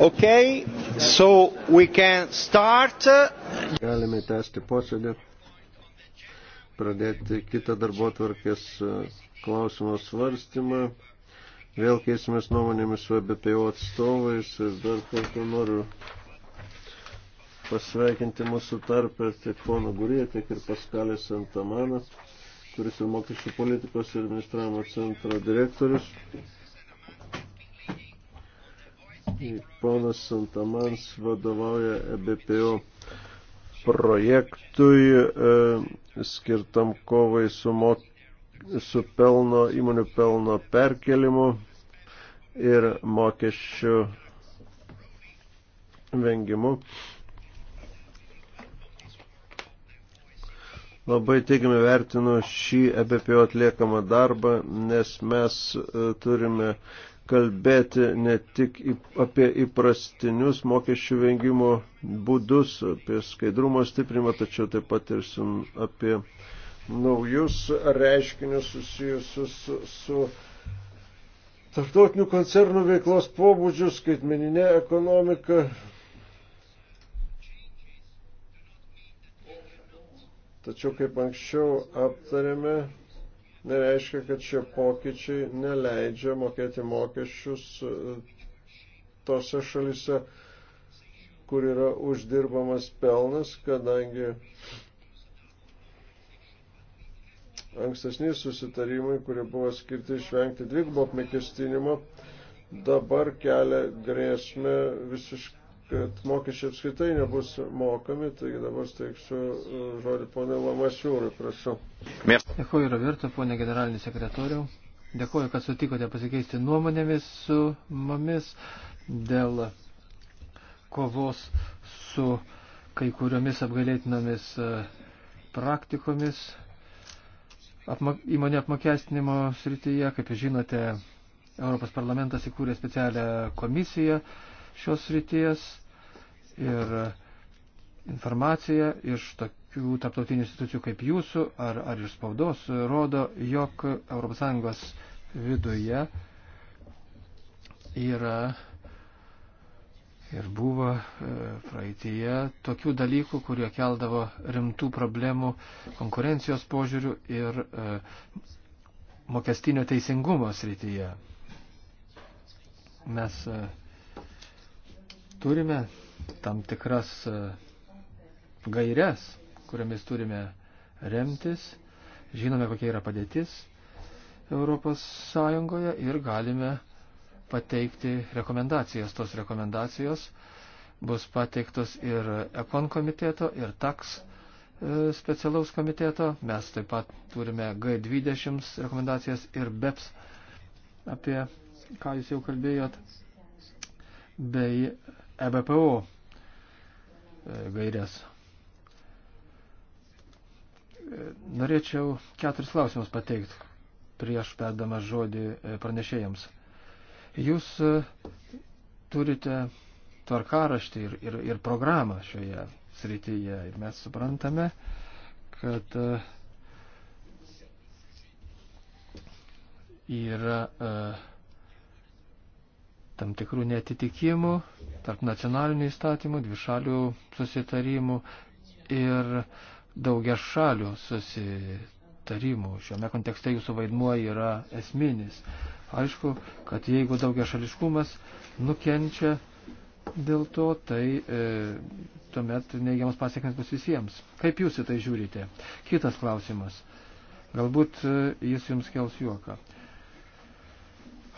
Okay, so we can start. Galime tęsti posėdį, pradėti kitą darbo tvarkės e, klausimo svarstymą. Vėl keisimės nuomonėmis su ABPO e atstovais ir dar kartą noriu pasveikinti mūsų tarpę tiek pono Gurija, tiek ir Paskalės Antamanas, kuris ir mokesčių politikos ir administravimo centro direktorius. Ponas Santamans vadovauja EBPO projektui e, skirtam kovai su, mo, su pelno, įmonių pelno perkelimu ir mokesčių vengimu. Labai teigiamai vertinu šį EBPO atliekamą darbą, nes mes e, turime kalbėti ne tik apie įprastinius mokesčių vengimo būdus, apie skaidrumo stiprimą, tačiau taip pat ir apie naujus reiškinius susijusius su, su tarptautinių koncernų veiklos pobūdžių, skaitmeninė ekonomika. Tačiau, kaip anksčiau aptarėme, nereiškia, kad šie pokyčiai neleidžia mokėti mokesčius e, tose šalise, kur yra uždirbamas pelnas, kadangi ankstesni susitarimai, kurie buvo skirti išvengti dvigubo apmokestinimo, dabar kelia grėsmę visiškai kad mokesčiai apskritai nebus mokami, taigi dabar steiksiu e, žodį ponė Lamasiūrui, prašau. Dėkuoju, Roberto, ponė generalinį sekretorių. Dėkuoju, kad sutikote pasikeisti nuomonėmis su mumis dėl kovos su kai kuriomis apgalėtinomis e, praktikomis apmak įmonė apmokestinimo srityje. Kaip jūs žinote, Europos parlamentas įkūrė specialią komisiją šios srities ir e, informacija iš tokių tarptautinių institucijų kaip jūsų ar, ar iš spaudos rodo, jog ES viduje yra ir buvo e, praeitie tokių dalykų, kurie keldavo rimtų problemų konkurencijos požiūrių ir e, mokestinio teisingumo srityje. Mes turime tam tikras e, gairias, kuriamis turime remtis, žinome, kokia yra padėtis Europos Sąjungoje ir galime pateikti rekomendacijas. Tos rekomendacijos bus pateiktos ir Ekon komiteto, ir TAX e, specialaus komiteto. Mes taip pat turime G20 rekomendacijas ir BEPS, apie ką jūs jau kalbėjot, bei EBPO e, gairias. E, norėčiau keturis klausimus pateikti prieš perdamas žodį e, pranešėjams. Jūs turite tvarkaraštį ir, ir, ir programą šioje srityje ir mes suprantame, kad yra uh, tam tikrų netitikimų tarp nacionalinių įstatymų, dvišalių susitarimų ir daugia šalių susitarimų. Šiame kontekste jūsų vaidmuo yra esminis. Aišku, kad jeigu daugia šališkumas nukenčia dėl to, tai e, tuomet neigiamas pasiekmes bus visiems. Kaip jūs į tai žiūrite? Kitas klausimas. Galbūt e, jis jums kels juoką. E,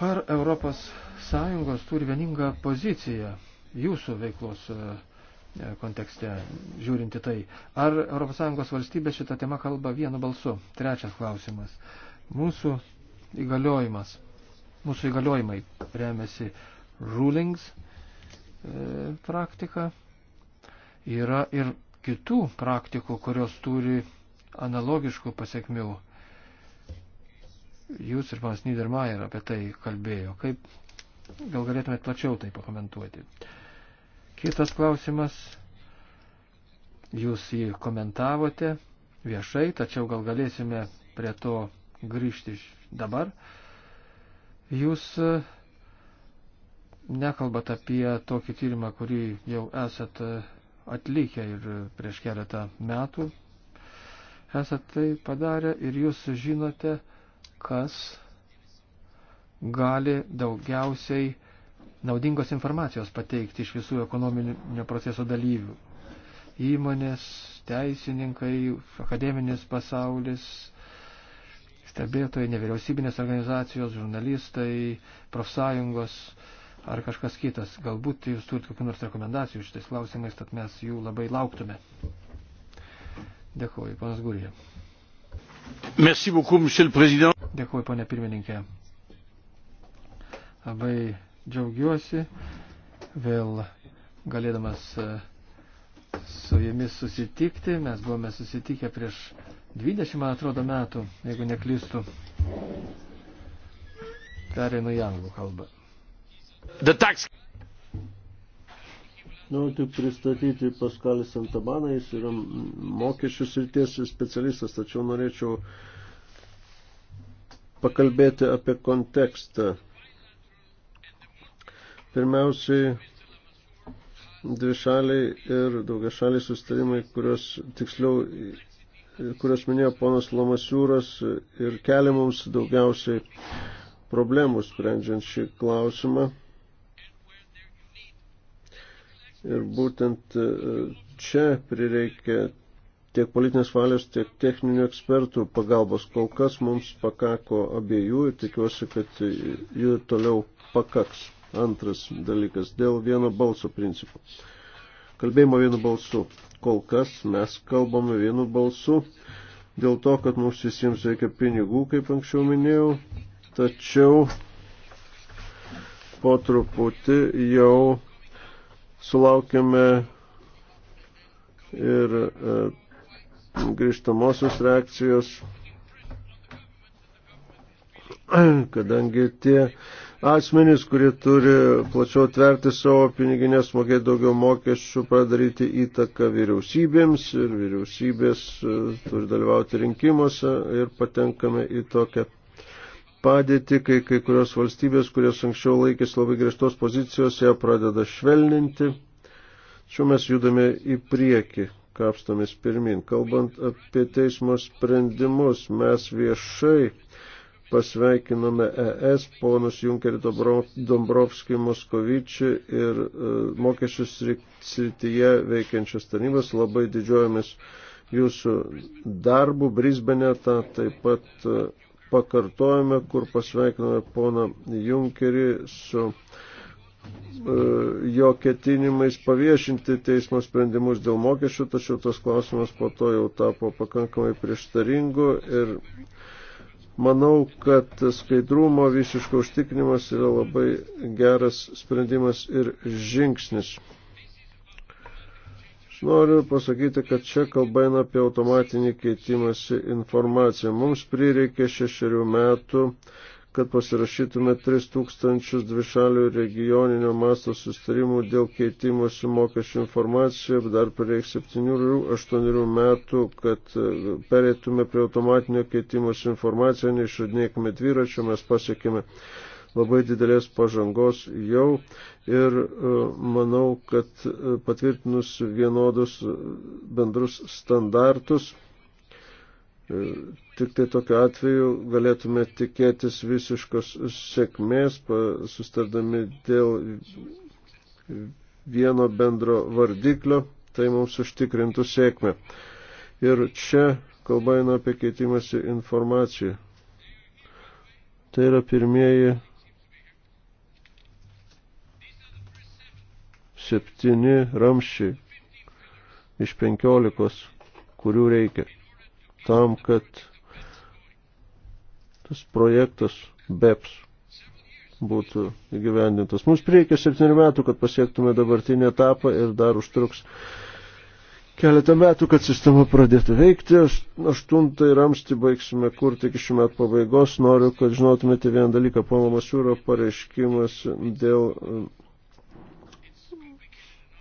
Ar Europos Sąjungos turi vieningą poziciją jūsų veiklos e, e, kontekste, žiūrinti tai? Ar Europos Sąjungos valstybė šitą temą kalba vienu balsu? Trečias klausimas. Mūsų įgaliojimas, mūsų įgaliojimai remiasi rulings e, praktika. Yra ir kitų praktikų, kurios turi analogiškų pasiekmių jūs ir pas Niedermayer apie tai kalbėjo. Kaip gal galėtumėt plačiau tai pakomentuoti? Kitas klausimas. Jūs jį komentavote viešai, tačiau gal galėsime prie to grįžti dabar. Jūs e, nekalbat apie tokį tyrimą, kurį jau esat e, atlikę ir prieš keletą metų. Esat tai padarę ir jūs žinote, kas gali daugiausiai naudingos informacijos pateikti iš visų ekonominio proceso dalyvių. Įmonės, teisininkai, akademinis pasaulis, stebėtojai, nevyriausybinės organizacijos, žurnalistai, profsąjungos ar kažkas kitas. Galbūt jūs turite kokių nors rekomendacijų šitais klausimais, tad mes jų labai lauktume. Dėkuoju, panas Gurija. Merci beaucoup, monsieur le président. Dėkuoju, ponė pirmininkė. Labai džiaugiuosi vėl galėdamas e, su jumis susitikti. Mes buvome susitikę prieš 20, man atrodo, metų, jeigu neklystu. Pereinu į anglų kalbą. The tax Noriu tik pristatyti Paskalį Santabaną, jis yra mokesčių srities specialistas, tačiau norėčiau pakalbėti apie kontekstą. Pirmiausiai, dvišaliai ir daugiašaliai sustarimai, kurios tiksliau, kurios minėjo ponas Lamasiūras ir kelia mums daugiausiai problemų sprendžiant šį klausimą. Ir būtent e, čia prireikia tiek politinės valios, tiek techninių ekspertų pagalbos. Kol kas mums pakako abiejų ir tikiuosi, kad jų toliau pakaks. Antras dalykas dėl vieno balso principų. Kalbėjimo vienu balsu. Kol kas mes kalbame vienu balsu dėl to, kad mums visiems reikia pinigų, kaip anksčiau minėjau. Tačiau po truputį jau Sulaukime ir e, grįžtamosios reakcijos, kadangi tie asmenys, kurie turi plačiau tverti savo piniginės, mokėti daugiau mokesčių, padaryti įtaką vyriausybėms ir vyriausybės e, turi dalyvauti rinkimuose ir patenkame į tokią padėtį, kai kai kurios valstybės, kurios anksčiau laikėsi labai griežtos pozicijos, ją pradeda švelninti. Šiuo mes judame į priekį, kapstomės pirmin. Kalbant apie teismo sprendimus, mes viešai pasveikinome ES, ponus Junkerį Dombrovskį Moskovičį ir e, mokesčių srityje veikiančias tarnybas. Labai didžiuojamės jūsų darbų Brisbane, tą taip pat e, pakartojame, kur pasveikiname poną Junkerį su e, jo ketinimais paviešinti teismo sprendimus dėl mokesčių, tačiau tas klausimas po to jau tapo pakankamai prieštaringu ir manau, kad skaidrumo visiško užtikrinimas yra labai geras sprendimas ir žingsnis. Noriu pasakyti, kad čia kalba eina apie automatinį keitimąsi informaciją. Mums prireikė šešerių metų, kad pasirašytume 3000 dvišalių regioninio masto sustarimų dėl keitimosi mokesčių informaciją, dar prireiks 7-8 metų, kad e, perėtume prie automatinio keitimosi informaciją, neišradinėkime dviračio, mes pasiekime labai didelės pažangos jau ir e, manau, kad e, patvirtinus vienodus e, bendrus standartus, tik tai tokiu atveju galėtume tikėtis visiškos sėkmės, sustardami dėl vieno bendro vardiklio, tai mums užtikrintų sėkmę. Ir čia kalba eina apie keitimąsi informaciją. Tai yra pirmieji septyni ramščiai iš penkiolikos, kurių reikia tam, kad tas projektas BEPS būtų įgyvendintas. Mums prireikia septynių metų, kad pasiektume dabartinį etapą ir dar užtruks keletą metų, kad sistema pradėtų veikti. Aštuntąjį ramstį baigsime kurti iki šių metų pabaigos. Noriu, kad žinotumėte vieną dalyką. Pono Masiūro pareiškimas dėl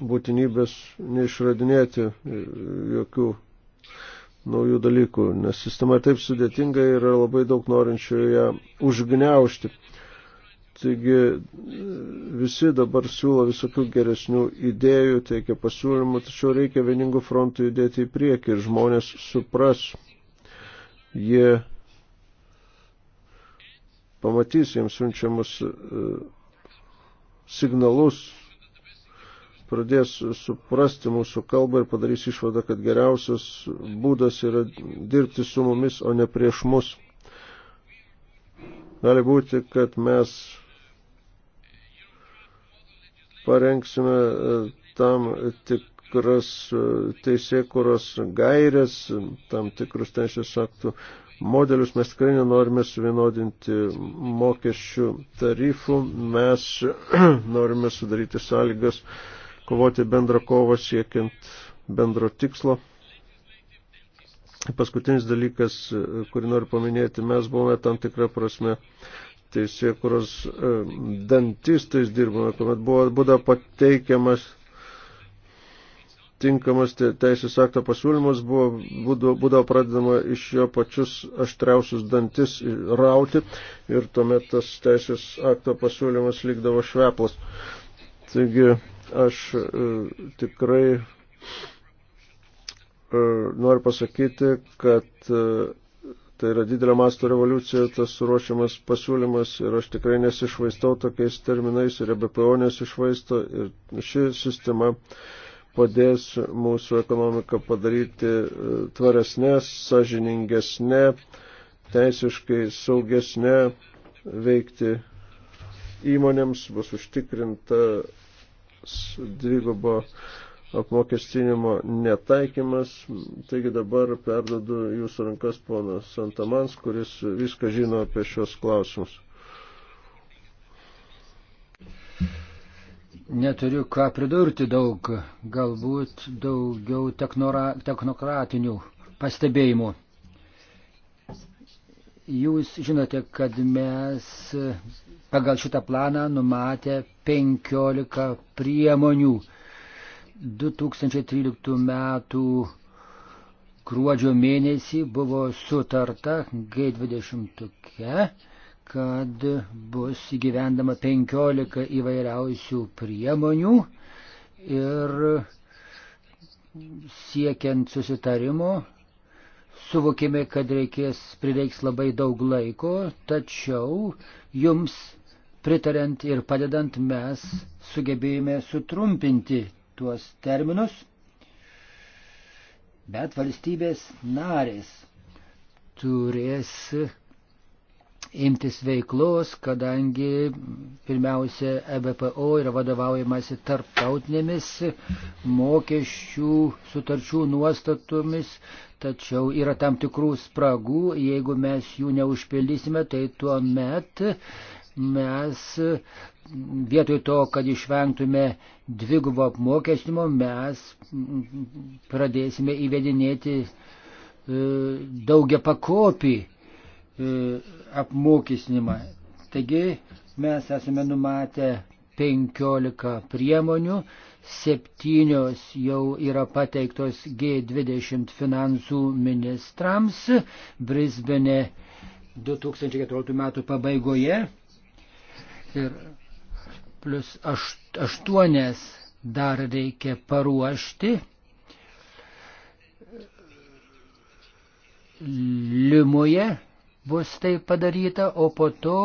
būtinybės neišradinėti jokių naujų dalykų, nes sistema taip sudėtinga ir yra labai daug norinčių ją užgniaušti. Taigi visi dabar siūlo visokių geresnių idėjų, teikia pasiūlymų, tačiau reikia vieningų frontų judėti į priekį ir žmonės supras, jie pamatys jiems siunčiamus e, signalus pradės suprasti mūsų kalbą ir padarys išvadą, kad geriausias būdas yra dirbti su mumis, o ne prieš mus. Gali būti, kad mes parengsime e, tam tikras e, teisėkuros gairės, tam tikrus teisės aktų modelius. Mes tikrai nenorime suvienodinti mokesčių tarifų, mes norime sudaryti sąlygas kovoti bendrą kovą siekiant bendro tikslo. Paskutinis dalykas, kurį noriu paminėti, mes buvome tam tikrą prasme teisėkuros e, dantistais dirbome, kuomet buvo, būdavo pateikiamas tinkamas teisės akto pasiūlymas, buvo, būdavo, būdavo pradedama iš jo pačius aštriausius dantis rauti ir tuomet tas teisės akto pasiūlymas likdavo šveplas. Taigi aš e, tikrai e, noriu pasakyti, kad e, tai yra didelio masto revoliucija, tas ruošiamas pasiūlymas ir aš tikrai nesišvaistau tokiais terminais ir BPO nesišvaisto ir ši sistema padės mūsų ekonomiką padaryti tvaresnė, sažiningesnė, teisiškai saugesnė veikti įmonėms, bus užtikrinta dvigubo apmokestinimo netaikymas. Taigi dabar perdodu jūsų rankas ponas Santamans, kuris viską žino apie šios klausimus. Neturiu ką pridurti daug, galbūt daugiau teknora, technokratinių pastebėjimų. Jūs žinote, kad mes pagal šitą planą numatė 15 priemonių. 2013 metų gruodžio mėnesį buvo sutarta G20, kad bus įgyvendama 15 įvairiausių priemonių ir siekiant susitarimo suvokėme, kad reikės prireiks labai daug laiko, tačiau jums pritarent ir padedant mes sugebėjome sutrumpinti tuos terminus, bet valstybės narės turės imtis veiklos, kadangi pirmiausia EBPO yra vadovaujamasi tarptautinėmis mokesčių sutarčių nuostatomis, tačiau yra tam tikrų spragų, jeigu mes jų neužpildysime, tai tuo met mes vietoj to, kad išvengtume dvigubo apmokestinimo, mes pradėsime įvedinėti e, daugia pakopį e, apmokestinimą. Taigi mes esame numatę 15 priemonių, septynios jau yra pateiktos G20 finansų ministrams Brisbane 2014 metų pabaigoje ir plus aš, aštuonias dar reikia paruošti. Limoje bus tai padaryta, o po to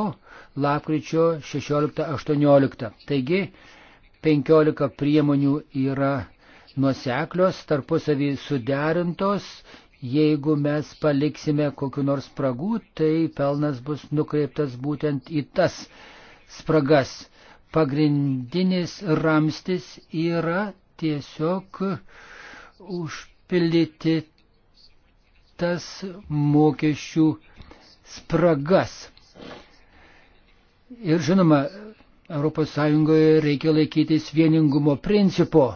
lapkričio 16-18. Taigi 15 priemonių yra nuoseklios, tarpusavį suderintos. Jeigu mes paliksime kokiu nors spragų, tai pelnas bus nukreiptas būtent į tas spragas. Pagrindinis ramstis yra tiesiog užpildyti tas mokesčių spragas. Ir žinoma, ES reikia laikytis vieningumo principo.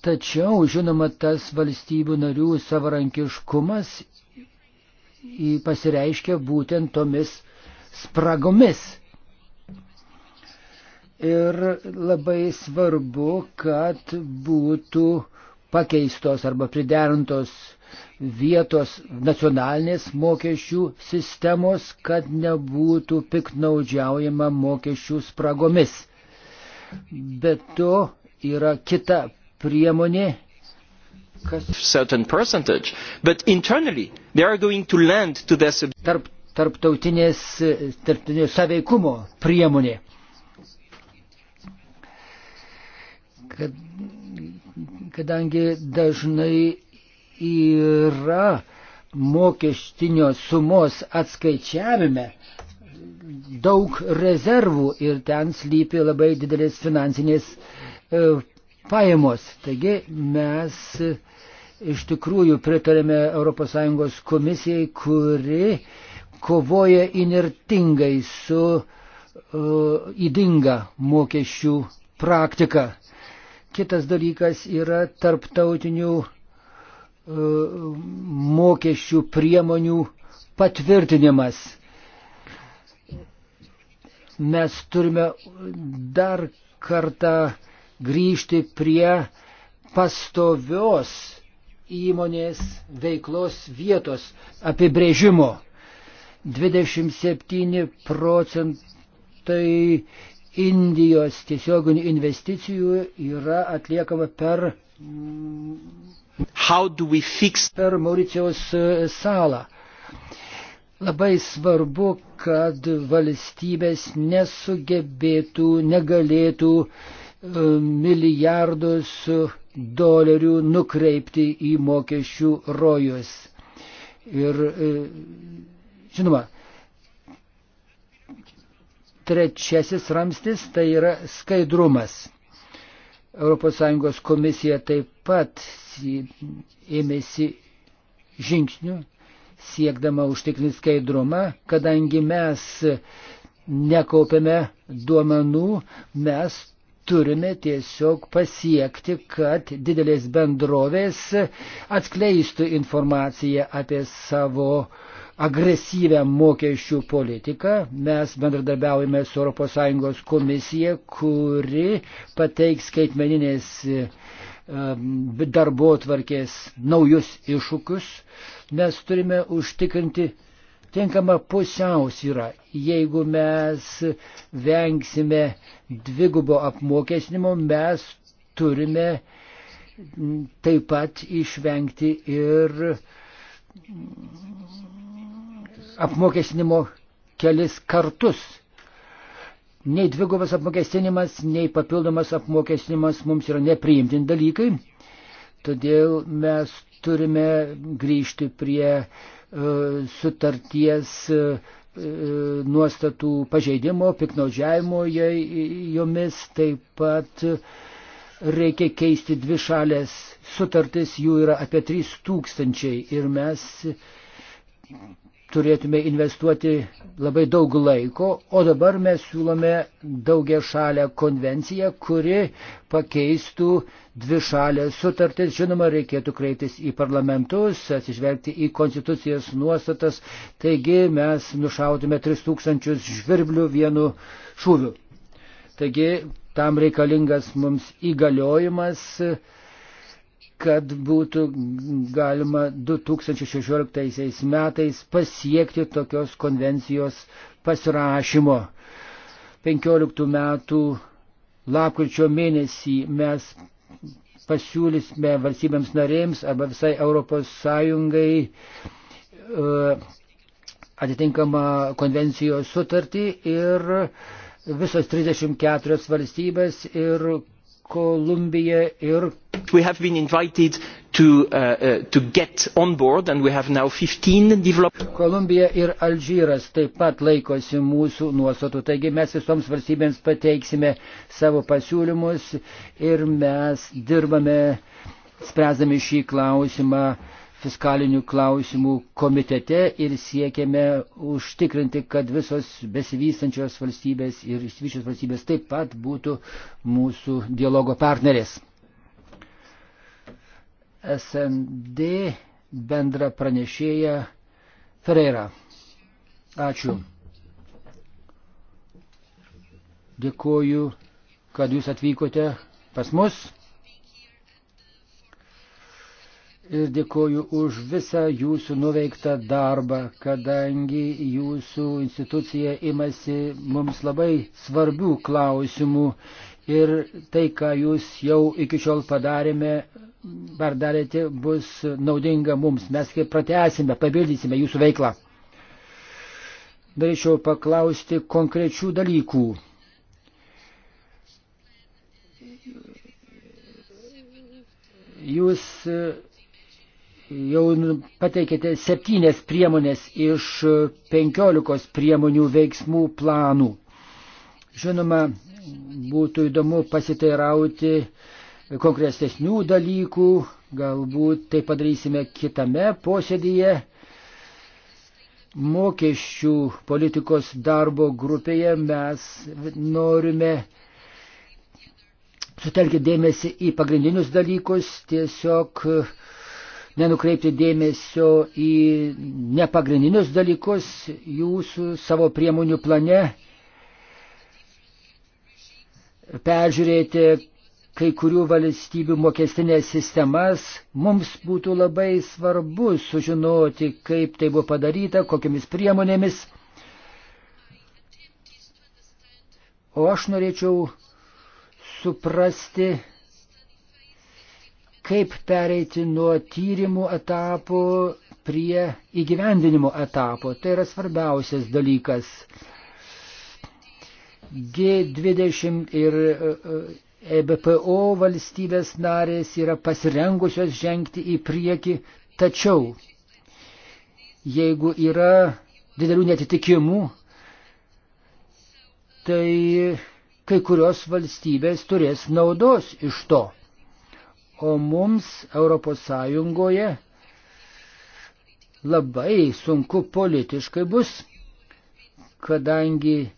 Tačiau, žinoma, tas valstybių narių savarankiškumas pasireiškia būtent tomis spragomis ir labai svarbu, kad būtų pakeistos arba priderintos vietos nacionalinės mokesčių sistemos, kad nebūtų piknaudžiaujama mokesčių spragomis. Bet to yra kita priemonė, kas tarp, tarptautinės, tarptautinio saveikumo priemonė. kad, kadangi dažnai yra mokestinio sumos atskaičiavime daug rezervų ir ten slypi labai didelės finansinės e, pajamos. Taigi mes e, iš tikrųjų pritarėme ES komisijai, kuri kovoja inertingai su uh, e, įdinga mokesčių praktika. Kitas dalykas yra tarptautinių e, mokesčių priemonių patvirtinimas. Mes turime dar kartą grįžti prie pastovios įmonės veiklos vietos apibrėžimo. 27 procentai Indijos tiesioginių investicijų yra atliekama per, fix... per Mauricijos e, salą. Labai svarbu, kad valstybės nesugebėtų, negalėtų e, milijardus dolerių nukreipti į mokesčių rojus. Ir e, žinoma, trečiasis ramstis tai yra skaidrumas. ES komisija taip pat ėmėsi žingsnių siekdama užtikrinti skaidrumą, kadangi mes nekaupiame duomenų, mes turime tiesiog pasiekti, kad didelės bendrovės atskleistų informaciją apie savo uh, agresyvę mokesčių politiką. Mes bendradarbiaujame su ES komisija, kuri pateiks skaitmeninės um, darbo tvarkės naujus iššūkius. Mes turime užtikrinti tinkamą pusiausvyrą. Jeigu mes vengsime dvigubo apmokesnimo, mes turime taip pat išvengti ir apmokestinimo kelis kartus. Nei dvigubas apmokestinimas, nei papildomas apmokestinimas mums yra nepriimtini dalykai. Todėl mes turime grįžti prie e, sutarties e, e, nuostatų pažeidimo, piknaudžiavimo jomis, taip pat reikia keisti dvi šalės sutartis, jų yra apie 3000 ir mes turėtume investuoti labai daug laiko, o dabar mes siūlome daugia šalę konvenciją, kuri pakeistų dvi šalę sutartis. Žinoma, reikėtų kreiptis į parlamentus, atsižvelgti į konstitucijos nuostatas, taigi mes nušautume 3000 žvirblių vienu šūviu. Taigi tam reikalingas mums įgaliojimas kad būtų galima 2016 metais pasiekti tokios konvencijos pasirašymo. 15 metų lapkričio mėnesį mes pasiūlysime valstybėms narėms arba visai Europos Sąjungai e, atitinkamą konvencijos sutartį ir visos 34 valstybės ir Kolumbija ir. We have been invited to, uh, uh, to get on board and we have now 15 developed. Kolumbija ir Alžyras taip pat laikosi mūsų nuostatų, taigi mes visoms valstybėms pateiksime savo pasiūlymus ir mes dirbame, spręsdami šį klausimą uh, fiskalinių klausimų komitete ir siekėme užtikrinti, kad visos besivystančios valstybės ir išsivyščios valstybės taip pat būtų mūsų dialogo partnerės. SND bendra pranešėja Ferreira. Ačiū. Dėkuoju, kad jūs atvykote pas mus. ir dėkoju už visą jūsų nuveiktą darbą, kadangi jūsų institucija imasi mums labai svarbių klausimų ir tai, ką jūs jau iki šiol padarėme, padarėte, bus naudinga mums. Mes kaip pratesime, papildysime jūsų veiklą. Norėčiau paklausti konkrečių dalykų. Jūs jau pateikėte septynės priemonės iš penkiolikos priemonių veiksmų planų. Žinoma, būtų įdomu pasiteirauti konkrestesnių dalykų, galbūt tai padarysime kitame posėdyje. Mokesčių politikos darbo grupėje mes norime sutelkti dėmesį į pagrindinius dalykus, tiesiog uh, nenukreipti dėmesio į nepagrindinius dalykus jūsų savo priemonių plane, peržiūrėti kai kurių valstybių mokestinės sistemas, mums būtų labai svarbu sužinoti, kaip tai buvo padaryta, kokiamis priemonėmis. O aš norėčiau suprasti, kaip pereiti nuo tyrimų etapų prie įgyvendinimo etapo. Tai yra svarbiausias dalykas. G20 ir EBPO e, e valstybės narės yra pasirengusios žengti į priekį, tačiau jeigu yra didelių netitikimų, tai kai kurios valstybės turės naudos iš to. O mums ES labai sunku politiškai bus, kadangi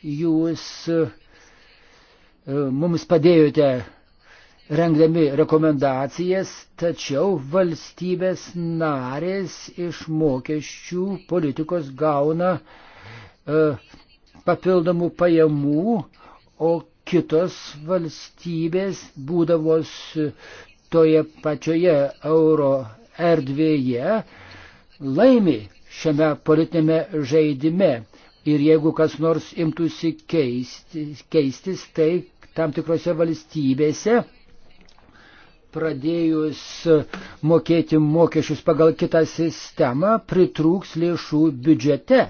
jūs e, mums padėjote rengdami rekomendacijas, tačiau valstybės narės iš mokesčių politikos gauna e, papildomų pajamų, o kitos valstybės būdavos toje pačioje euro erdvėje laimi šiame politinėme žaidime. Ir jeigu kas nors imtųsi keistis, keistis tai tam tikrose valstybėse pradėjus mokėti mokesčius pagal kitą sistemą pritrūks lėšų biudžete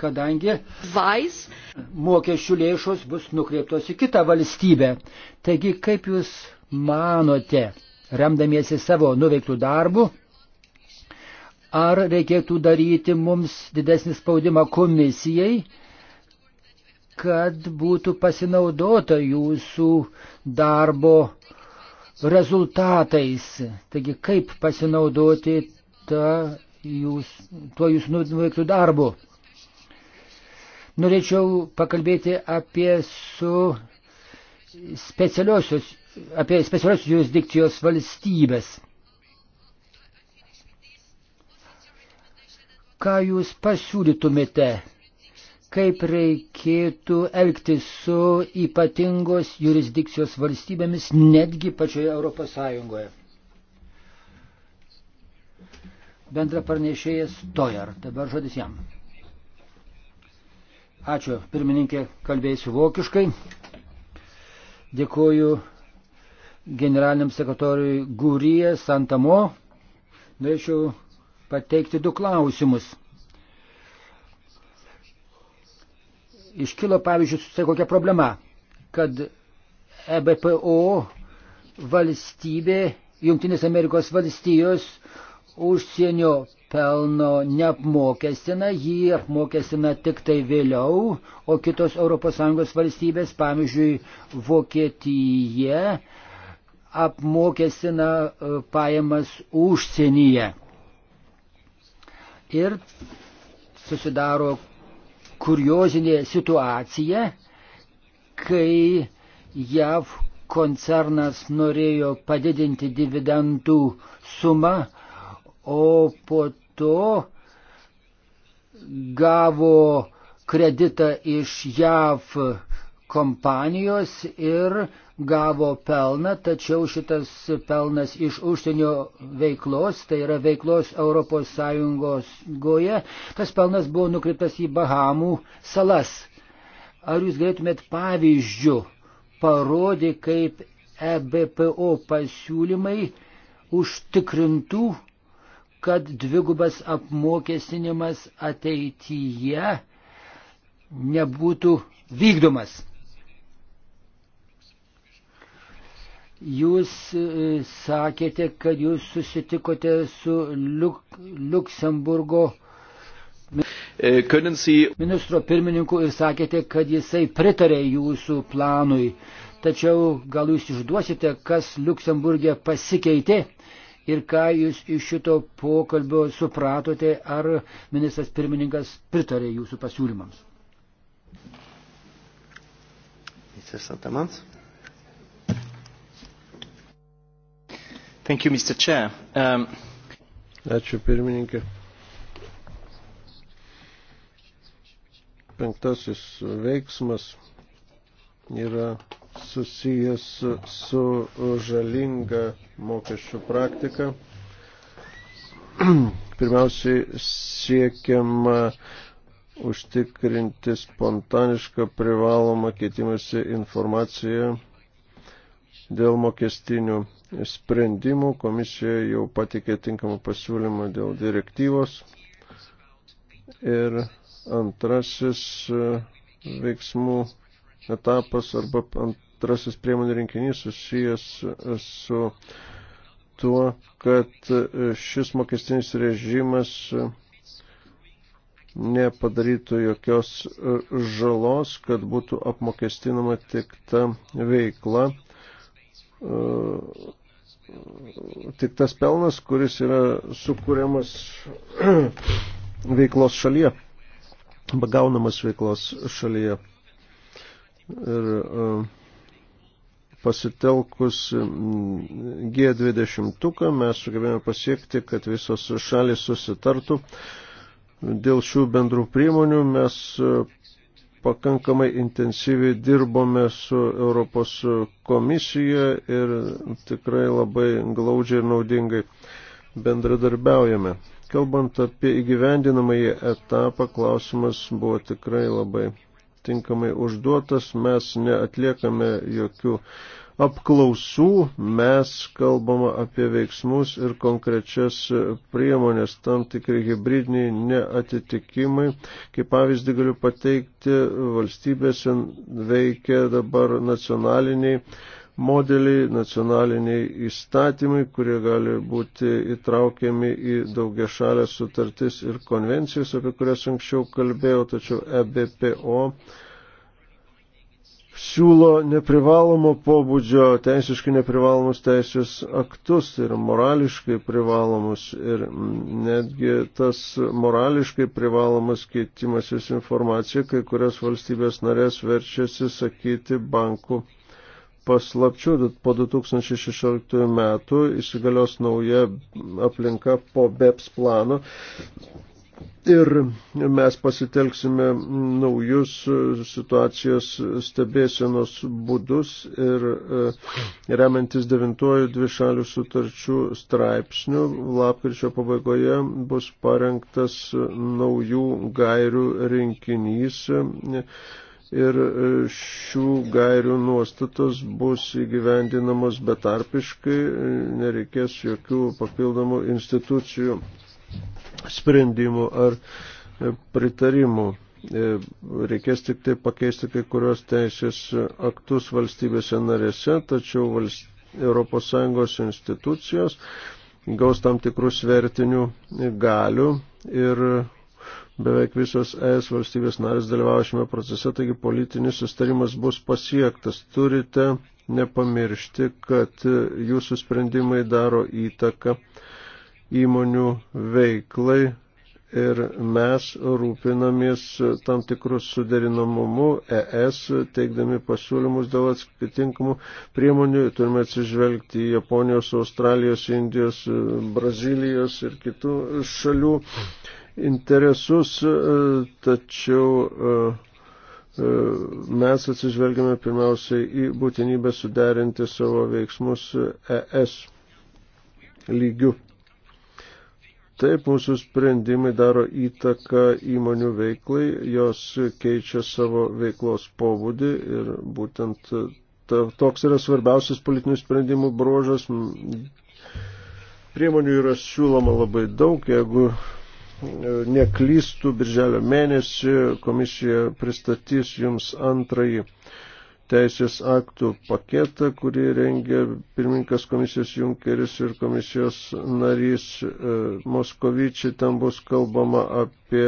kadangi Vais. mokesčių lėšos bus nukreiptos į kitą valstybę. Taigi, kaip Jūs manote, remdamiesi savo nuveiktų darbų, ar reikėtų daryti mums didesnį spaudimą komisijai, kad būtų pasinaudota Jūsų darbo rezultatais. Taigi, kaip pasinaudoti tą jūs, tuo Jūsų nuveiktų darbų? Norėčiau pakalbėti apie su specialiosios, apie specialiosios jurisdikcijos valstybės. Ką jūs pasiūlytumėte, kaip reikėtų elgtis su ypatingos jurisdikcijos valstybėmis netgi pačioje Europos Sąjungoje? Bendra parnešėjas Tojar. Dabar žodis jam. Ačiū, pirmininkė, kalbėsiu vokiškai. Dėkuoju generaliniam sekretoriui Gūryje Santamo. Norėčiau pateikti du klausimus. Iškilo, pavyzdžiui, štai kokia problema, kad EBPO valstybė, Junktinės Amerikos valstijos užsienio pelno neapmokestina, jį apmokestina tik tai vėliau, o kitos ES valstybės, pavyzdžiui, Vokietija, apmokestina e, pajamas užsienyje. Ir susidaro kuriozinė situacija, kai JAV koncernas norėjo padidinti dividendų sumą, o po to gavo kreditą iš JAV kompanijos ir gavo pelną, tačiau šitas pelnas iš užsienio veiklos, tai yra veiklos ES, goje, tas pelnas buvo nukreiptas į Bahamų salas. Ar jūs galėtumėt pavyzdžių parodyti, kaip EBPO pasiūlymai užtikrintų kad dvigubas apmokestinimas ateityje nebūtų vykdomas. Jūs e, sakėte, kad jūs susitikote su Luk Luksemburgo e, ministro pirmininku ir sakėte, kad jisai pritarė jūsų planui. Tačiau gal jūs išduosite, kas Luksemburgė pasikeitė? ir ką jūs iš šito pokalbio supratote, ar ministras pirmininkas pritarė jūsų pasiūlymams? Thank you, Mr. Chair. Um, Ačiū pirmininkė. Penktasis veiksmas yra susijęs su žalinga mokesčių praktika. Pirmiausiai siekiama užtikrinti spontanišką privalomą keitimąsi informaciją dėl mokestinių sprendimų. Komisija jau patikė tinkamą pasiūlymą dėl direktyvos. Ir antrasis e, veiksmų etapas arba ant antrasis priemonių rinkinys susijęs e, su tuo, kad e, šis mokestinis režimas e, nepadarytų jokios žalos, kad būtų apmokestinama tik ta veikla, tik tas pelnas, kuris yra sukūriamas veiklos šalyje, bagaunamas veiklos šalyje. Ir uh, pasitelkus G20 mes sugebėjome pasiekti, kad visos šalis susitartų. Dėl šių bendrų priemonių mes e, pakankamai intensyviai dirbome su Europos komisija ir tikrai labai glaudžiai ir naudingai bendradarbiaujame. Kalbant apie įgyvendinamąjį etapą, klausimas buvo tikrai labai tinkamai užduotas, mes neatliekame jokių apklausų, mes kalbame apie veiksmus ir konkrečias priemonės, tam tikri hybridiniai neatitikimai. Kaip pavyzdį galiu pateikti, valstybėse veikia dabar nacionaliniai modeliai, nacionaliniai įstatymai, kurie gali būti įtraukiami į daugia šalės sutartis ir konvencijas, apie kurias anksčiau kalbėjau, tačiau EBPO siūlo neprivalomo pobūdžio, teisiškai neprivalomus teisės aktus ir morališkai privalomus. Ir netgi tas morališkai privalomas keitimasis informacija, kai kurias valstybės narės verčiasi sakyti bankų paslapčių. Po 2016 metų įsigalios nauja aplinka po BEPS plano. Ir mes pasitelksime naujus situacijos stebėsienos būdus ir e, remiantis devintojų dvišalių sutarčių straipsnių, lapkričio pabaigoje bus parengtas naujų gairių rinkinys ir e, šių gairių nuostatos bus įgyvendinamos betarpiškai, e, nereikės jokių papildomų institucijų sprendimų ar e, pritarimų. Reikės tik tai pakeisti kai kurios teisės aktus valstybėse narėse, tačiau valst... ES institucijos gaus tam tikrų svertinių galių ir Beveik visos ES valstybės narės dalyvavo šiame procese, taigi politinis sustarimas bus pasiektas. Turite nepamiršti, kad jūsų sprendimai daro įtaką įmonių veiklai ir mes rūpinamės tam tikrus suderinamumu ES, teikdami pasiūlymus dėl atitinkamų priemonių. Turime atsižvelgti į Japonijos, Australijos, Indijos, Brazilijos ir kitų šalių interesus, e, tačiau e, e, mes atsižvelgiame pirmiausiai į būtinybę suderinti savo veiksmus ES lygių. Taip, mūsų sprendimai daro įtaką įmonių veiklai, jos keičia savo veiklos pobūdį ir būtent ta, toks yra svarbiausias politinių sprendimų brožas. Priemonių yra siūloma labai daug, jeigu E, neklystų, birželio mėnesį komisija pristatys jums antrąjį teisės aktų paketą, kurį rengia pirmininkas komisijos Junkeris ir komisijos narys e, Moskovičiai. Ten bus kalbama apie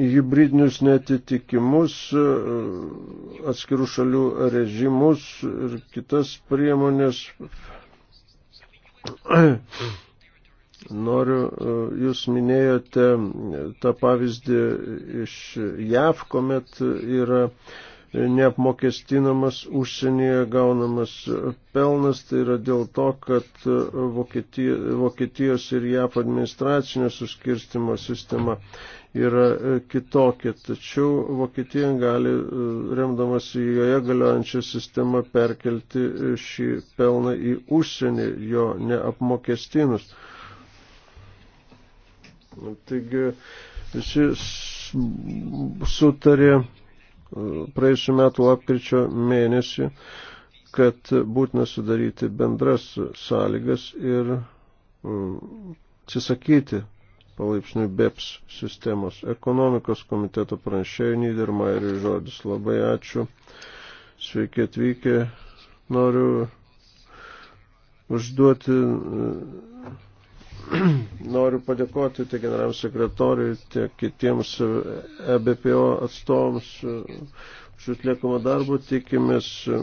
hybridinius netitikimus, e, atskirų šalių režimus ir kitas priemonės. Noriu, e, jūs minėjote tą pavyzdį iš JAV, kuomet yra neapmokestinamas užsienyje gaunamas pelnas, tai yra dėl to, kad Vokietijos ir JAV administracinė suskirstimo sistema yra e, kitokia. Tačiau Vokietija gali, e, remdamas į joje galiojančią sistemą, perkelti šį pelną į užsienį, jo neapmokestinus. Nu, taigi visi sutarė e, praėjusiu metu lapkričio mėnesį, kad būtina sudaryti bendras sąlygas ir e, atsisakyti palaipsniui BEPS sistemos. Ekonomikos komiteto pranešėjų Nyderma ir žodis. Labai ačiū. Sveiki atvykę. Noriu užduoti e, Noriu padėkoti tiek generaliniam sekretoriui, tiek kitiems EBPO atstovams e, už atliekamą darbą. Tikimės e,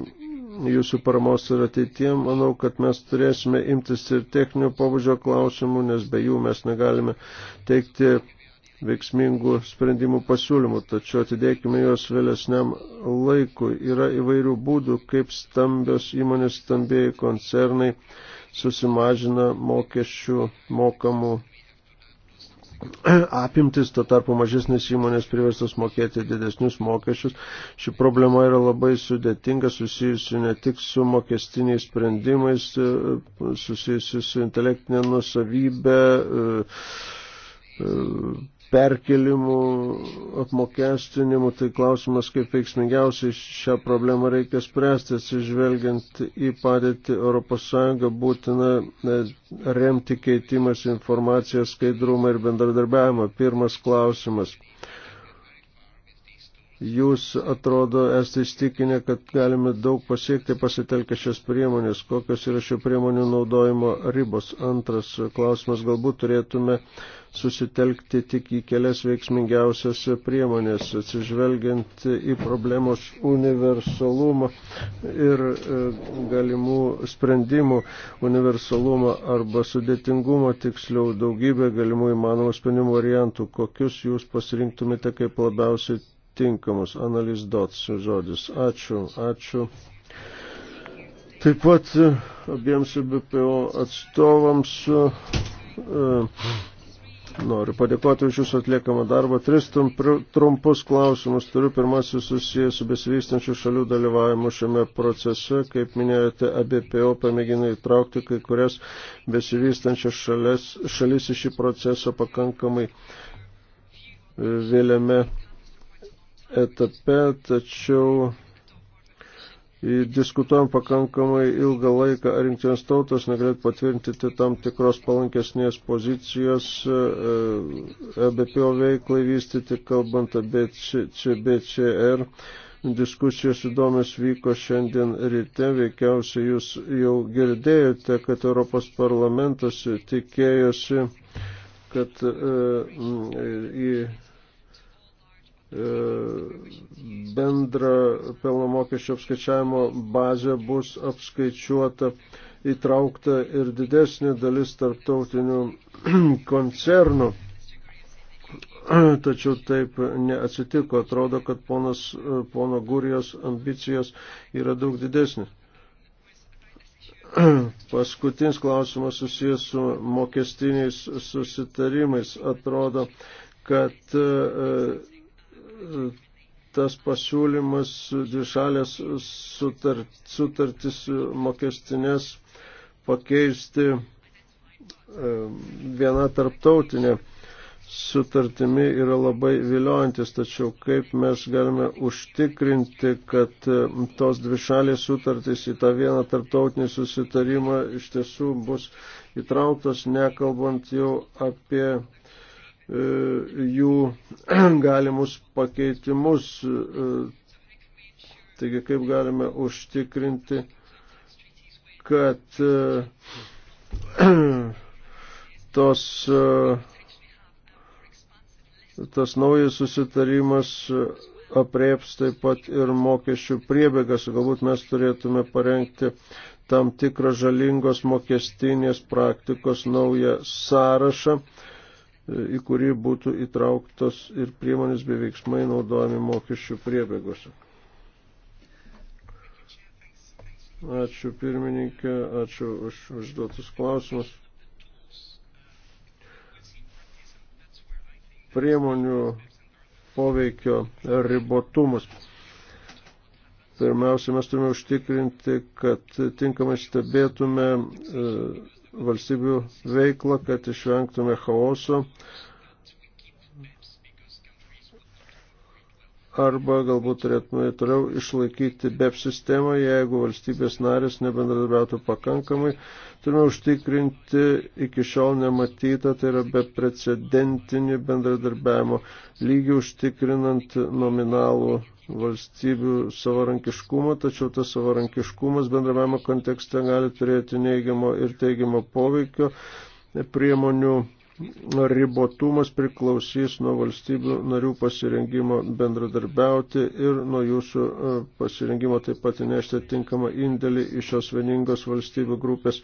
jūsų paramos ir ateitie. Manau, kad mes turėsime imtis ir techninio pobūdžio klausimų, nes be jų mes negalime teikti veiksmingų sprendimų pasiūlymų, tačiau atidėkime juos vėlesniam laikui. Yra įvairių būdų, kaip stambios įmonės, stambėjai koncernai susimažina mokesčių mokamų apimtis, tuo tarpu mažesnės įmonės priverstos mokėti didesnius mokesčius. Ši problema yra labai sudėtinga, susijusi ne tik su mokestiniais sprendimais, susijusi su intelektinė nusavybė, e, e, perkelimų, apmokestinimų, tai klausimas, kaip veiksmingiausiai šią problemą reikia spręsti, atsižvelgiant į padėtį ES, būtina e, remti keitimas informaciją, skaidrumą ir bendradarbiavimą. Pirmas klausimas. Jūs atrodo esate įstikinę, kad galime daug pasiekti pasitelkę šias priemonės. Kokios yra šių priemonių naudojimo ribos? Antras klausimas, galbūt turėtume susitelkti tik į kelias veiksmingiausias priemonės, atsižvelgiant į problemos universalumą ir e, galimų sprendimų universalumą arba sudėtingumą, tiksliau daugybę galimų įmanomų sprendimų variantų, kokius jūs pasirinktumėte kaip labiausiai tinkamus. Analis dots žodis. Ačiū, ačiū. Taip pat e, abiems BPO atstovams. Uh, Noriu padėkoti už Jūsų atliekamą darbą. Tris trumpus klausimus turiu. Pirmasis susijęs su besivystančių šalių dalyvavimu šiame procese. Kaip minėjote, ABPO pamėgina įtraukti kai kurias besivystančias šalis, šalis į šį procesą pakankamai e, vėliame etape, tačiau diskutuojam pakankamai ilgą laiką, ar rinktinės tautos negalėtų patvirtinti tam tikros palankesnės pozicijos e, e, e BPO veiklai vystyti, kalbant apie CBCR. Diskusijos įdomios vyko šiandien ryte, veikiausiai jūs jau girdėjote, kad Europos parlamentas tikėjosi, kad e, į E, bendra pelno mokesčio apskaičiavimo bazė bus apskaičiuota įtraukta ir didesnė dalis tarptautinių koncernų. Tačiau taip neatsitiko. Atrodo, kad ponas, pono Gurijos ambicijos yra daug didesnės. Paskutinis klausimas susijęs su mokestiniais susitarimais. Atrodo, kad e, tas pasiūlymas dvišalės sutart, sutartis mokestinės pakeisti e, viena tarptautinė sutartimi yra labai viliojantis, tačiau kaip mes galime užtikrinti, kad e, tos dvišalės sutartys į tą vieną tarptautinį susitarimą iš tiesų bus įtrauktos, nekalbant jau apie E, jų galimus pakeitimus. E, taigi, kaip galime užtikrinti, kad e, tos, tas naujas susitarimas aprieps taip pat ir mokesčių priebėgas. Galbūt mes turėtume parengti tam tikrą žalingos mokestinės praktikos naują sąrašą į kurį būtų įtrauktos ir priemonės bei veiksmai naudojami mokesčių priebėgose. Ačiū pirmininkė, ačiū už užduotus klausimus. Priemonių poveikio ribotumas. Pirmiausia, mes turime užtikrinti, kad tinkamai stebėtume e, valstybių veiklą, kad išvengtume chaoso. Arba galbūt turėtume toliau išlaikyti BEP sistemą, jeigu valstybės narės nebendradarbiautų pakankamai. Turime užtikrinti iki šiol nematytą, tai yra beprecedentinį bendradarbiavimo lygį užtikrinant nominalų valstybių savarankiškumą, tačiau tas savarankiškumas bendravimo kontekste gali turėti neigiamo ir teigiamo poveikio priemonių ribotumas priklausys nuo valstybių narių pasirengimo bendradarbiauti ir nuo jūsų e, pasirengimo taip pat nešti tinkamą indėlį iš šios vieningos valstybių grupės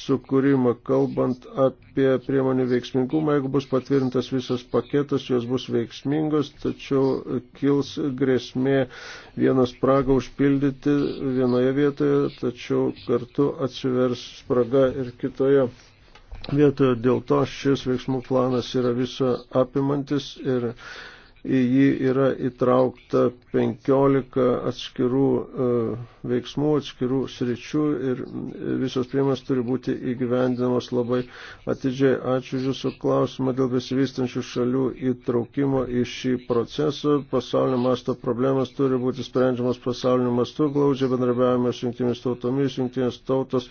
sukūrimą. Kalbant apie priemonių veiksmingumą, jeigu bus patvirtintas visas paketas, jos bus veiksmingos, tačiau kils grėsmė vieną spragą užpildyti vienoje vietoje, tačiau kartu atsivers spraga ir kitoje vietoje. Dėl to šis veiksmų planas yra viso apimantis ir į jį yra įtraukta 15 atskirų e, veiksmų, atskirų sričių ir e, visos priemonės turi būti įgyvendinamos labai atidžiai. Ačiū Jūsų klausimą dėl besivystančių šalių įtraukimo į šį procesą. Pasaulio masto problemas turi būti sprendžiamas pasaulio mastu, glaudžiai bendrabiavime su jungtinėmis tautomis. Jungtinės tautos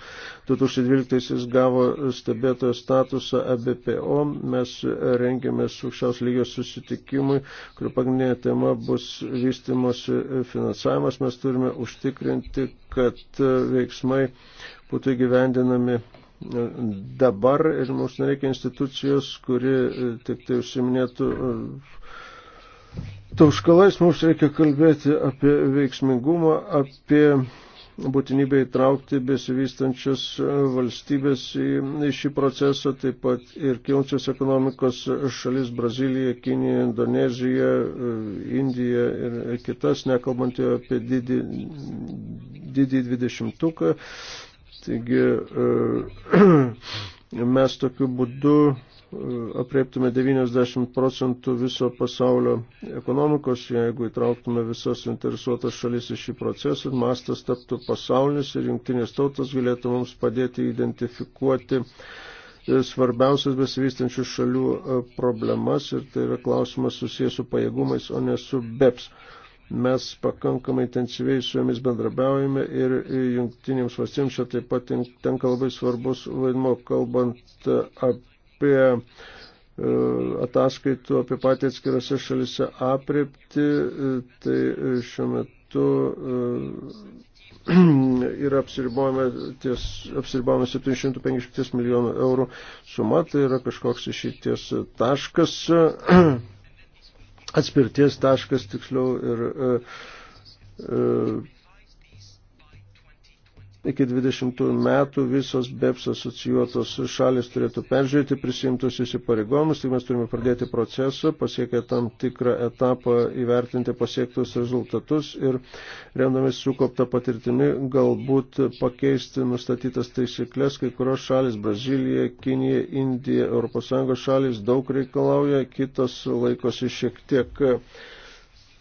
2012 gavo stebėtojo statusą ABPO. E Mes rengėmės aukščiaus lygio susitikimui kurių pagrindinė tema bus vystimosi finansavimas. Mes turime užtikrinti, kad veiksmai būtų įgyvendinami dabar ir mums nereikia institucijos, kuri tik tai užsiminėtų e, tauškalais, mums reikia kalbėti apie veiksmingumą, apie būtinybė įtraukti besivystančias valstybės į šį procesą, taip pat ir kilčios ekonomikos šalis Brazilija, Kinija, Indonezija, Indija ir kitas, nekalbant jau apie didį, didį dvidešimtuką. Taigi e, mes tokiu būdu E, apreiptume 90 procentų viso pasaulio ekonomikos, jeigu įtrauktume visas interesuotas šalis į šį procesą, mastas taptų pasaulinis ir jungtinės tautos galėtų mums padėti identifikuoti e, svarbiausias besivystančių šalių e, problemas ir tai yra klausimas susijęs su pajėgumais, o ne su BEPS. Mes pakankamai intensyviai su jomis bendrabiaujame ir jungtinėms valstybėms čia taip pat tenka labai svarbus vaidmo, kalbant apie apie e, ataskaitų apie patį atskirose šalise aprepti, e, tai e, šiuo metu yra apsiribojama, ties, apsiribojama 750 milijonų eurų suma, tai yra kažkoks išeities taškas, atspirties taškas tiksliau ir Iki 20 metų visos BEPS asocijuotos šalis turėtų peržiūrėti prisimtus įsipareigojimus, tik mes turime pradėti procesą, pasiekę tam tikrą etapą įvertinti pasiektus rezultatus ir remdamis sukoptą patirtimi galbūt pakeisti nustatytas taisyklės, kai kurios šalis Brazilija, Kinija, Indija, ES šalis daug reikalauja, kitos laikosi šiek tiek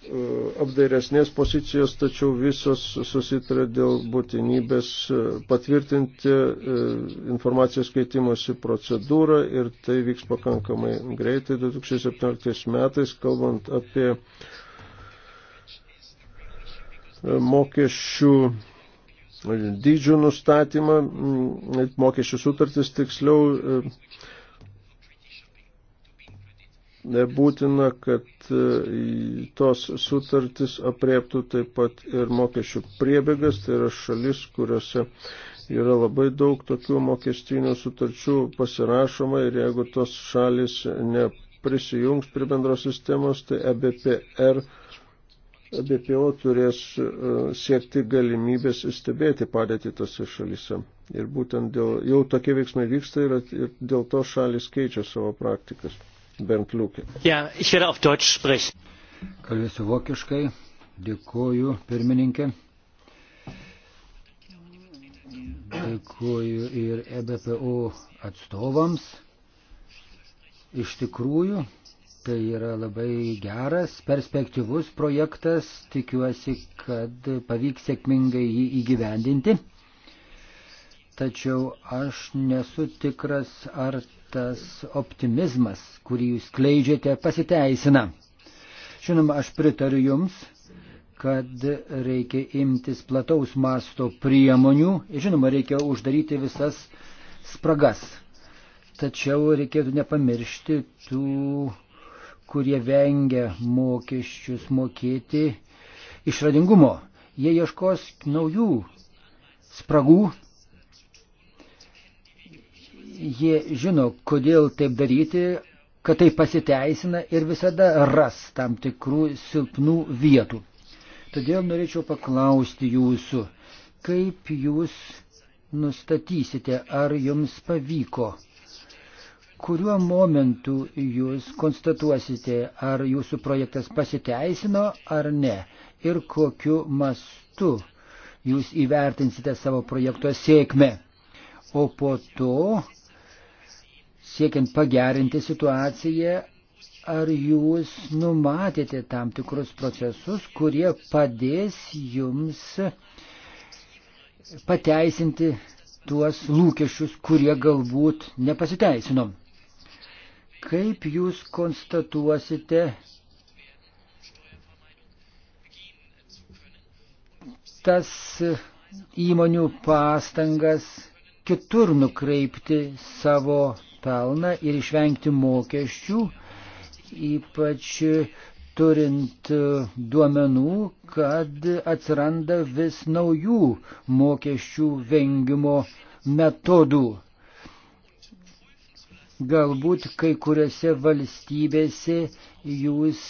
E, apdairesnės pozicijos, tačiau visos susitarė dėl būtinybės e, patvirtinti e, informacijos keitimosi procedūrą ir tai vyks pakankamai greitai 2017 metais, kalbant apie mokesčių dydžių nustatymą, mokesčių sutartis tiksliau būtina, kad e, tos sutartis apriektų taip pat ir mokesčių priebėgas, tai yra šalis, kuriuose yra labai daug tokių mokestinių sutarčių pasirašoma ir jeigu tos šalis neprisijungs prie bendros sistemos, tai EBPR. E BPO turės e, siekti galimybės stebėti padėtį tose šalyse. Ir būtent dėl, jau tokie veiksmai vyksta ir, ir dėl to šalis keičia savo praktikas. Bent Liukė. Ja, ich werde auf Deutsch sprechen. Kalbėsiu vokiškai. Dėkuoju, pirmininkė. Dėkuoju ir EBPO atstovams. Iš tikrųjų, tai yra labai geras, perspektyvus projektas. Tikiuosi, kad pavyks sėkmingai jį įgyvendinti. Tačiau aš nesu tikras, ar tas optimizmas, kurį jūs kleidžiate, pasiteisina. Žinoma, aš pritariu Jums, kad reikia imtis plataus masto priemonių ir žinoma, reikia uždaryti visas spragas. Tačiau reikėtų nepamiršti tų, kurie vengia mokesčius mokėti išradingumo. Jie ieškos naujų spragų, jie žino, kodėl taip daryti, kad tai pasiteisina ir visada ras tam tikrų silpnų vietų. Todėl norėčiau paklausti jūsų, kaip jūs nustatysite, ar jums pavyko, kuriuo momentu jūs konstatuosite, ar jūsų projektas pasiteisino ar ne ir kokiu mastu jūs įvertinsite savo projekto sėkmę. O po to siekiant pagerinti situaciją, ar jūs numatėte tam tikrus procesus, kurie padės jums pateisinti tuos lūkesčius, kurie galbūt nepasiteisino. Kaip jūs konstatuosite tas įmonių pastangas kitur nukreipti savo pelną ir išvengti mokesčių, ypač turint duomenų, kad atsiranda vis naujų mokesčių vengimo metodų. Galbūt kai kuriuose valstybėse jūs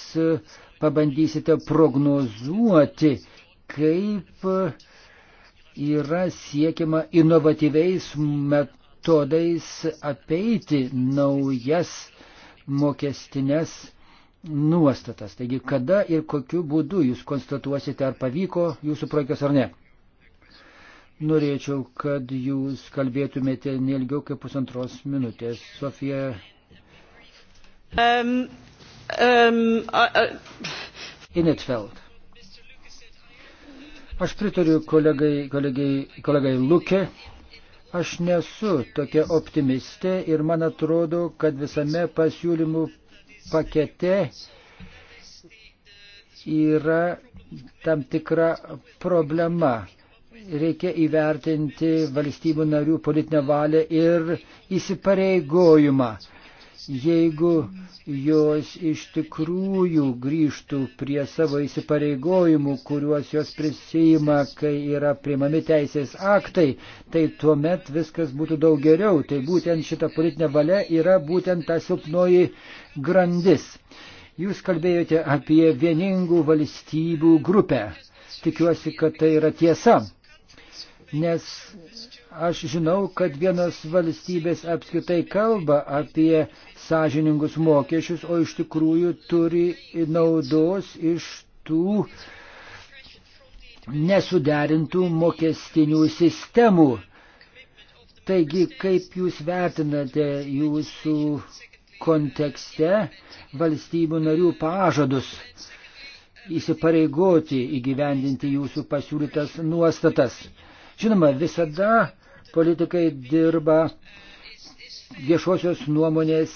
pabandysite prognozuoti, kaip yra siekiama inovatyviais metodais metodais apeiti naujas mokestinės nuostatas. Taigi, kada ir kokiu būdu jūs konstatuosite, ar pavyko jūsų projektas ar ne. Norėčiau, kad jūs kalbėtumėte nelgiau kaip pusantros minutės. Sofija. Um, um, uh, uh. Inetfeld. Aš pritariu kolegai, kolegai, kolegai Luke. Aš nesu tokia optimistė ir man atrodo, kad visame pasiūlymų pakete yra tam tikra problema. Reikia įvertinti valstybių narių politinę valią ir įsipareigojimą jeigu jos iš tikrųjų grįžtų prie savo įsipareigojimų, kuriuos jos prisijima, kai yra priimami teisės aktai, tai tuomet viskas būtų daug geriau. Tai būtent šita politinė valia yra būtent ta silpnoji grandis. Jūs kalbėjote apie vieningų valstybių grupę. Tikiuosi, kad tai yra tiesa. Nes Aš žinau, kad vienos valstybės apskritai kalba apie sąžiningus mokesčius, o iš tikrųjų turi naudos iš tų nesuderintų mokestinių sistemų. Taigi, kaip jūs vertinate jūsų kontekste valstybių narių pažadus įsipareigoti įgyvendinti jūsų pasiūlytas nuostatas? Žinoma, visada politikai dirba viešosios nuomonės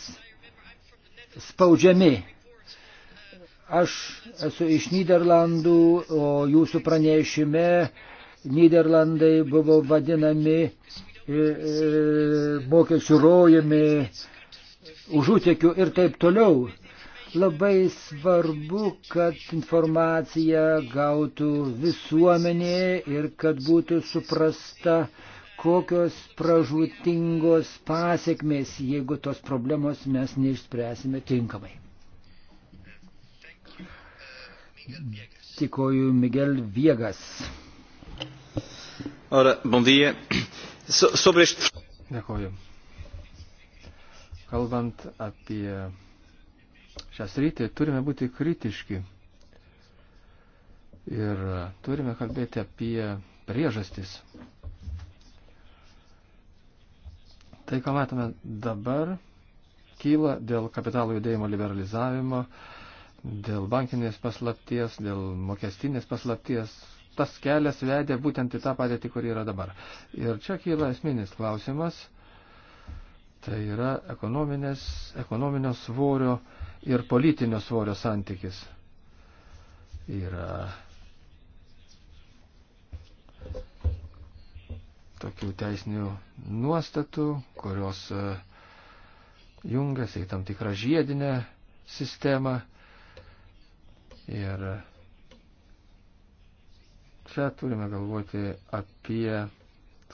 spaudžiami. Aš esu iš Niderlandų, o jūsų pranešime Niderlandai buvo vadinami e, e, mokesčių rojami, užutekiu ir taip toliau labai svarbu, kad informacija gautų visuomenė ir kad būtų suprasta kokios pražūtingos pasiekmės, jeigu tos problemos mes neišspręsime tinkamai. Tikoju Miguel Viegas. Ora, bom dia. So, sobre este... Dėkoju. Kalbant apie šią sritį, turime būti kritiški ir turime kalbėti apie priežastis Tai, ką matome dabar, kyla dėl kapitalo judėjimo liberalizavimo, dėl bankinės paslapties, dėl mokestinės paslapties. Tas kelias vedė būtent į tą padėtį, kur yra dabar. Ir čia kyla esminis klausimas. Tai yra ekonominio svorio ir politinio svorio santykis. Yra tokių teisinių nuostatų, kurios e, jungiasi į tam tikrą žiedinę sistemą. Ir e, čia turime galvoti apie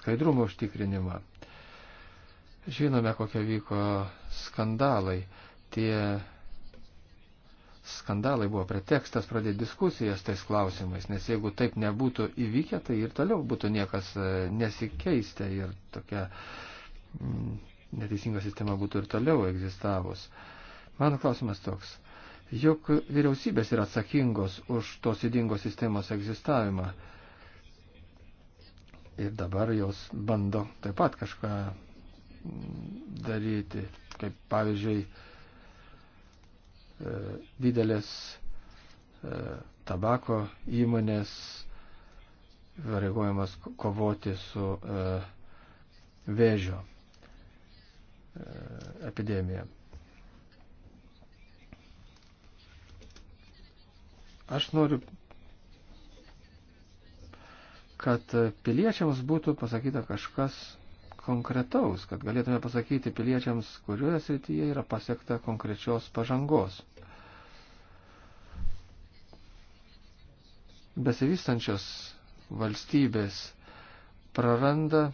skaidrumo užtikrinimą. Žinome, kokie vyko skandalai. Tie skandalai buvo pretekstas pradėti diskusijas tais klausimais, nes jeigu taip nebūtų įvykę, tai ir toliau būtų niekas e, nesikeistę ir tokia mm, neteisinga sistema būtų ir toliau egzistavus. Mano klausimas toks. Juk vyriausybės yra atsakingos už tos įdingos sistemos egzistavimą. Ir dabar jos bando taip pat kažką mm, daryti, kaip pavyzdžiui, E, didelės e, tabako įmonės pareigojamas kovoti su e, vėžio epidemija. Aš noriu, kad piliečiams būtų pasakyta kažkas konkretaus, kad galėtume pasakyti piliečiams, kurioje srityje yra pasiekta konkrečios pažangos. Besivystančios valstybės praranda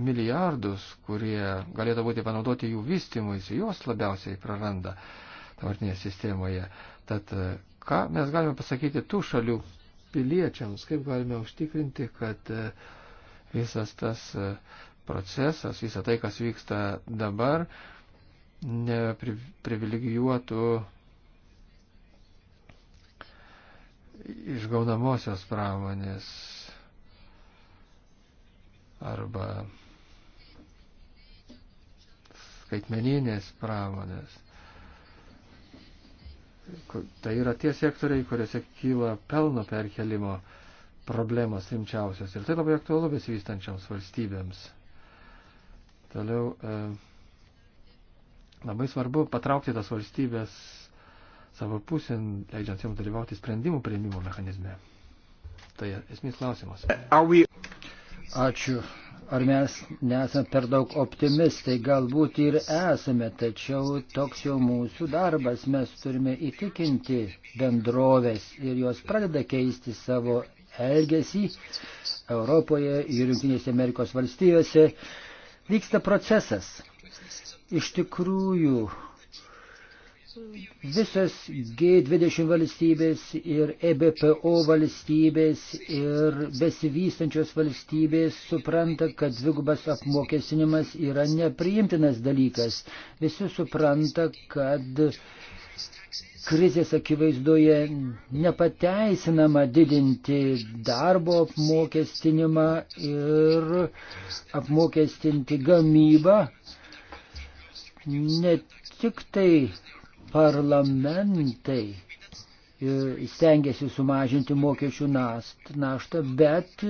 milijardus, kurie galėtų būti panaudoti jų vystimuisi, jos labiausiai praranda dabartinėje sistemoje. Tad e, ką mes galime pasakyti tų šalių piliečiams, kaip galime užtikrinti, kad e, visas tas e, procesas, visą tai, kas vyksta dabar, neprivilegijuotų išgaunamosios pramonės arba skaitmeninės pramonės. Tai yra tie sektoriai, kuriuose kyla pelno perkelimo problemos rimčiausios ir tai labai aktualu besivystančioms valstybėms. Toliau e, labai svarbu patraukti tas valstybės savo pusėn, leidžiant joms dalyvauti sprendimų prieimimo mechanizme. Tai esminis klausimas. Ačiū. Ar mes nesame per daug optimistai? Galbūt ir esame, tačiau toks jau mūsų darbas. Mes turime įtikinti bendrovės ir jos pradeda keisti savo elgesį Europoje ir Junktinėse Amerikos valstijose vyksta procesas. Iš tikrųjų, visos G20 valstybės ir EBPO valstybės ir besivystančios valstybės supranta, kad dvigubas apmokestinimas yra nepriimtinas dalykas. Visi supranta, kad krizės akivaizdoje nepateisinama didinti darbo apmokestinimą ir apmokestinti gamybą. Ne tik tai parlamentai e, stengiasi sumažinti mokesčių naštą, bet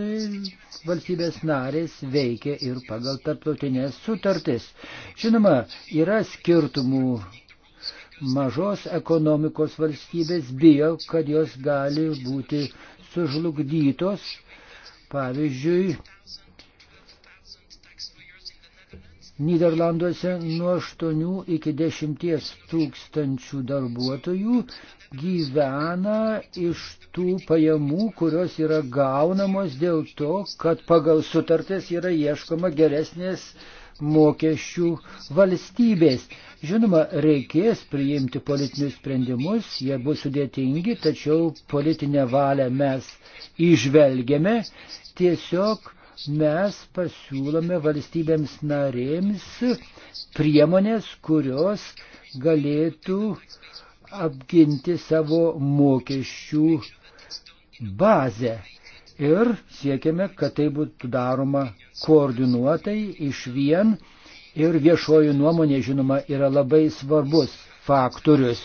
valstybės narės veikia ir pagal tarptautinės sutartis. Žinoma, yra skirtumų mažos ekonomikos valstybės bijo, kad jos gali būti sužlugdytos. Pavyzdžiui, Niderlanduose nuo 8 iki 10 tūkstančių darbuotojų gyvena iš tų pajamų, kurios yra gaunamos dėl to, kad pagal sutartis yra ieškoma geresnės uh, mokesčių valstybės. Žinoma, reikės priimti politinius sprendimus, jie bus sudėtingi, tačiau politinę valią mes išvelgiame, tiesiog mes pasiūlome valstybėms narėms priemonės, kurios galėtų apginti savo mokesčių bazę. Ir siekiame, kad tai būtų daroma koordinuotai iš vien ir viešoji nuomonė, žinoma, yra labai svarbus faktorius.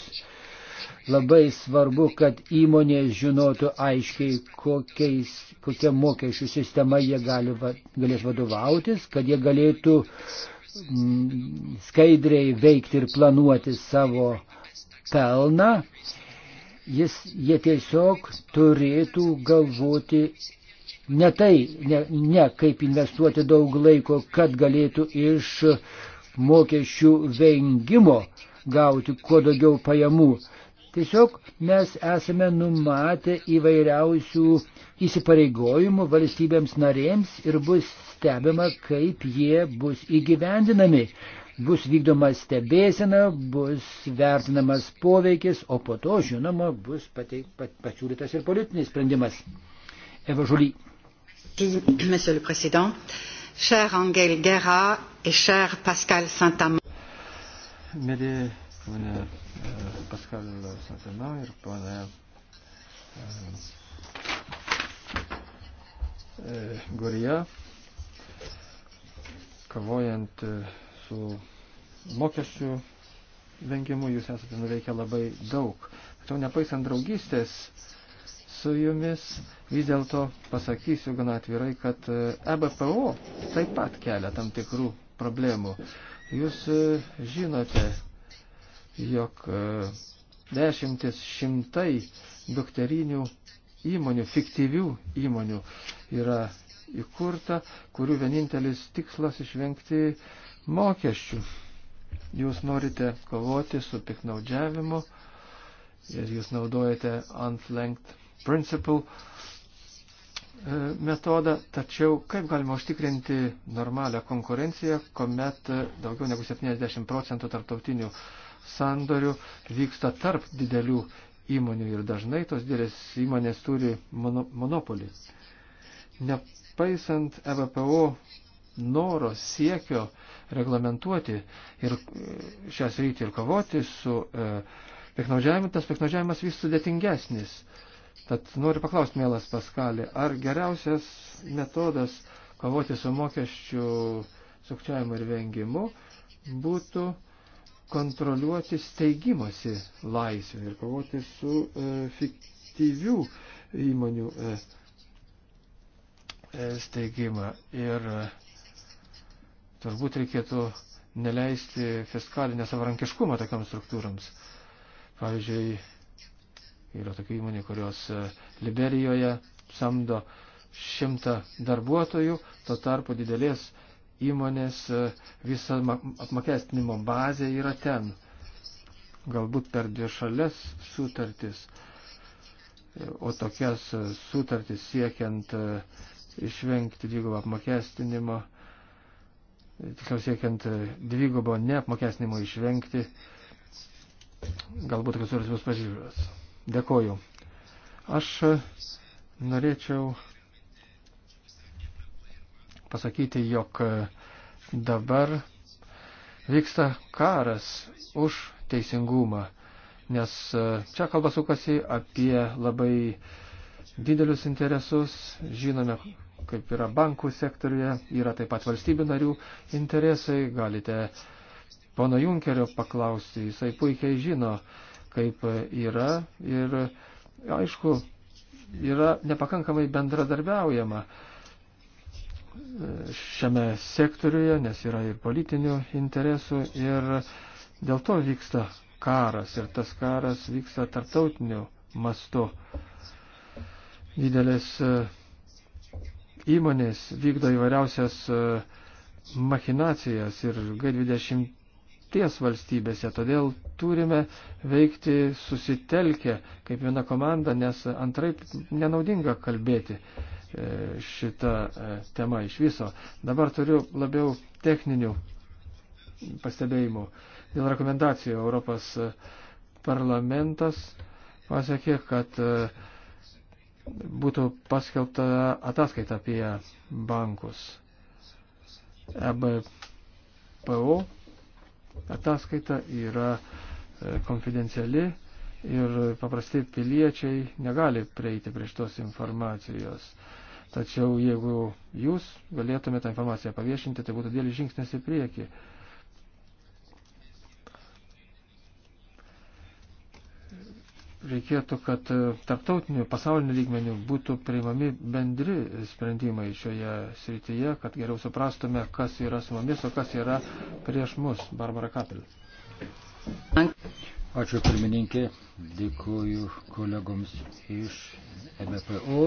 Labai svarbu, kad įmonės žinotų aiškiai, kokiais, kokia mokesčių sistema jie gali, galės vadovautis, kad jie galėtų mm, skaidriai veikti ir planuoti savo pelną. Jis, jie tiesiog turėtų galvoti Ne tai, ne, ne kaip investuoti daug laiko, kad galėtų iš mokesčių vengimo gauti kuo daugiau pajamų. Tiesiog mes esame numatę įvairiausių įsipareigojimų valstybėms narėms ir bus stebima, kaip jie bus įgyvendinami. Bus vykdoma stebėsena, bus vertinamas poveikis, o po to, žinoma, bus pateik, pat, pasiūlytas ir politinis sprendimas. Eva Žuly. Monsieur le Président, cher Angel Guerra et cher Pascal Saint-Amand. Mėly ponė e, Pascal Saint-Amand ir ponė e, e, Gorija, kovojant su mokesčių vengimu, jūs esate nuveikę labai daug. Tačiau nepaisant draugystės, su jumis, vis dėlto pasakysiu gana atvirai, kad EBPO e taip pat kelia tam tikrų problemų. Jūs e, žinote, jog e, dešimtis šimtai dukterinių įmonių, fiktyvių įmonių yra įkurta, kurių vienintelis tikslas išvengti mokesčių. Jūs norite kovoti su piknaudžiavimu ir jūs naudojate unflanked principle metodą, tačiau kaip galima užtikrinti normalią konkurenciją, kuomet daugiau negu 70 procentų tarptautinių sandorių vyksta tarp didelių įmonių ir dažnai tos didelės įmonės turi mono, monopolį. Nepaisant EVPO noro siekio reglamentuoti ir e, šią sritį ir kovoti su e, piknaudžiavimu, tas piknaudžiavimas vis sudėtingesnis. E, Tad noriu paklausti, mielas Paskalį, ar geriausias metodas kovoti su mokesčių sukčiavimu ir vengimu būtų kontroliuoti steigimosi laisvę ir kovoti su e, fiktyvių įmonių e, e steigimą. Ir e, turbūt reikėtų neleisti fiskalinio savarankiškumo tokiams struktūrams. Pavyzdžiui, Yra tokių įmonių, kurios e, Liberijoje samdo šimtą darbuotojų, to tarpu didelės įmonės e, visa apmokestinimo bazė yra ten. Galbūt per dviešalės sutartis, e, o tokias sutartis siekiant išvengti dvigubo apmokestinimo, tiksliau siekiant dvigubo neapmokestinimo išvengti, galbūt resursas bus pažiūrėtas. Dėkoju. Aš e, norėčiau pasakyti, jog e, dabar vyksta karas už teisingumą, nes e, čia kalba sukasi apie labai didelius interesus, žinome, kaip yra bankų sektoriuje, yra taip pat valstybių narių interesai, galite pono Junkerio paklausti, jisai puikiai žino, kaip yra. Ir aišku, yra nepakankamai bendradarbiaujama šiame sektoriuje, nes yra ir politinių interesų ir dėl to vyksta karas ir tas karas vyksta tarptautiniu mastu. Didelės e, įmonės vykdo įvairiausias e, machinacijas ir G20 ties valstybėse. Todėl turime veikti susitelkę kaip viena komanda, nes antraip nenaudinga kalbėti e, šitą e, temą iš viso. Dabar turiu labiau techninių pastebėjimų. Dėl rekomendacijų Europos e, parlamentas pasiekė, kad būtų paskelbta ataskaita apie bankus. EBPO ataskaita yra e, konfidenciali ir paprastai piliečiai negali prieiti prie šitos informacijos. Tačiau jeigu jūs galėtumėte tą informaciją paviešinti, tai būtų dėlis žingsnis į priekį. Uh, reikėtų, kad e, tarptautiniu pasauliniu lygmeniu būtų priimami bendri sprendimai šioje srityje, kad geriau suprastume, kas yra su mumis, o kas yra prieš mus. Barbara Kapel. Ačiū pirmininkė, dėkuoju kolegoms iš EBPO,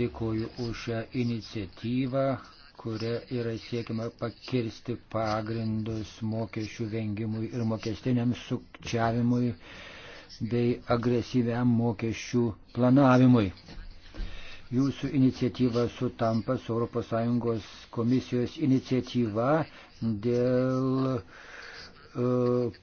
dėkuoju už šią iniciatyvą, kuria yra siekiama pakirsti pagrindus mokesčių vengimui ir mokestiniam sukčiavimui bei agresyviam mokesčių planavimui. Jūsų iniciatyva sutampa su ES komisijos iniciatyva dėl uh,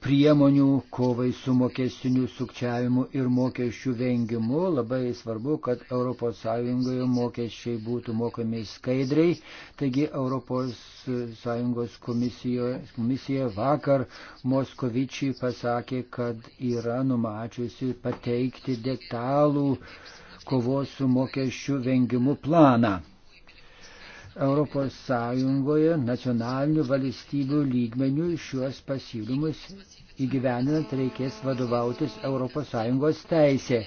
priemonių kovai su mokestiniu sukčiavimu ir mokesčių vengimu. Labai svarbu, kad ES mokesčiai būtų mokami skaidriai. Taigi ES komisija vakar Moskovičiai pasakė, kad yra numačiusi pateikti detalų kovos su mokesčių vengimu planą. Europos Sąjungoje nacionalinių valstybių lygmenių šiuos pasiūlymus įgyveninant reikės vadovautis Europos Sąjungos teisė.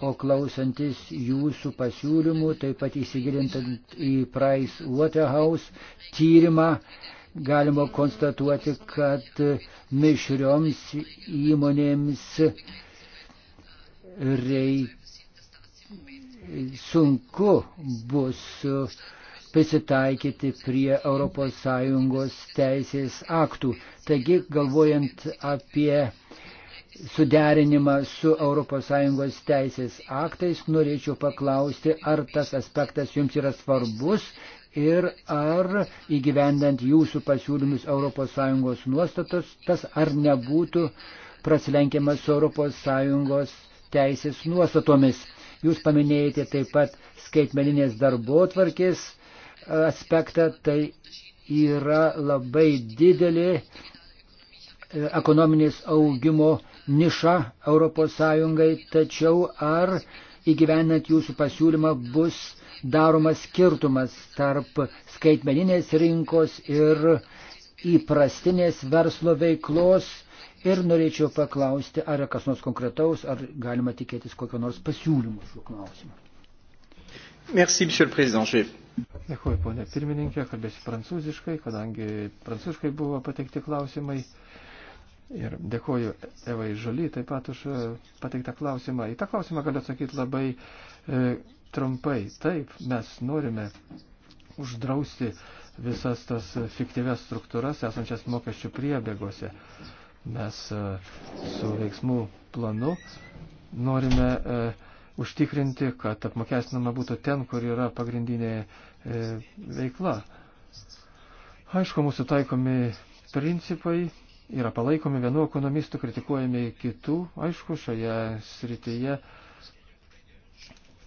O klausantis jūsų pasiūlymų, taip pat įsigilintant į Price Waterhouse tyrimą, galima konstatuoti, kad mišrioms įmonėms reikia sunku bus uh, prisitaikyti prie ES teisės aktų. Taigi, galvojant apie suderinimą su ES teisės aktais, norėčiau paklausti, ar tas aspektas jums yra svarbus ir ar įgyvendant jūsų pasiūlymus ES nuostatos, tas ar nebūtų prasilenkiamas su ES teisės nuostatomis. Jūs paminėjote taip pat skaitmeninės darbo tvarkės aspektą, tai yra labai didelė e, ekonominės augimo niša ES, tačiau ar įgyvenant jūsų pasiūlymą bus daromas skirtumas tarp skaitmeninės rinkos ir įprastinės verslo veiklos. Ir norėčiau paklausti, ar yra kas nors konkretaus, ar galima tikėtis kokio nors pasiūlymų šiuo klausimu. Merci, Monsieur le Président. Je vais Dėkuoju, ponė pirmininkė, kalbėsiu prancūziškai, kadangi prancūziškai buvo pateikti klausimai. Ir dėkuoju Evai Žaly taip pat už e, pateiktą klausimą. Į tą klausimą galiu atsakyti labai e, trumpai. Taip, mes norime uždrausti visas tas fiktyves struktūras esančias mokesčių priebėgose. Mes e, su veiksmų planu norime. E, užtikrinti, kad apmokestinama būtų ten, kur yra pagrindinė e, veikla. Aišku, mūsų taikomi principai yra palaikomi vienų ekonomistų, kritikuojami kitų. Aišku, šioje srityje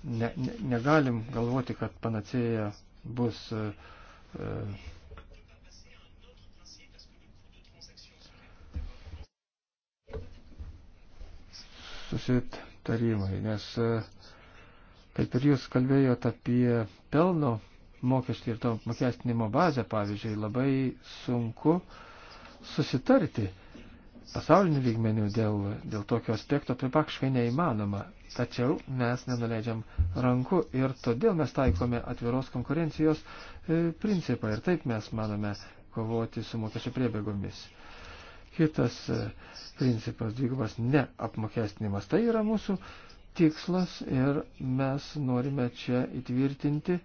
ne, ne, negalim galvoti, kad panacėja bus. E, e susit tarimai, nes e, kaip ir jūs kalbėjote apie pelno mokestį ir to mokestinimo bazę, pavyzdžiui, labai sunku susitarti pasaulinių lygmenių dėl, dėl tokio aspekto tai pripakškai neįmanoma. Tačiau mes nenuleidžiam rankų ir todėl mes taikome atviros konkurencijos e, principą ir taip mes manome kovoti su mokesčių priebėgomis. Kitas e, principas - dvigubas neapmokestinimas. Tai yra mūsų tikslas ir mes norime čia įtvirtinti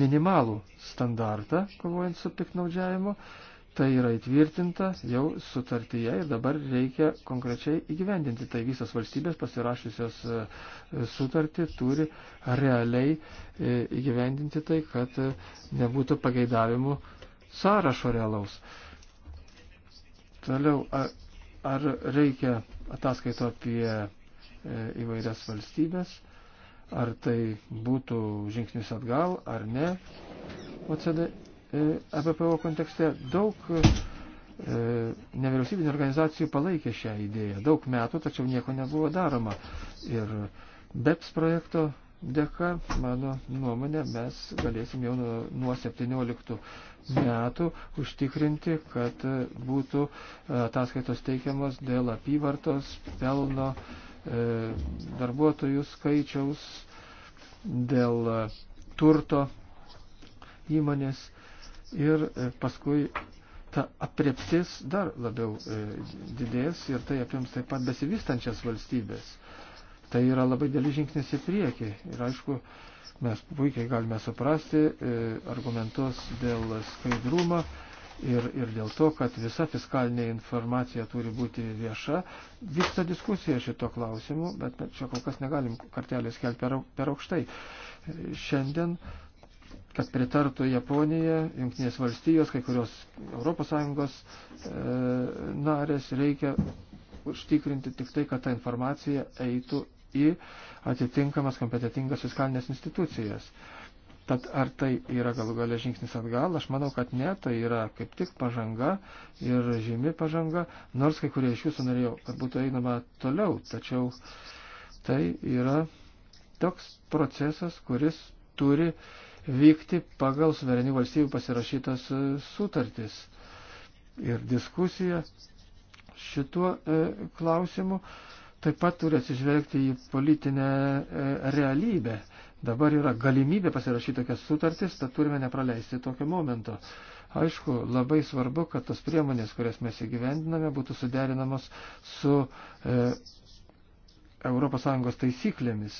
minimalų standartą, kovojant su piknaudžiavimu. Tai yra įtvirtinta jau sutartyje ir dabar reikia konkrečiai įgyvendinti. Tai visas valstybės pasirašysios e, sutartį turi realiai e, įgyvendinti tai, kad nebūtų pageidavimų sąrašo realaus. Toliau, ar, ar reikia ataskaito apie e, įvairias valstybės, ar tai būtų žingsnis atgal, ar ne. OCD, EBPO e kontekste daug e, nevyriausybinio organizacijų palaikė šią idėją daug metų, tačiau nieko nebuvo daroma. Ir BEPS projekto dėka, mano nuomonė, mes galėsim jau nuo, nuo 17 metų užtikrinti, kad būtų e, ataskaitos teikiamos dėl apyvartos, pelno, e, darbuotojų skaičiaus, dėl e, turto įmonės ir paskui ta apreptis dar labiau didės ir tai apims taip pat besivystančias valstybės. Tai yra labai dėlis žingsnis į priekį ir aišku, Mes puikiai galime suprasti e, argumentus dėl skaidrumo ir, ir dėl to, kad visa fiskalinė informacija turi būti vieša. Vyksta diskusija šito klausimu, bet čia kol kas negalim kartelės kelti per, per aukštai. Šiandien, kad pritartų Japonija, Junktinės valstijos, kai kurios ES e, narės, reikia užtikrinti tik tai, kad ta informacija eitų į atitinkamas kompetitingas fiskalinės institucijas. Tad ar tai yra galų galia žingsnis atgal? Aš manau, kad ne, tai yra kaip tik pažanga ir žymi pažanga, nors kai kurie iš jūsų norėjau, kad būtų einama toliau, tačiau tai yra toks procesas, kuris turi vykti pagal suverenių valstybių pasirašytas e, sutartis. Ir diskusija šituo e, klausimu e, taip pat turi atsižvelgti į politinę e, realybę. Dabar yra galimybė pasirašyti tokias sutartis, tad turime nepraleisti tokio momento. Aišku, labai svarbu, kad tos priemonės, kurias mes įgyvendiname, būtų suderinamos su e, ES taisyklėmis.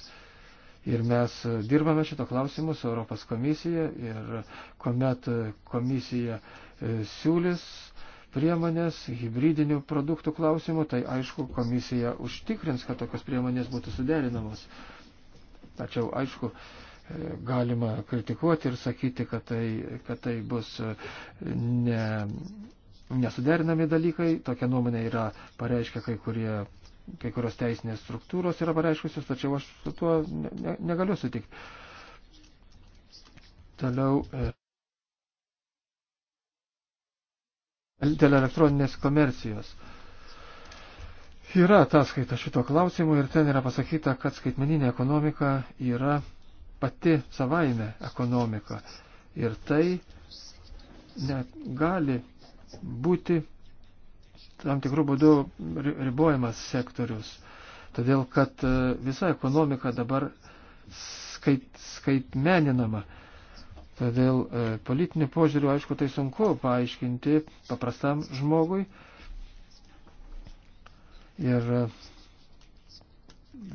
Ir mes e, dirbame šito klausimu su Europos komisija ir kuomet e, komisija e, siūlis e, priemonės, hybridinių produktų klausimų, tai aišku, komisija užtikrins, kad tokios priemonės būtų suderinamos. Tačiau, aišku, e, galima kritikuoti ir sakyti, kad tai, kad tai bus e, ne, nesuderinami dalykai. Tokia nuomonė yra pareiškia kai kurie kai kurios teisinės struktūros yra pareiškusios, tačiau aš su tuo ne, ne, negaliu sutikti. Toliau. E, dėl elektroninės komercijos. Yra ataskaita šito klausimu ir ten yra pasakyta, kad skaitmeninė ekonomika yra pati savaime ekonomika. Ir tai net gali būti tam tikrų būdų ribojamas sektorius. Todėl, kad e, visa ekonomika dabar skait, skaitmeninama. Todėl e, politiniu požiūriu, aišku, tai sunku paaiškinti paprastam žmogui. Ir e,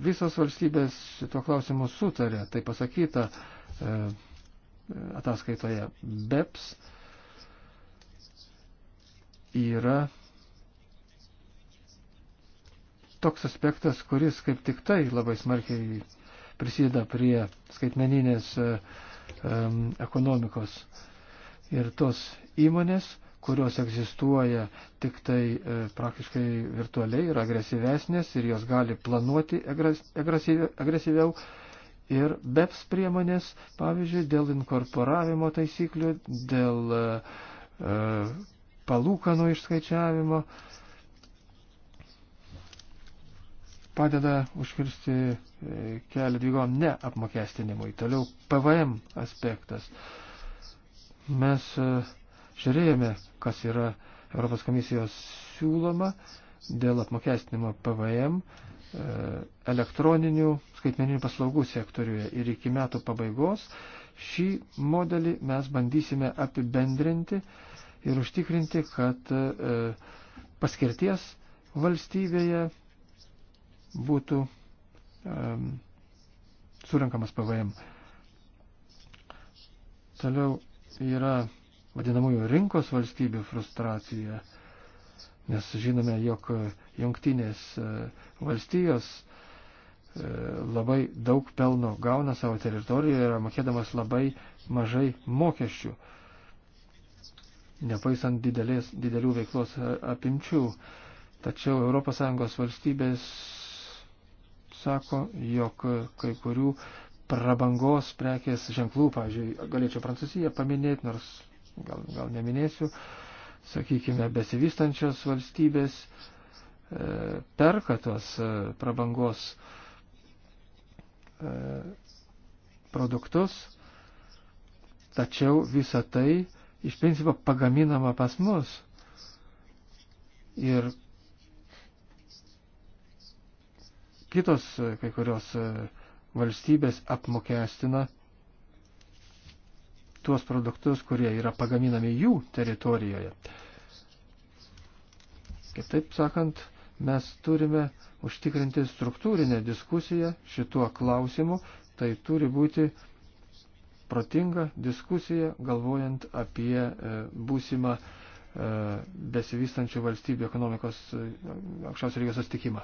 visos valstybės šito klausimu sutarė, tai pasakyta e, ataskaitoje BEPS yra toks aspektas, kuris kaip tik tai labai smarkiai prisideda prie skaitmeninės uh, um, ekonomikos. Ir tos įmonės, kurios egzistuoja tik tai e, praktiškai virtualiai, yra agresyvesnės ir jos gali planuoti agresyviau. Ir BEPS priemonės, pavyzdžiui, dėl inkorporavimo taisyklių, dėl e, palūkanų išskaičiavimo, e, padeda užkirsti e, kelią dvigom neapmokestinimui. Toliau PVM aspektas. Mes e, žiūrėjome, kas yra Europos komisijos siūloma dėl apmokestinimo PVM e, elektroninių skaitmeninių paslaugų sektoriuje ir iki metų pabaigos šį modelį mes bandysime apibendrinti ir užtikrinti, kad paskirties valstybėje būtų um, surinkamas PVM. Toliau yra vadinamųjų rinkos valstybių frustracija, nes žinome, jog jungtinės e, valstijos e, labai daug pelno gauna savo teritorijoje ir mokėdamas labai mažai mokesčių, nepaisant didelės, didelių veiklos e, apimčių. Tačiau ES valstybės sako, jog kai kurių prabangos prekės ženklų, pavyzdžiui, galėčiau Prancūziją paminėti, nors gal, gal neminėsiu, sakykime, besivystančios valstybės e, perka tos e, prabangos e, produktus, tačiau visa tai iš principo pagaminama pas mus. Ir kitos e, kai kurios e, valstybės apmokestina tuos produktus, kurie yra pagaminami jų teritorijoje. Kitaip sakant, mes turime užtikrinti struktūrinę diskusiją šituo klausimu, tai turi būti protinga diskusija, galvojant apie e, būsimą besivystančių valstybių ekonomikos aukščiausio lygio sustikimą.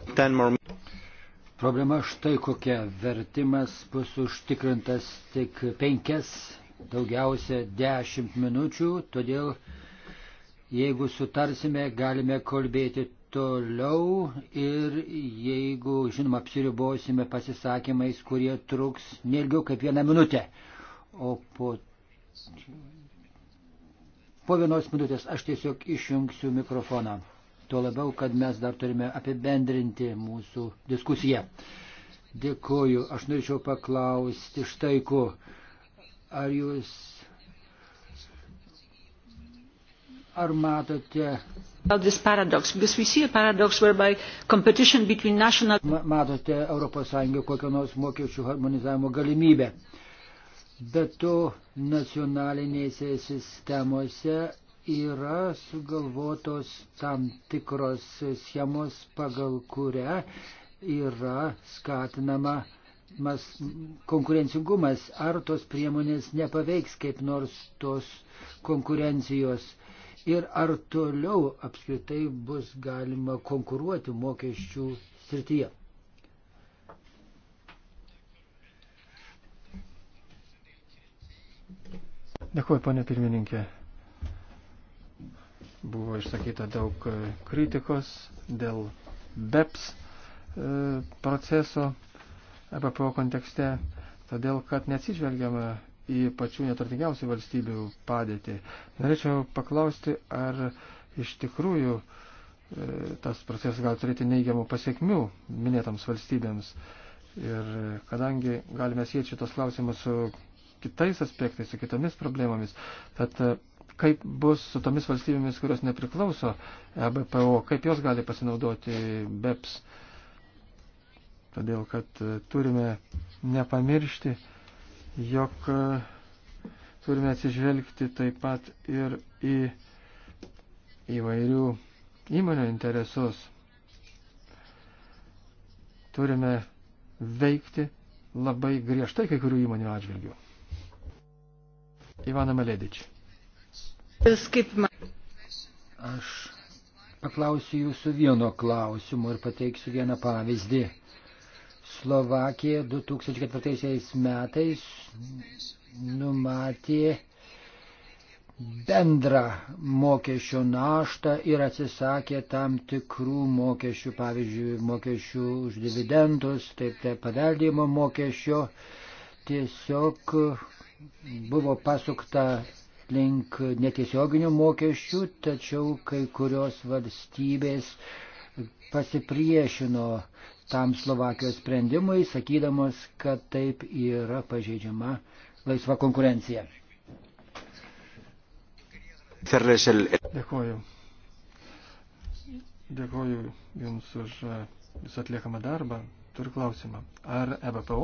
Problema štai kokia vertimas bus užtikrintas tik penkias, daugiausia dešimt minučių, todėl jeigu sutarsime, galime kalbėti toliau ir jeigu, žinoma, apsiribosime pasisakymais, kurie truks nelgiau kaip vieną minutę. O po, po vienos minutės aš tiesiog išjungsiu mikrofoną tuo labiau, kad mes dar turime apibendrinti mūsų diskusiją. Dėkuoju, aš norėčiau paklausti štai ko. Ar jūs. Ar matote. Paradox, paradox national... Matote ES kokią nors mokesčių harmonizavimo galimybę. Bet to nacionalinėse sistemose yra sugalvotos tam tikros schemos, pagal kurią yra skatinama mas, konkurencingumas, ar tos priemonės nepaveiks kaip nors tos konkurencijos ir ar toliau apskritai bus galima konkuruoti mokesčių srityje. Dėkuoju, ponė pirmininkė. Buvo išsakyta daug e, kritikos dėl BEPS e, proceso EBPO kontekste, todėl kad neatsižvelgiama į pačių neturtingiausių valstybių padėtį. Norėčiau paklausti, ar iš tikrųjų e, tas procesas gali turėti neigiamų pasiekmių minėtams valstybėms. Ir kadangi galime sieti šitos klausimus su kitais aspektais, su kitomis problemomis, tad kaip bus su tomis valstybėmis, kurios nepriklauso e BPO, kaip jos gali pasinaudoti BEPS. Todėl, kad e, turime nepamiršti, jog e, turime atsižvelgti taip pat ir į įvairių įmonių interesus. Turime veikti labai griežtai kai kurių įmonių atžvilgių. Ivana Maledič. Aš paklausiu jūsų vieno klausimo ir pateiksiu vieną pavyzdį. Slovakija 2004 metais numatė bendrą mokesčio naštą ir atsisakė tam tikrų mokesčių, pavyzdžiui, mokesčių už dividendus, taip tai paveldėjimo mokesčio. Tiesiog buvo pasukta link netiesioginių mokesčių, tačiau kai kurios valstybės pasipriešino tam Slovakijos sprendimui, sakydamos, kad taip yra pažeidžiama laisva konkurencija. Dėkuoju. Dėkuoju Jums už Jūs atliekamą darbą. Turiu klausimą. Ar EBPO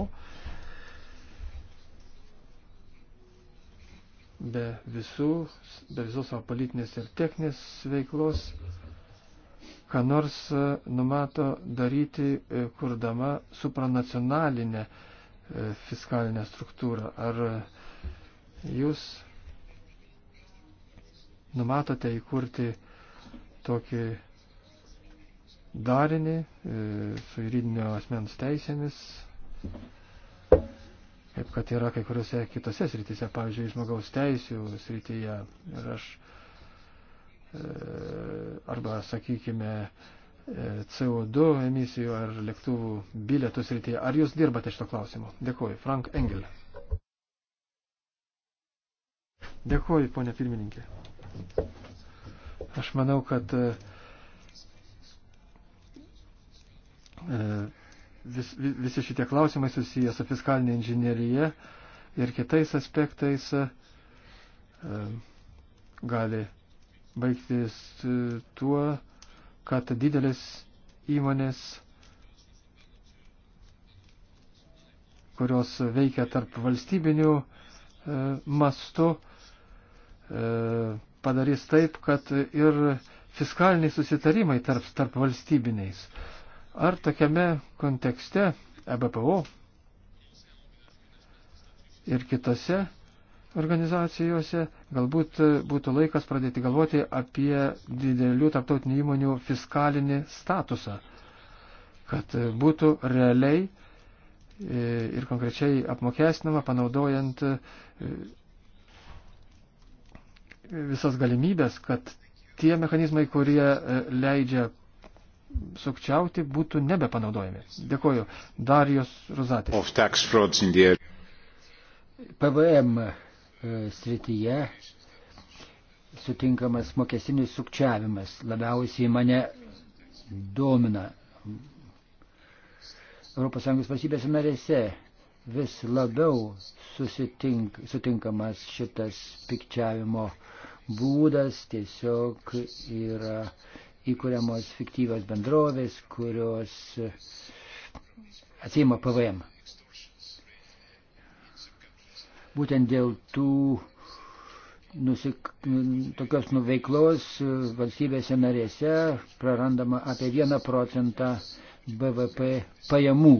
be, visų, be visos savo politinės ir techninės veiklos, ką nors e, numato daryti, e, kurdama supranacionalinę e, fiskalinę struktūrą. Ar jūs numatote įkurti tokį darinį su juridinio asmens teisėmis? kaip kad yra kai kuriuose kitose srityse, pavyzdžiui, žmogaus teisų srityje. Ir aš, e, arba, sakykime, e, CO2 emisijų ar lėktuvų bilietų srityje. Ar jūs dirbate šito klausimu? Dėkuoju. Frank Engel. Dėkuoju, ponė pirmininkė. Aš manau, kad e, e vis, vis, visi šitie klausimai susiję su fiskalinė inžinierija ir kitais aspektais e, gali baigtis tuo, kad didelis įmonės, kurios veikia tarp valstybinių e, mastų, e, padarys taip, kad ir fiskaliniai susitarimai tarp, tarp valstybiniais Ar tokiame kontekste EBPO ir kitose organizacijose galbūt būtų laikas pradėti galvoti apie didelių tarptautinių įmonių fiskalinį statusą, kad būtų realiai e, ir konkrečiai apmokestinama panaudojant e, visas galimybės, kad tie mechanizmai, kurie e, leidžia sukčiauti būtų nebepanaudojami. Dėkoju. Darijos Rozatė. PVM srityje sutinkamas mokesinis sukčiavimas labiausiai mane domina. ES valstybės narėse vis labiau susitink, sutinkamas šitas pikčiavimo būdas tiesiog yra uh, įkūriamos fiktyvios bendrovės, kurios e, atsima PVM. Būtent dėl tų nusik, tokios nuveiklos e, valstybėse narėse prarandama apie 1 procentą BVP pajamų.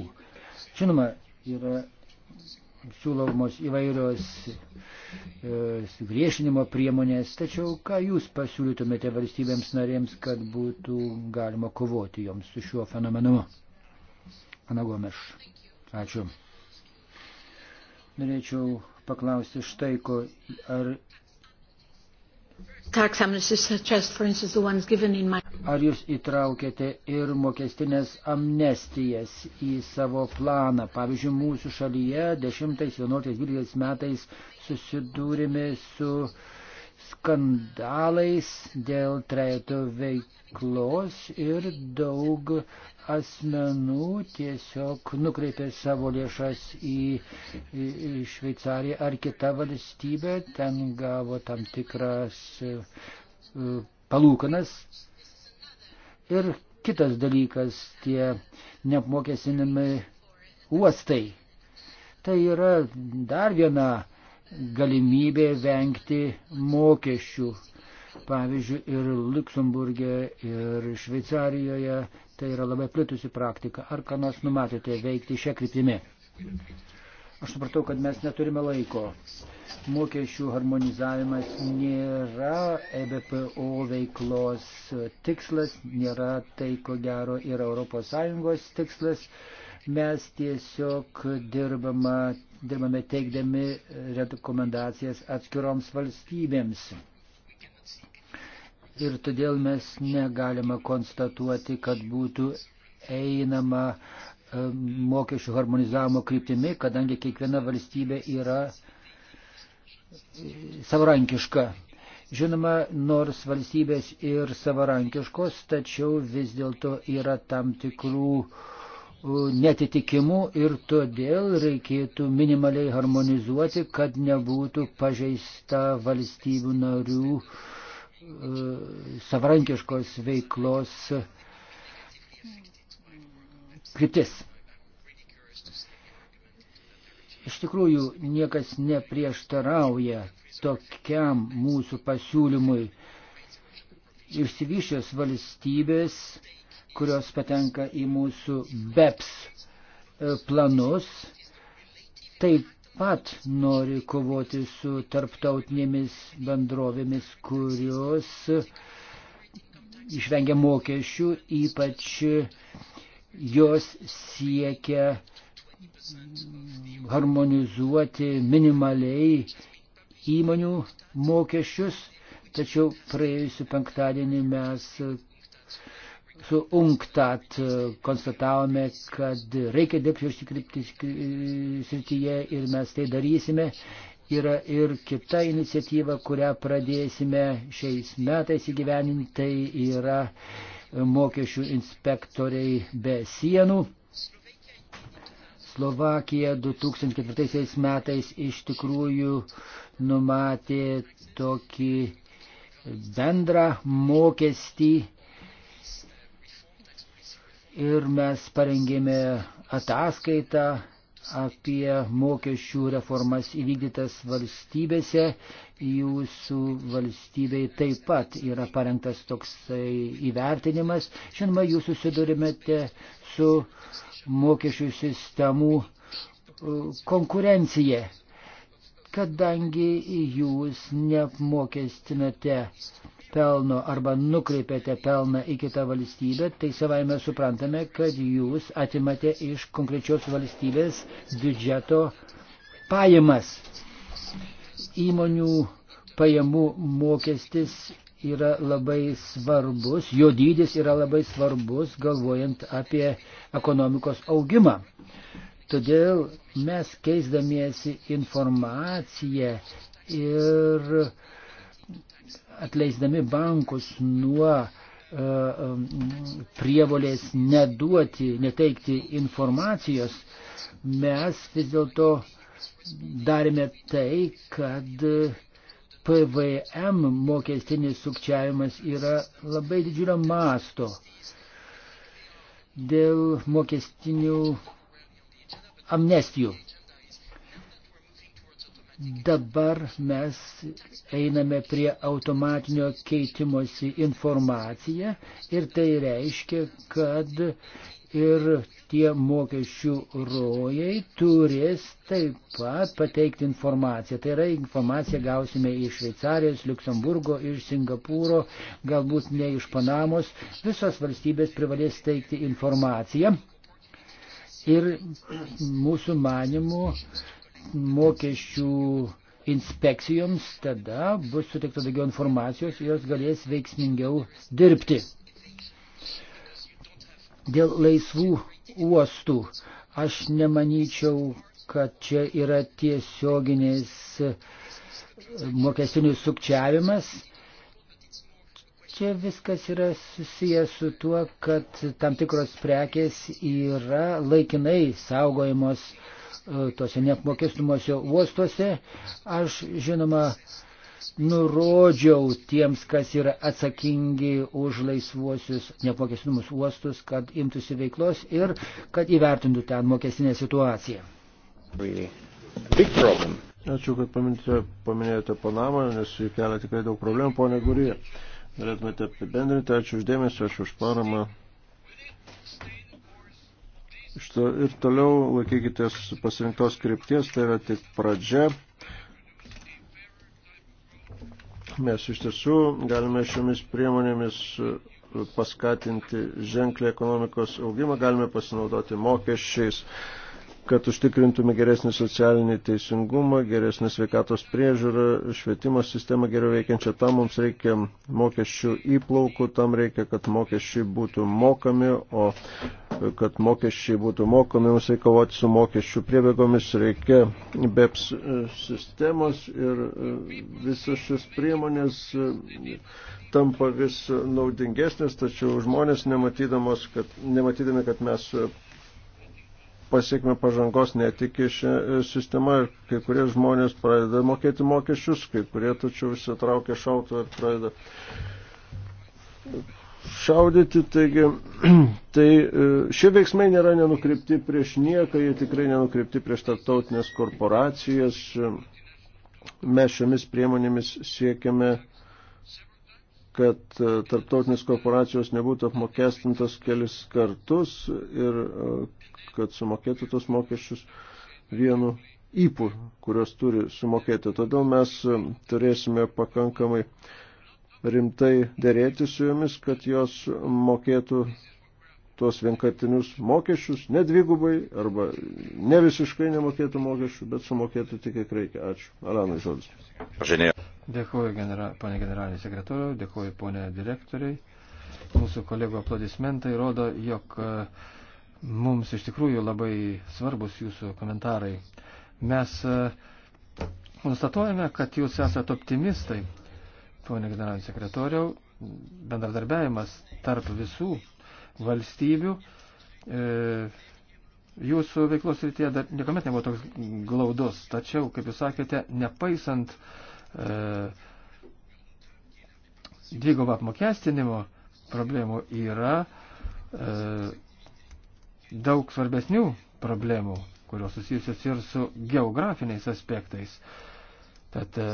Žinoma, yra siūlomos įvairios E, sugriešinimo priemonės. Tačiau ką jūs pasiūlytumėte valstybėms narėms, kad būtų galima kovoti joms su šiuo fenomenu? Ana Gomeš. Ačiū. Norėčiau paklausti štai ko, ar Ar jūs įtraukėte ir mokestinės amnestijas į savo planą? Pavyzdžiui, mūsų šalyje 10, 11, 12 metais susidūrėme su skandalais dėl trejato veiklos ir daug asmenų tiesiog nukreipė savo lėšas į, į, į Šveicariją ar kitą valstybę, ten gavo tam tikras e, e, palūkanas. Ir kitas dalykas tie neapmokestinami uostai. Tai yra dar viena galimybė vengti mokesčių. Pavyzdžiui, ir Luxemburgė, ir Šveicarijoje tai yra labai plitusi praktika. Ar ką nors numatote veikti šią kryptimį? Aš supratau, kad mes neturime laiko. Mokesčių harmonizavimas nėra EBPO veiklos tikslas, nėra tai, ko gero, yra ES tikslas. Mes tiesiog dirbama, dirbame teikdami rekomendacijas atskiroms valstybėms. Ir todėl mes negalime konstatuoti, kad būtų einama e, mokesčių harmonizavimo kryptimi, kadangi kiekviena valstybė yra e, savarankiška. Žinoma, nors valstybės ir savarankiškos, tačiau vis dėlto yra tam tikrų uh, netitikimų ir todėl reikėtų minimaliai harmonizuoti, kad nebūtų pažeista valstybių narių e, savarankiškos veiklos kryptis. Iš tikrųjų, niekas neprieštarauja tokiam mūsų pasiūlymui. Išsivyščios valstybės kurios patenka į mūsų BEPS e, planus, taip pat nori kovoti su tarptautinėmis bendrovėmis, kurios išvengia mokesčių, ypač jos siekia harmonizuoti minimaliai įmonių mokesčius, tačiau praėjusiu penktadienį mes su UNCTAD konstatavome, kad reikia dirbti šį kryptį srityje ir mes tai darysime. Yra ir kita iniciatyva, kurią pradėsime šiais metais įgyveninti, tai yra mokesčių inspektoriai be sienų. Slovakija 2004 metais iš tikrųjų numatė tokį bendrą mokestį ir mes parengėme ataskaitą apie mokesčių reformas įvykdytas valstybėse. Jūsų valstybei taip pat yra parengtas toksai įvertinimas. Žinoma, jūs susidurimėte su mokesčių sistemų konkurencija, kadangi jūs neapmokestinate pelno arba nukreipiate pelną į kitą valstybę, tai savaime suprantame, kad jūs atimate iš konkrečios valstybės biudžeto pajamas. Įmonių pajamų mokestis yra labai svarbus, jo dydis yra labai svarbus, galvojant apie ekonomikos augimą. Todėl mes keisdamiesi informaciją ir uh, atleisdami bankus nuo e, e, prievolės neduoti, neteikti informacijos, mes vis dėlto darėme tai, kad PVM mokestinis sukčiavimas yra labai didžiulio masto. Dėl mokestinių amnestijų Dabar mes einame prie automatinio keitimosi informaciją ir tai reiškia, kad ir tie mokesčių rojai turės taip pat pateikti informaciją. Tai yra informaciją gausime iš Šveicarijos, Luksemburgo, iš Singapūro, galbūt ne iš Panamos. Visos valstybės privalės teikti informaciją. Ir mūsų manimų mokesčių inspekcijoms, tada bus suteikta daugiau informacijos ir jos galės veiksmingiau dirbti. Dėl laisvų uostų aš nemanyčiau, kad čia yra tiesioginis e, mokestinis sukčiavimas. Čia viskas yra susijęs su tuo, kad tam tikros prekės yra laikinai saugojamos uh, E, tose neapmokestimuose uostuose. Aš žinoma nurodžiau tiems, kas yra atsakingi už laisvuosius neapmokestinimus uostus, kad imtųsi veiklos ir kad įvertintų ten mokestinę situaciją. Really. Ačiū, kad paminėjote, paminėjote Panamą, nes jį kelia tikrai daug problemų, ponė Gurija. Norėtumėte apibendrinti, ačiū uždėmesį, ačiū už paramą. Ir toliau laikykitės pasirinktos krypties, tai yra tik pradžia. Mes iš tiesų galime šiomis priemonėmis paskatinti ženklį ekonomikos augimą, galime pasinaudoti mokesčiais, kad užtikrintume geresnį socialinį teisingumą, geresnį sveikatos priežiūrą, švietimo sistemą geriau veikiančią. Tam mums reikia mokesčių įplaukų, tam reikia, kad mokesčiai būtų mokami, o kad mokesčiai būtų mokami, mums reikia kovoti su mokesčių priebėgomis, reikia BEPS e, sistemos ir e, visas šis priemonės e, tampa vis naudingesnės, tačiau žmonės nematydamos, kad, nematydami, kad mes pasiekime pažangos netiki šią sistemą ir kai kurie žmonės pradeda mokėti mokesčius, kai kurie tačiau visi traukia šautuvą ir pradeda šaudyti, taigi tai, e, šie veiksmai nėra nenukreipti prieš nieką, jie tikrai nenukreipti prieš tarptautinės korporacijas. Mes šiomis priemonėmis siekiame, kad e, tarptautinės korporacijos nebūtų apmokestintos kelis kartus ir e, kad sumokėtų tos mokesčius vienu įpū, kurios turi sumokėti. Todėl mes turėsime pakankamai uh, rimtai dėrėti su jomis, kad jos mokėtų tuos vienkartinius mokesčius, ne dvigubai arba ne visiškai nemokėtų mokesčių, bet sumokėtų tik, kiek reikia. Ačiū. Alanai žodis. Dėkuoju, genera, ponė generalinė sekretoriau, dėkuoju, ponė direktoriai. Mūsų kolego aplodismentai rodo, jog e, mums iš tikrųjų labai svarbus jūsų komentarai. Mes e, konstatuojame, kad jūs esate optimistai Pone generalinį sekretoriau, bendradarbiavimas tarp visų valstybių e, jūsų veiklos rytyje dar niekuomet nebuvo toks glaudus. Tačiau, kaip jūs sakėte, nepaisant e, dvigubą apmokestinimo problemų yra e, daug svarbesnių problemų, kurios susijusios ir su geografiniais aspektais. Tad e,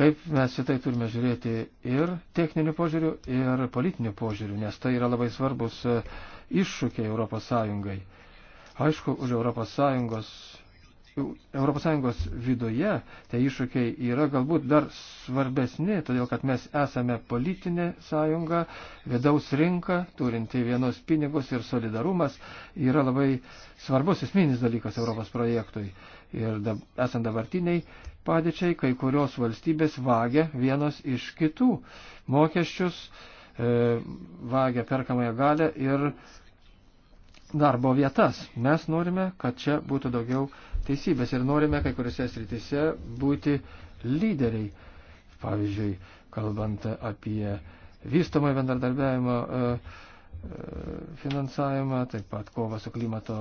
kaip mes į tai turime žiūrėti ir techniniu požiūriu, ir politiniu požiūriu, nes tai yra labai svarbus e, iššūkiai Europos Sąjungai. Aišku, už Europos Sąjungos, Europos Sąjungos viduje tie iššūkiai yra galbūt dar svarbesni, todėl kad mes esame politinė sąjunga, vidaus rinka, turinti vienos pinigus ir solidarumas yra labai svarbus esminis dalykas Europos projektui. Ir dab, esant dabartiniai padėčiai, kai kurios valstybės vagia vienos iš kitų mokesčius, e, vagia perkamąją galę ir darbo vietas. Mes norime, kad čia būtų daugiau teisybės ir norime kai kuriuose srityse būti lyderiai. Pavyzdžiui, kalbant apie vystomą bendradarbiavimo. E, finansavimą, taip pat kova su klimato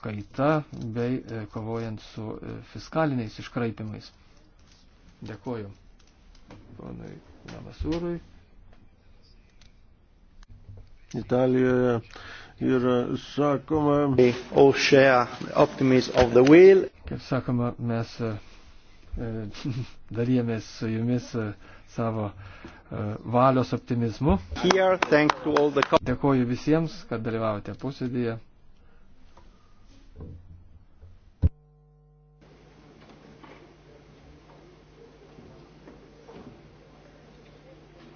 kaita bei e, kovojant su e, fiskaliniais iškraipimais. Dėkoju ponui Namasūrui. Italijoje yra sakoma. Kaip sakoma, mes e, dalyjamės su jumis. Uh, savo e, valios optimizmu. Dėkoju visiems, kad dalyvavote posėdėje.